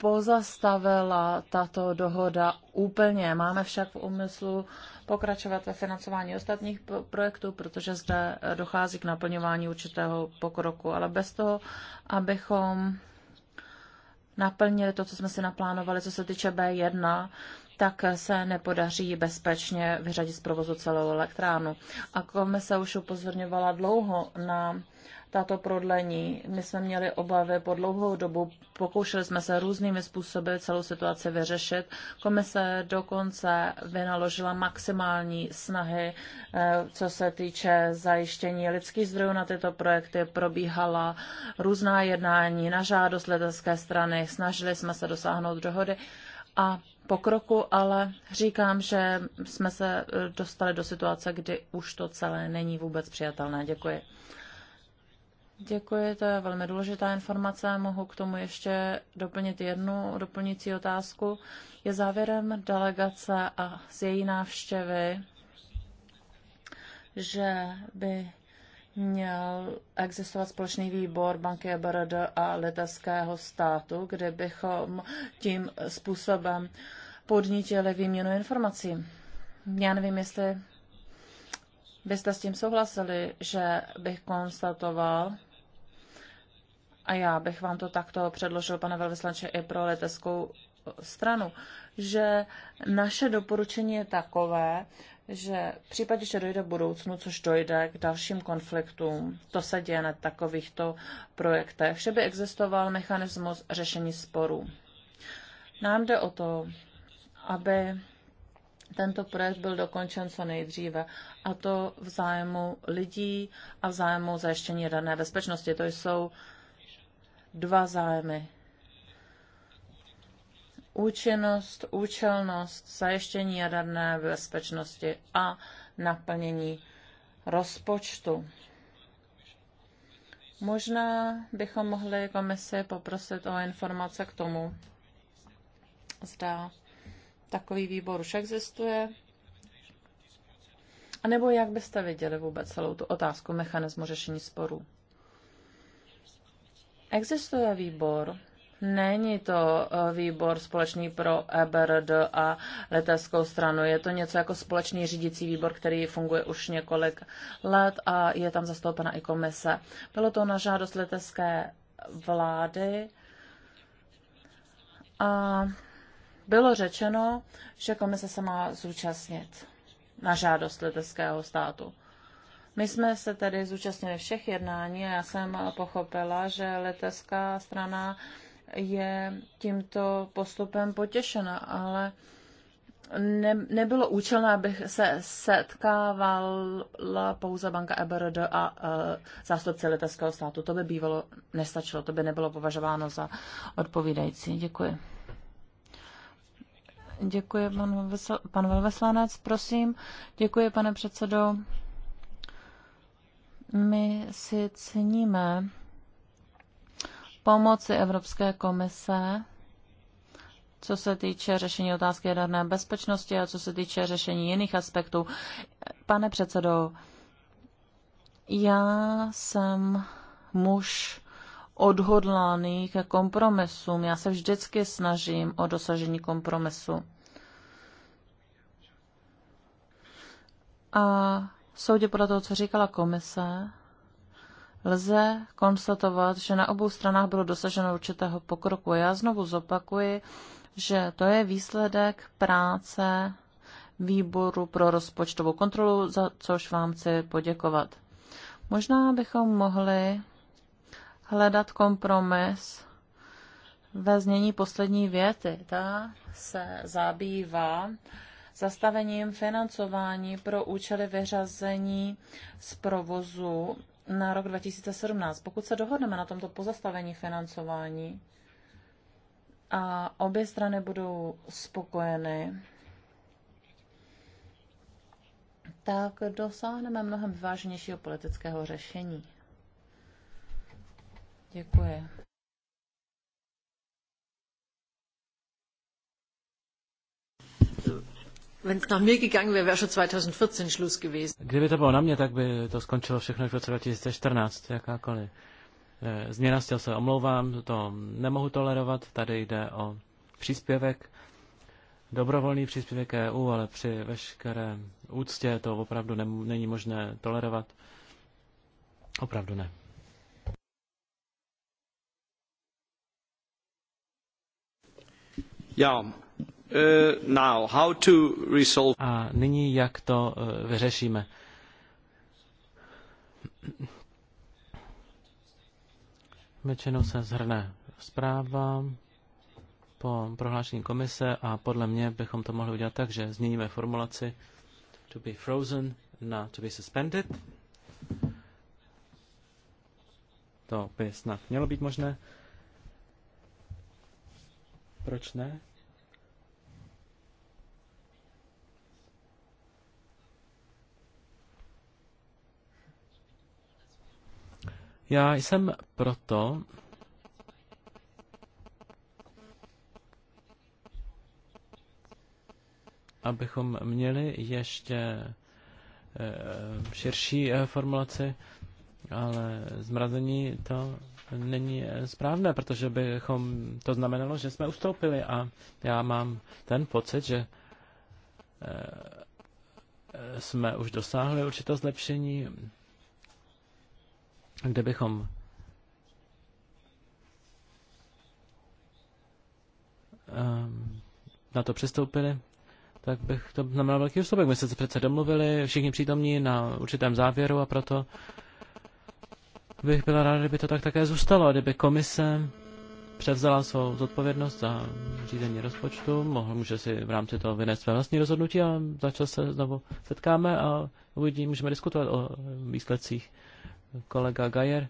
pozastavila tato dohoda úplně. Máme však v úmyslu pokračovat ve financování ostatních projektů, protože zde dochází k naplňování určitého pokroku, ale bez toho, abychom naplnili to, co jsme si naplánovali, co se týče B1, tak se nepodaří bezpečně vyřadit z provozu celou elektrárnu. A komise už upozorňovala dlouho na tato prodlení. My jsme měli obavy po dlouhou dobu, pokoušeli jsme se různými způsoby celou situaci vyřešit. Komise dokonce vynaložila maximální snahy, eh, co se týče zajištění lidských zdrojů na tyto projekty. Probíhala různá jednání na žádost letecké strany, snažili jsme se dosáhnout dohody a pokroku, ale říkám, že jsme se eh, dostali do situace, kdy už to celé není vůbec přijatelné. Děkuji. Děkuji, to je velmi důležitá informace. Mohu k tomu ještě doplnit jednu doplnící otázku. Je závěrem delegace a z její návštěvy, že by měl existovat společný výbor banky EBRD a litevského státu, kde bychom tím způsobem podnítili výměnu informací. Já nevím, jestli byste s tím souhlasili, že bych konstatoval, a já bych vám to takto předložil, pane velvyslanče, i pro litevskou stranu, že naše doporučení je takové, že v případě, že dojde v budoucnu, což dojde k dalším konfliktům, to se děje na takovýchto projektech, že by existoval mechanismus řešení sporů. Nám jde o to, aby tento projekt byl dokončen co nejdříve, a to v zájmu lidí a v zájmu zajištění dané bezpečnosti. To jsou dva zájmy účinnost, účelnost, zajištění jaderné bezpečnosti a naplnění rozpočtu. Možná bychom mohli komisi poprosit o informace k tomu, zda takový výbor už existuje, a nebo jak byste viděli vůbec celou tu otázku mechanismu řešení sporů? Existuje výbor, Není to e, výbor společný pro EBRD a letevskou stranu. Je to něco jako společný řídící výbor, který funguje už několik let a je tam zastoupena i komise. Bylo to na žádost letecké vlády a bylo řečeno, že komise se má zúčastnit na žádost leteckého státu. My jsme se tedy zúčastnili všech jednání a já jsem pochopila, že letecká strana je tímto postupem potěšena, ale ne, nebylo účelné, abych se setkávala pouze banka EBRD a e, zástupce leteckého státu. To by bývalo, nestačilo, to by nebylo považováno za odpovídající. Děkuji. Děkuji, pan, Vesl- pan velveslanec, prosím. Děkuji, pane předsedo. My si ceníme pomoci Evropské komise, co se týče řešení otázky jaderné bezpečnosti a co se týče řešení jiných aspektů. Pane předsedo, já jsem muž odhodlaný ke kompromisům. Já se vždycky snažím o dosažení kompromisu. A soudě podle toho, co říkala komise, lze konstatovat, že na obou stranách bylo dosaženo určitého pokroku. Já znovu zopakuji, že to je výsledek práce výboru pro rozpočtovou kontrolu, za což vám chci poděkovat. Možná bychom mohli hledat kompromis ve znění poslední věty. Ta se zabývá zastavením financování pro účely vyřazení z provozu na rok 2017. Pokud se dohodneme na tomto pozastavení financování a obě strany budou spokojeny, tak dosáhneme mnohem vážnějšího politického řešení.
Děkuji.
Kdyby to bylo na mě, tak by to skončilo všechno v roce 2014, jakákoliv. Eh, změna stěl se omlouvám, to nemohu tolerovat, tady jde o příspěvek, dobrovolný příspěvek EU, ale při veškeré úctě to opravdu ne, není možné tolerovat. Opravdu ne. Já Uh, a nyní jak to uh, vyřešíme? Většinou se zhrne zpráva po prohlášení komise a podle mě bychom to mohli udělat tak, že změníme formulaci to be frozen na to be suspended. To by snad mělo být možné. Proč ne? Já jsem proto, abychom měli ještě eh, širší eh, formulaci, ale zmrazení to není eh, správné, protože bychom to znamenalo, že jsme ustoupili a já mám ten pocit, že jsme už dosáhli určitého zlepšení kde bychom ehm, na to přistoupili, tak bych to znamenal velký ústupek. My jsme se přece domluvili, všichni přítomní na určitém závěru a proto bych byla ráda, kdyby to tak také zůstalo, kdyby komise převzala svou zodpovědnost za řízení rozpočtu, mohl, může si v rámci toho vynést své vlastní rozhodnutí a začas se znovu setkáme a uvidíme, můžeme diskutovat o výsledcích kolega Gajer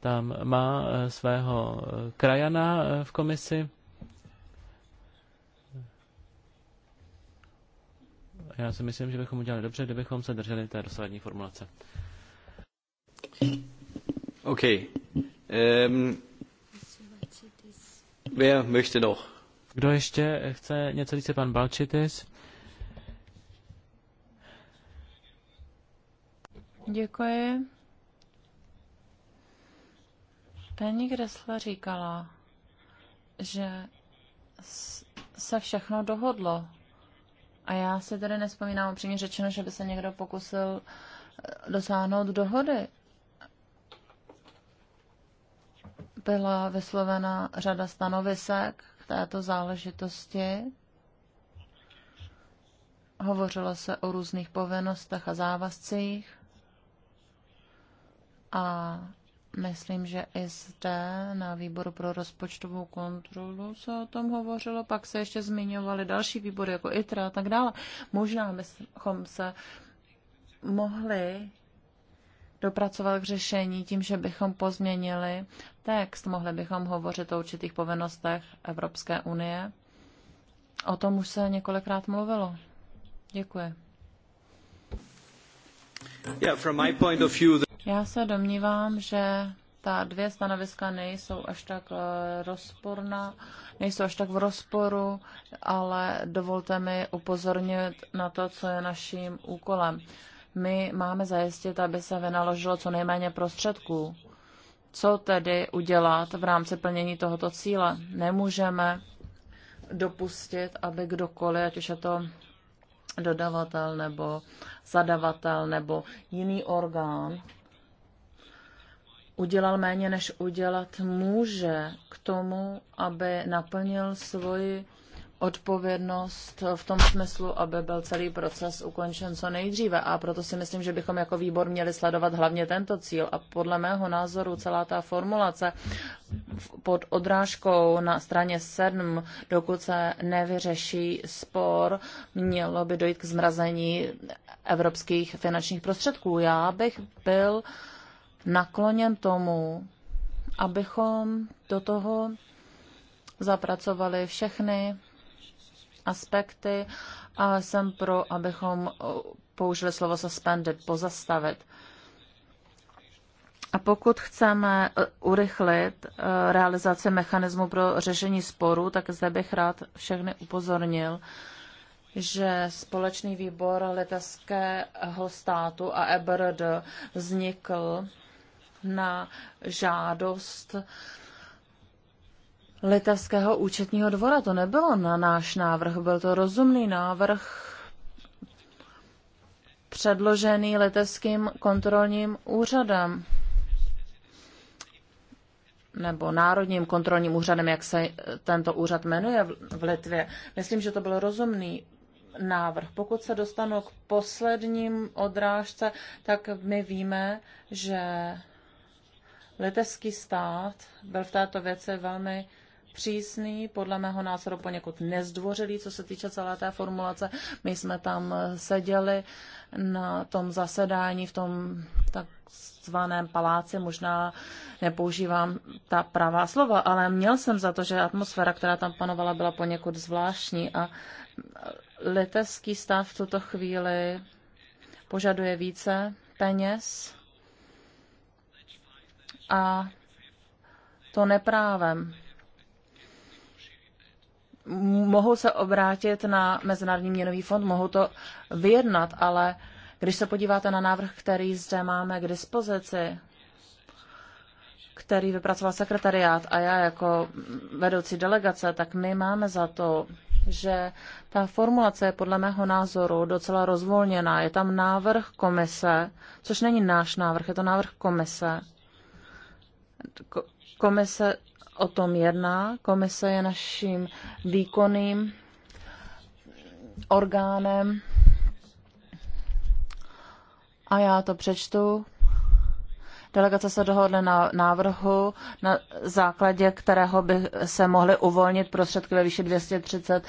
tam má eh, svého eh, krajana eh, v komisi. Já si myslím, že bychom udělali dobře, kdybychom se drželi té dosavadní formulace. OK. Um, wer möchte noch? Kdo ještě chce něco říct, pan Balčitis? Děkuji.
Paní Gressler říkala, že se všechno dohodlo. A já si tedy nespomínám upřímně řečeno, že by se někdo pokusil eh, dosáhnout dohody. Byla vyslovena řada stanovisek k této záležitosti. Hovořilo se o různých povinnostech a závazcích. A Myslím, že i zde na výboru pro rozpočtovou kontrolu se o tom hovořilo, pak se ještě zmiňovaly další výbory, jako ITRA a tak dále. Možná bychom se mohli dopracovat k řešení tím, že bychom pozměnili text. Mohli bychom hovořit o určitých povinnostech Evropské unie. O tom už se několikrát mluvilo. Děkuji.
Yeah, from my point of view, the...
Já se domnívám, že ta dvě stanoviska nejsou až tak eh, rozporná, nejsou až tak v rozporu, ale dovolte mi upozornit na to, co je naším úkolem. My máme zajistit, aby se vynaložilo co nejméně prostředků. Co tedy udělat v rámci plnění tohoto cíle? Nemůžeme dopustit, aby kdokoliv, ať už je to dodavatel nebo zadavatel nebo jiný orgán, udělal méně, než udělat může k tomu, aby naplnil svoji odpovědnost v tom smyslu, aby byl celý proces ukončen co nejdříve. A proto si myslím, že bychom jako výbor měli sledovat hlavně tento cíl. A podle mého názoru celá ta formulace pod odrážkou na straně 7, dokud se nevyřeší spor, mělo by dojít k zmrazení evropských finančních prostředků. Já bych byl nakloněn tomu, abychom do toho zapracovali všechny aspekty a jsem pro, abychom použili slovo suspended, pozastavit. A pokud chceme eh, urychlit eh, realizaci mechanismu pro řešení sporů, tak zde bych rád všechny upozornil, že společný výbor litevského státu a EBRD vznikl na žádost litevského účetního dvora. To nebylo na náš návrh, byl to rozumný návrh předložený litevským kontrolním úřadem nebo Národním kontrolním úřadem, jak se tento úřad jmenuje v Litvě. Myslím, že to byl rozumný návrh. Pokud se dostanu k posledním odrážce, tak my víme, že Litevský stát byl v této věci velmi přísný, podle mého názoru poněkud nezdvořilý, co se týče celé té formulace. My jsme tam seděli na tom zasedání v tom takzvaném paláci, možná nepoužívám ta pravá slova, ale měl jsem za to, že atmosféra, která tam panovala, byla poněkud zvláštní a litevský stát v tuto chvíli požaduje více peněz a to neprávem. Mohou se obrátit na Mezinárodní měnový fond, mohou to vyjednat, ale když se podíváte na návrh, který zde máme k dispozici, který vypracoval sekretariát a já jako vedoucí delegace, tak my máme za to, že ta formulace je podle mého názoru docela rozvolněná. Je tam návrh komise, což není náš návrh, je to návrh komise, Komise o tom jedná. Komise je naším výkonným orgánem. A já to přečtu. Delegace se dohodne na návrhu, na základě kterého by se mohly uvolnit prostředky ve výši 230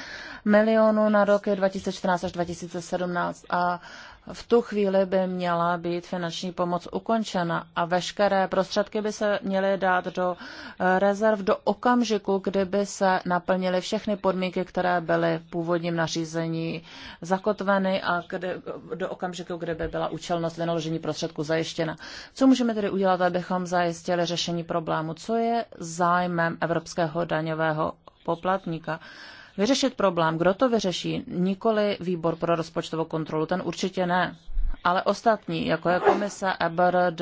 milionů na roky 2014 až 2017. A v tu chvíli by měla být finanční pomoc ukončena a veškeré prostředky by se měly dát do eh, rezerv do okamžiku, kdyby se naplnily všechny podmínky, které byly v původním nařízení zakotveny a kdy, do okamžiku, kdyby byla účelnost vynaložení prostředku zajištěna. Co můžeme tedy udělat, abychom zajistili řešení problému? Co je zájmem evropského daňového poplatníka? vyřešit problém. Kdo to vyřeší? Nikoli výbor pro rozpočtovou kontrolu, ten určitě ne. Ale ostatní, jako je komise EBRD,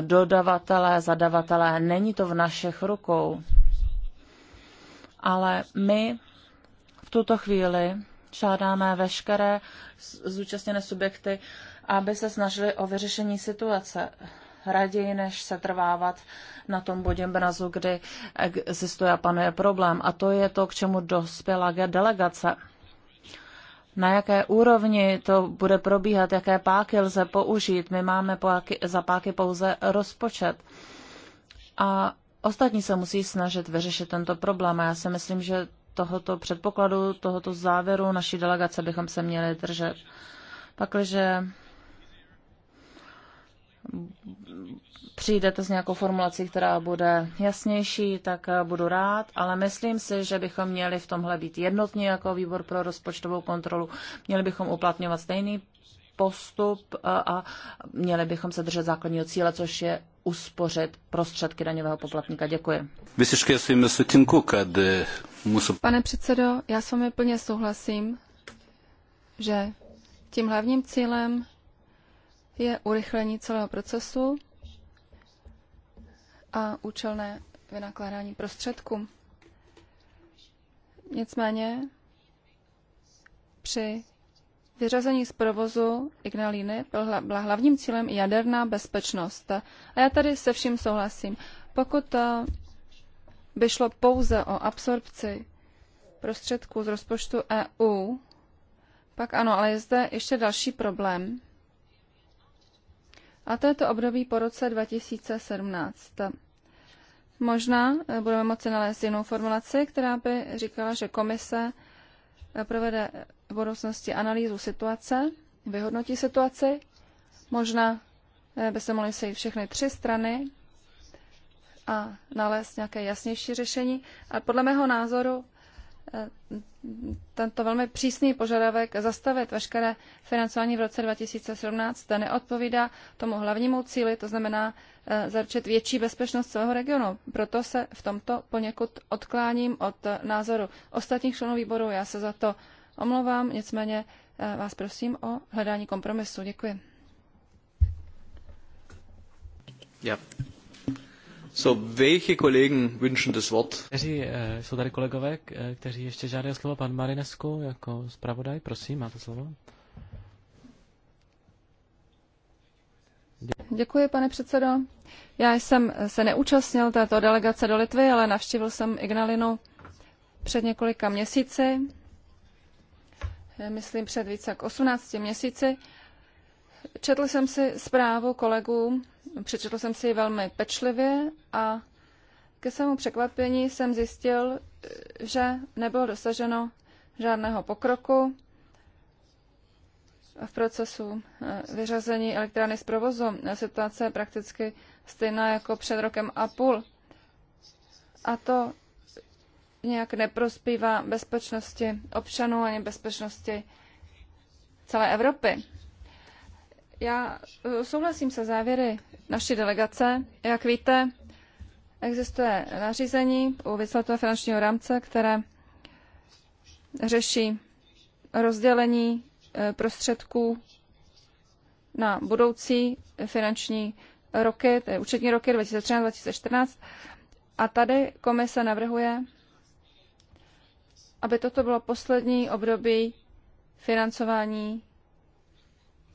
dodavatelé, zadavatelé, není to v našich rukou. Ale my v tuto chvíli žádáme veškeré zúčastněné subjekty, aby se snažili o vyřešení situace raději, než se trvávat na tom bodě mrazu, kdy existuje a panuje problém. A to je to, k čemu dospěla delegace. Na jaké úrovni to bude probíhat, jaké páky lze použít. My máme páky, za páky pouze rozpočet. A ostatní se musí snažit vyřešit tento problém. A já si myslím, že tohoto předpokladu, tohoto závěru naší delegace bychom se měli držet. Pakliže přijdete s nějakou formulací, která bude jasnější, tak eh, budu rád, ale myslím si, že bychom měli v tomhle být jednotní jako výbor pro rozpočtovou kontrolu. Měli bychom uplatňovat stejný postup eh, a měli bychom se držet základního cíle, což je uspořit
prostředky daňového poplatníka. Děkuji.
Eh,
Pane předsedo, já s vámi plně souhlasím, že tím hlavním cílem je urychlení celého procesu a účelné vynakládání prostředků. Nicméně při vyřazení z provozu Ignalíny byla hlavním cílem jaderná bezpečnost. A já tady se vším souhlasím. Pokud eh, by šlo pouze o absorpci prostředků z rozpočtu EU, pak ano, ale je zde ještě další problém. A to je to období po roce 2017. Možná eh, budeme moci nalézt jinou formulaci, která by říkala, že komise eh, provede v budoucnosti analýzu situace, vyhodnotí situaci. Možná eh, by se mohly sejít všechny tři strany a nalézt nějaké jasnější řešení. A podle mého názoru Eh, tento velmi přísný požadavek zastavit veškeré financování v roce 2017 neodpovídá tomu hlavnímu cíli, to znamená eh, zaručit větší bezpečnost celého regionu. Proto se v tomto poněkud odkláním od názoru ostatních členů výboru. Já se za to omlouvám, nicméně eh, vás prosím o hledání
kompromisu. Děkuji. Yeah. So, welche Kollegen wünschen das Wort? Kteří, eh, jsou tady kolegové, eh, kteří ještě žádají slovo pan Marinescu jako zpravodaj, prosím, máte slovo.
Děkuji, pane předsedo. Já jsem se neúčastnil této delegace do Litvy, ale navštívil jsem Ignalinu před několika měsíci, myslím před více jak 18 měsíci. Četl jsem si zprávu kolegů Přečetl jsem si ji velmi pečlivě a ke svému překvapení jsem zjistil, že nebylo dosaženo žádného pokroku v procesu eh, vyřazení elektrárny z provozu. Situace je prakticky stejná jako před rokem a půl. A to nějak neprospívá bezpečnosti občanů ani bezpečnosti celé Evropy. Já eh, souhlasím se závěry naší delegace. Jak víte, existuje nařízení u výsledku finančního rámce, které řeší rozdělení eh, prostředků na budoucí finanční roky, tedy účetní roky 2013-2014. A tady komise navrhuje, aby toto bylo poslední období financování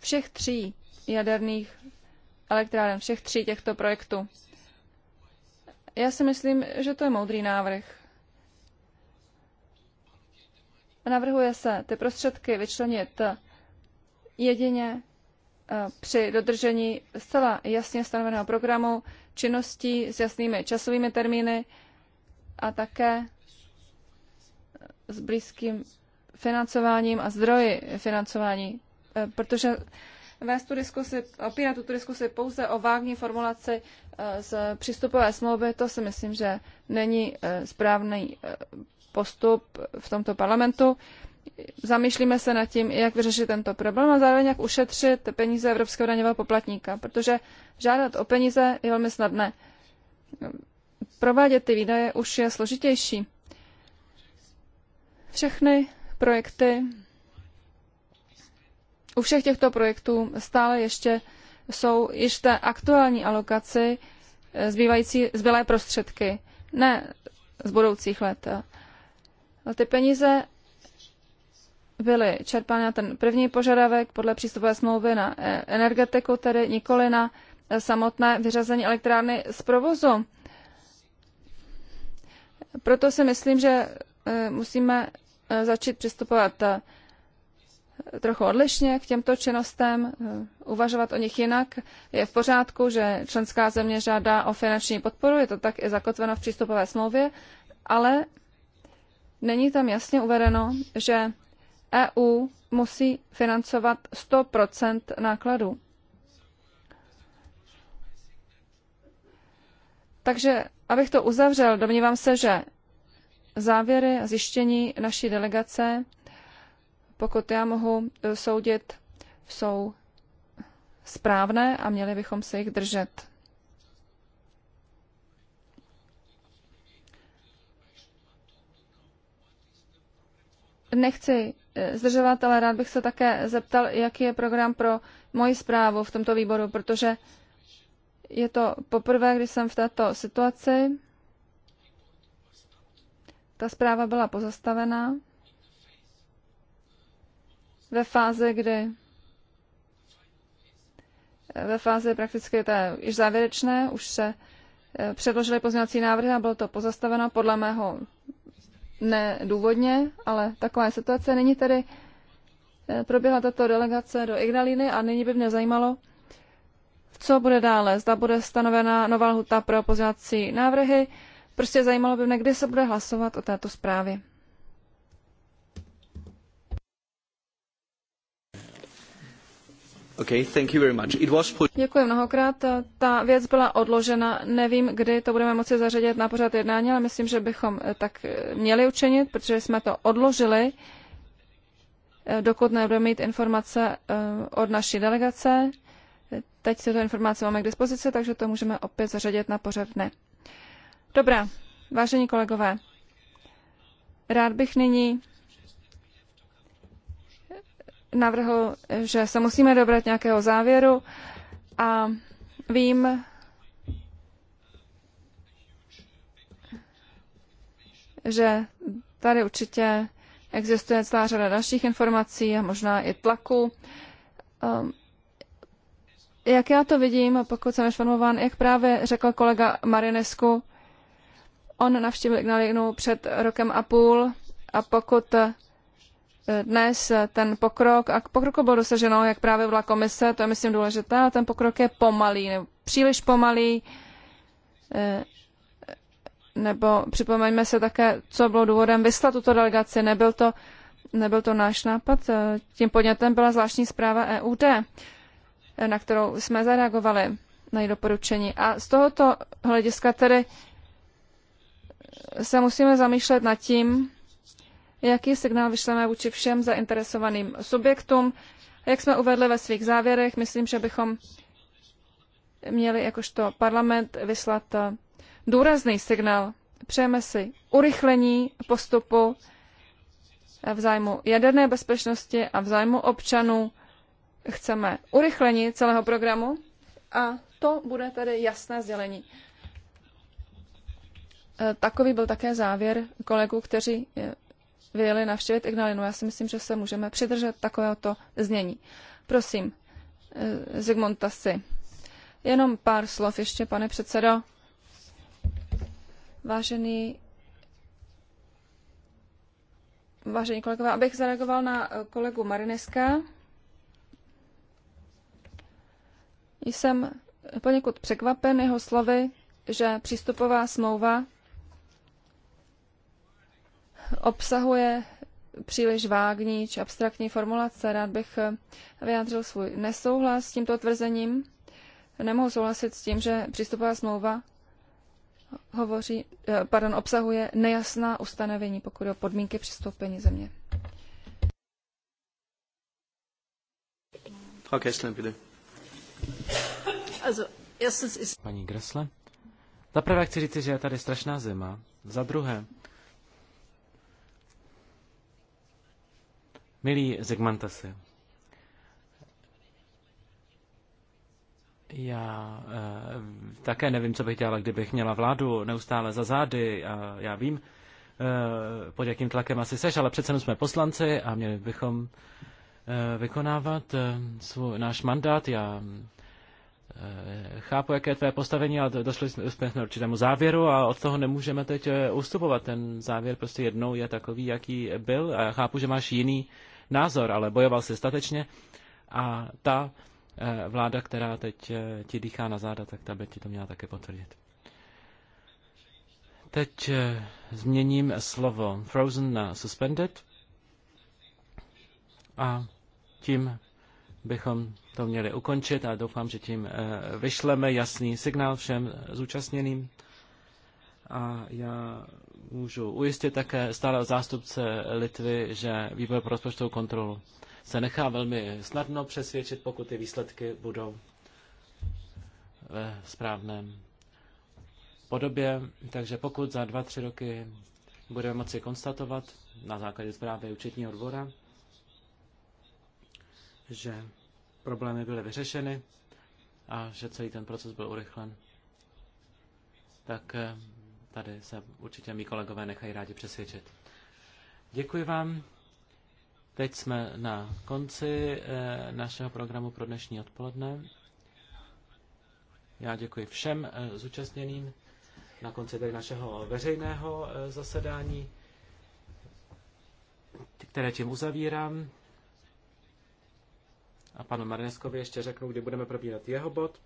všech tří jaderných elektráren, všech tří těchto projektů. Já si myslím, že to je moudrý návrh. Navrhuje se ty prostředky vyčlenit jedině eh, při dodržení zcela jasně stanoveného programu, činností s jasnými časovými termíny a také s blízkým financováním a zdroji financování. Eh, protože vést tu diskusi, opírat tu diskusi pouze o vágní formulaci eh, z přístupové smlouvy, to si myslím, že není eh, správný postup v tomto parlamentu. Zamýšlíme se nad tím, jak vyřešit tento problém a zároveň jak ušetřit peníze evropského daňového poplatníka, protože žádat o peníze je velmi snadné. Provádět ty výdaje už je složitější. Všechny projekty u všech těchto projektů stále ještě jsou již té aktuální alokaci eh, zbývající zbylé prostředky, ne z budoucích let. Ale ty peníze byly čerpány na ten první požadavek podle přístupové smlouvy na eh, energetiku, tedy nikoli na eh, samotné vyřazení elektrárny z provozu. Proto si myslím, že musíme začít přistupovat trochu odlišně k těmto činnostem, eh, uvažovat o nich jinak. Je v pořádku, že členská země žádá o finanční podporu, je to tak i zakotveno v přístupové smlouvě, ale není tam jasně uvedeno, že EU musí financovat 100 nákladů. Takže, abych to uzavřel, domnívám se, že závěry a zjištění naší delegace pokud já mohu eh, soudit, jsou správné a měli bychom se jich držet. Nechci eh, zdržovat, ale rád bych se také zeptal, jaký je program pro moji zprávu v tomto výboru, protože je to poprvé, když jsem v této situaci. Ta zpráva byla pozastavená ve fázi, kdy ve fázi prakticky té již závěrečné, už se eh, předložili pozměňovací návrhy a bylo to pozastaveno podle mého nedůvodně, ale taková je situace. Nyní tedy eh, proběhla tato delegace do Ignalíny a nyní by mě zajímalo, co bude dále. Zda bude stanovena nová lhuta pro pozvací návrhy. Prostě zajímalo by mě, kdy se bude hlasovat o této zprávě.
Okay, thank you very
Děkuji mnohokrát. Ta věc byla odložena. Nevím, kdy to budeme moci zařadit na pořad jednání, ale myslím, že bychom eh, tak eh, měli učinit, protože jsme to odložili, eh, dokud nebudeme mít informace od naší delegace. Teď tyto informace máme k dispozici, takže to můžeme opět zařadit na pořad dne. Dobrá, vážení kolegové, rád bych nyní navrhl, že se musíme dobrat nějakého závěru a vím, že tady určitě existuje celá řada dalších informací a možná i tlaku. Um, jak já to vidím, pokud jsem informován, jak právě řekl kolega Marinesku, on navštívil Ignalinu před rokem a půl a pokud dnes ten pokrok, a pokroku bylo dosaženo, jak právě byla komise, to je myslím důležité, Ale ten pokrok je pomalý, nebo příliš pomalý, eh, nebo připomeňme se také, co bylo důvodem vyslat tuto delegaci, nebyl to, nebyl to náš nápad, eh, tím podnětem byla zvláštní zpráva EUD, eh, na kterou jsme zareagovali na její doporučení. A z tohoto hlediska tedy se musíme zamýšlet nad tím, jaký signál vyšleme vůči všem zainteresovaným subjektům. Jak jsme uvedli ve svých závěrech, myslím, že bychom měli jakožto parlament vyslat eh, důrazný signál. Přejeme si urychlení postupu eh, v zájmu jaderné bezpečnosti a v zájmu občanů. Chceme urychlení celého programu a to bude tedy jasné sdělení. Eh, takový byl také závěr kolegů, kteří vyjeli navštívit Ignalinu. Já si myslím, že se můžeme přidržet takovéhoto znění. Prosím, eh, Zygmunt Tasi. Jenom pár slov ještě, pane předsedo. Vážený Vážení kolegové, abych zareagoval na eh, kolegu Marineska. Jsem poněkud překvapen jeho slovy, že přístupová smlouva obsahuje příliš vágní či abstraktní formulace. Rád bych vyjádřil svůj nesouhlas s tímto tvrzením. Nemohu souhlasit s tím, že přístupová smlouva hovoří, eh, pardon, obsahuje nejasná ustanovení, pokud o podmínky přistoupení země.
Kessler, Paní Gressle. Za prvé chci říct, že je tady strašná zima. Za druhé, Milý Zigmantasi, já e, také nevím, co bych dělala, kdybych měla vládu neustále za zády. A já vím, e, pod jakým tlakem asi seš, ale přece jsme poslanci a měli bychom e, vykonávat e, svůj, náš mandát. Já chápu, jaké je tvé postavení, ale došli jsme, jsme k určitému závěru a od toho nemůžeme teď ustupovat. Ten závěr prostě jednou je takový, jaký byl a já chápu, že máš jiný názor, ale bojoval si statečně a ta eh, vláda, která teď eh, ti dýchá na záda, tak ta by ti to měla také potvrdit. Teď eh, změním slovo frozen na suspended a tím bychom to měli ukončit a doufám, že tím vyšleme jasný signál všem zúčastněným. A já můžu ujistit také stále zástupce Litvy, že výbor pro rozpočtovou kontrolu se nechá velmi snadno přesvědčit, pokud ty výsledky budou ve správném podobě. Takže pokud za dva, tři roky budeme moci konstatovat na základě zprávy účetního dvora, že problémy byly vyřešeny a že celý ten proces byl urychlen, tak eh, Tady se určitě mý kolegové nechají rádi přesvědčit. Děkuji vám. Teď jsme na konci eh, našeho programu pro dnešní odpoledne. Já děkuji všem eh, zúčastněným na konci tady našeho veřejného eh, zasedání, které tím uzavírám. A panu Marneskovi ještě řeknu, kdy budeme probírat jeho bod.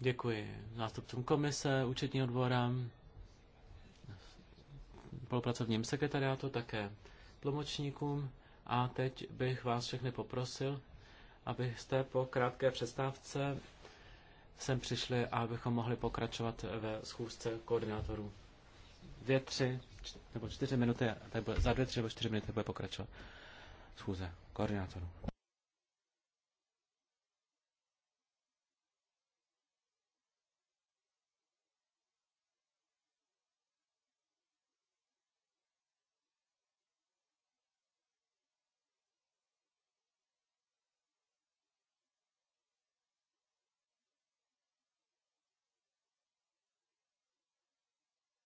Děkuji zástupcům komise, účetní dvora, polpracovním sekretariátu, také tlumočníkům. A teď bych vás všechny poprosil, abyste po krátké přestávce sem přišli a abychom mohli pokračovat ve schůzce koordinátorů. Dvě, tři, nebo čtyři minuty, tak bude, za dvě, tři nebo čtyři minuty bude pokračovat schůze koordinátorů.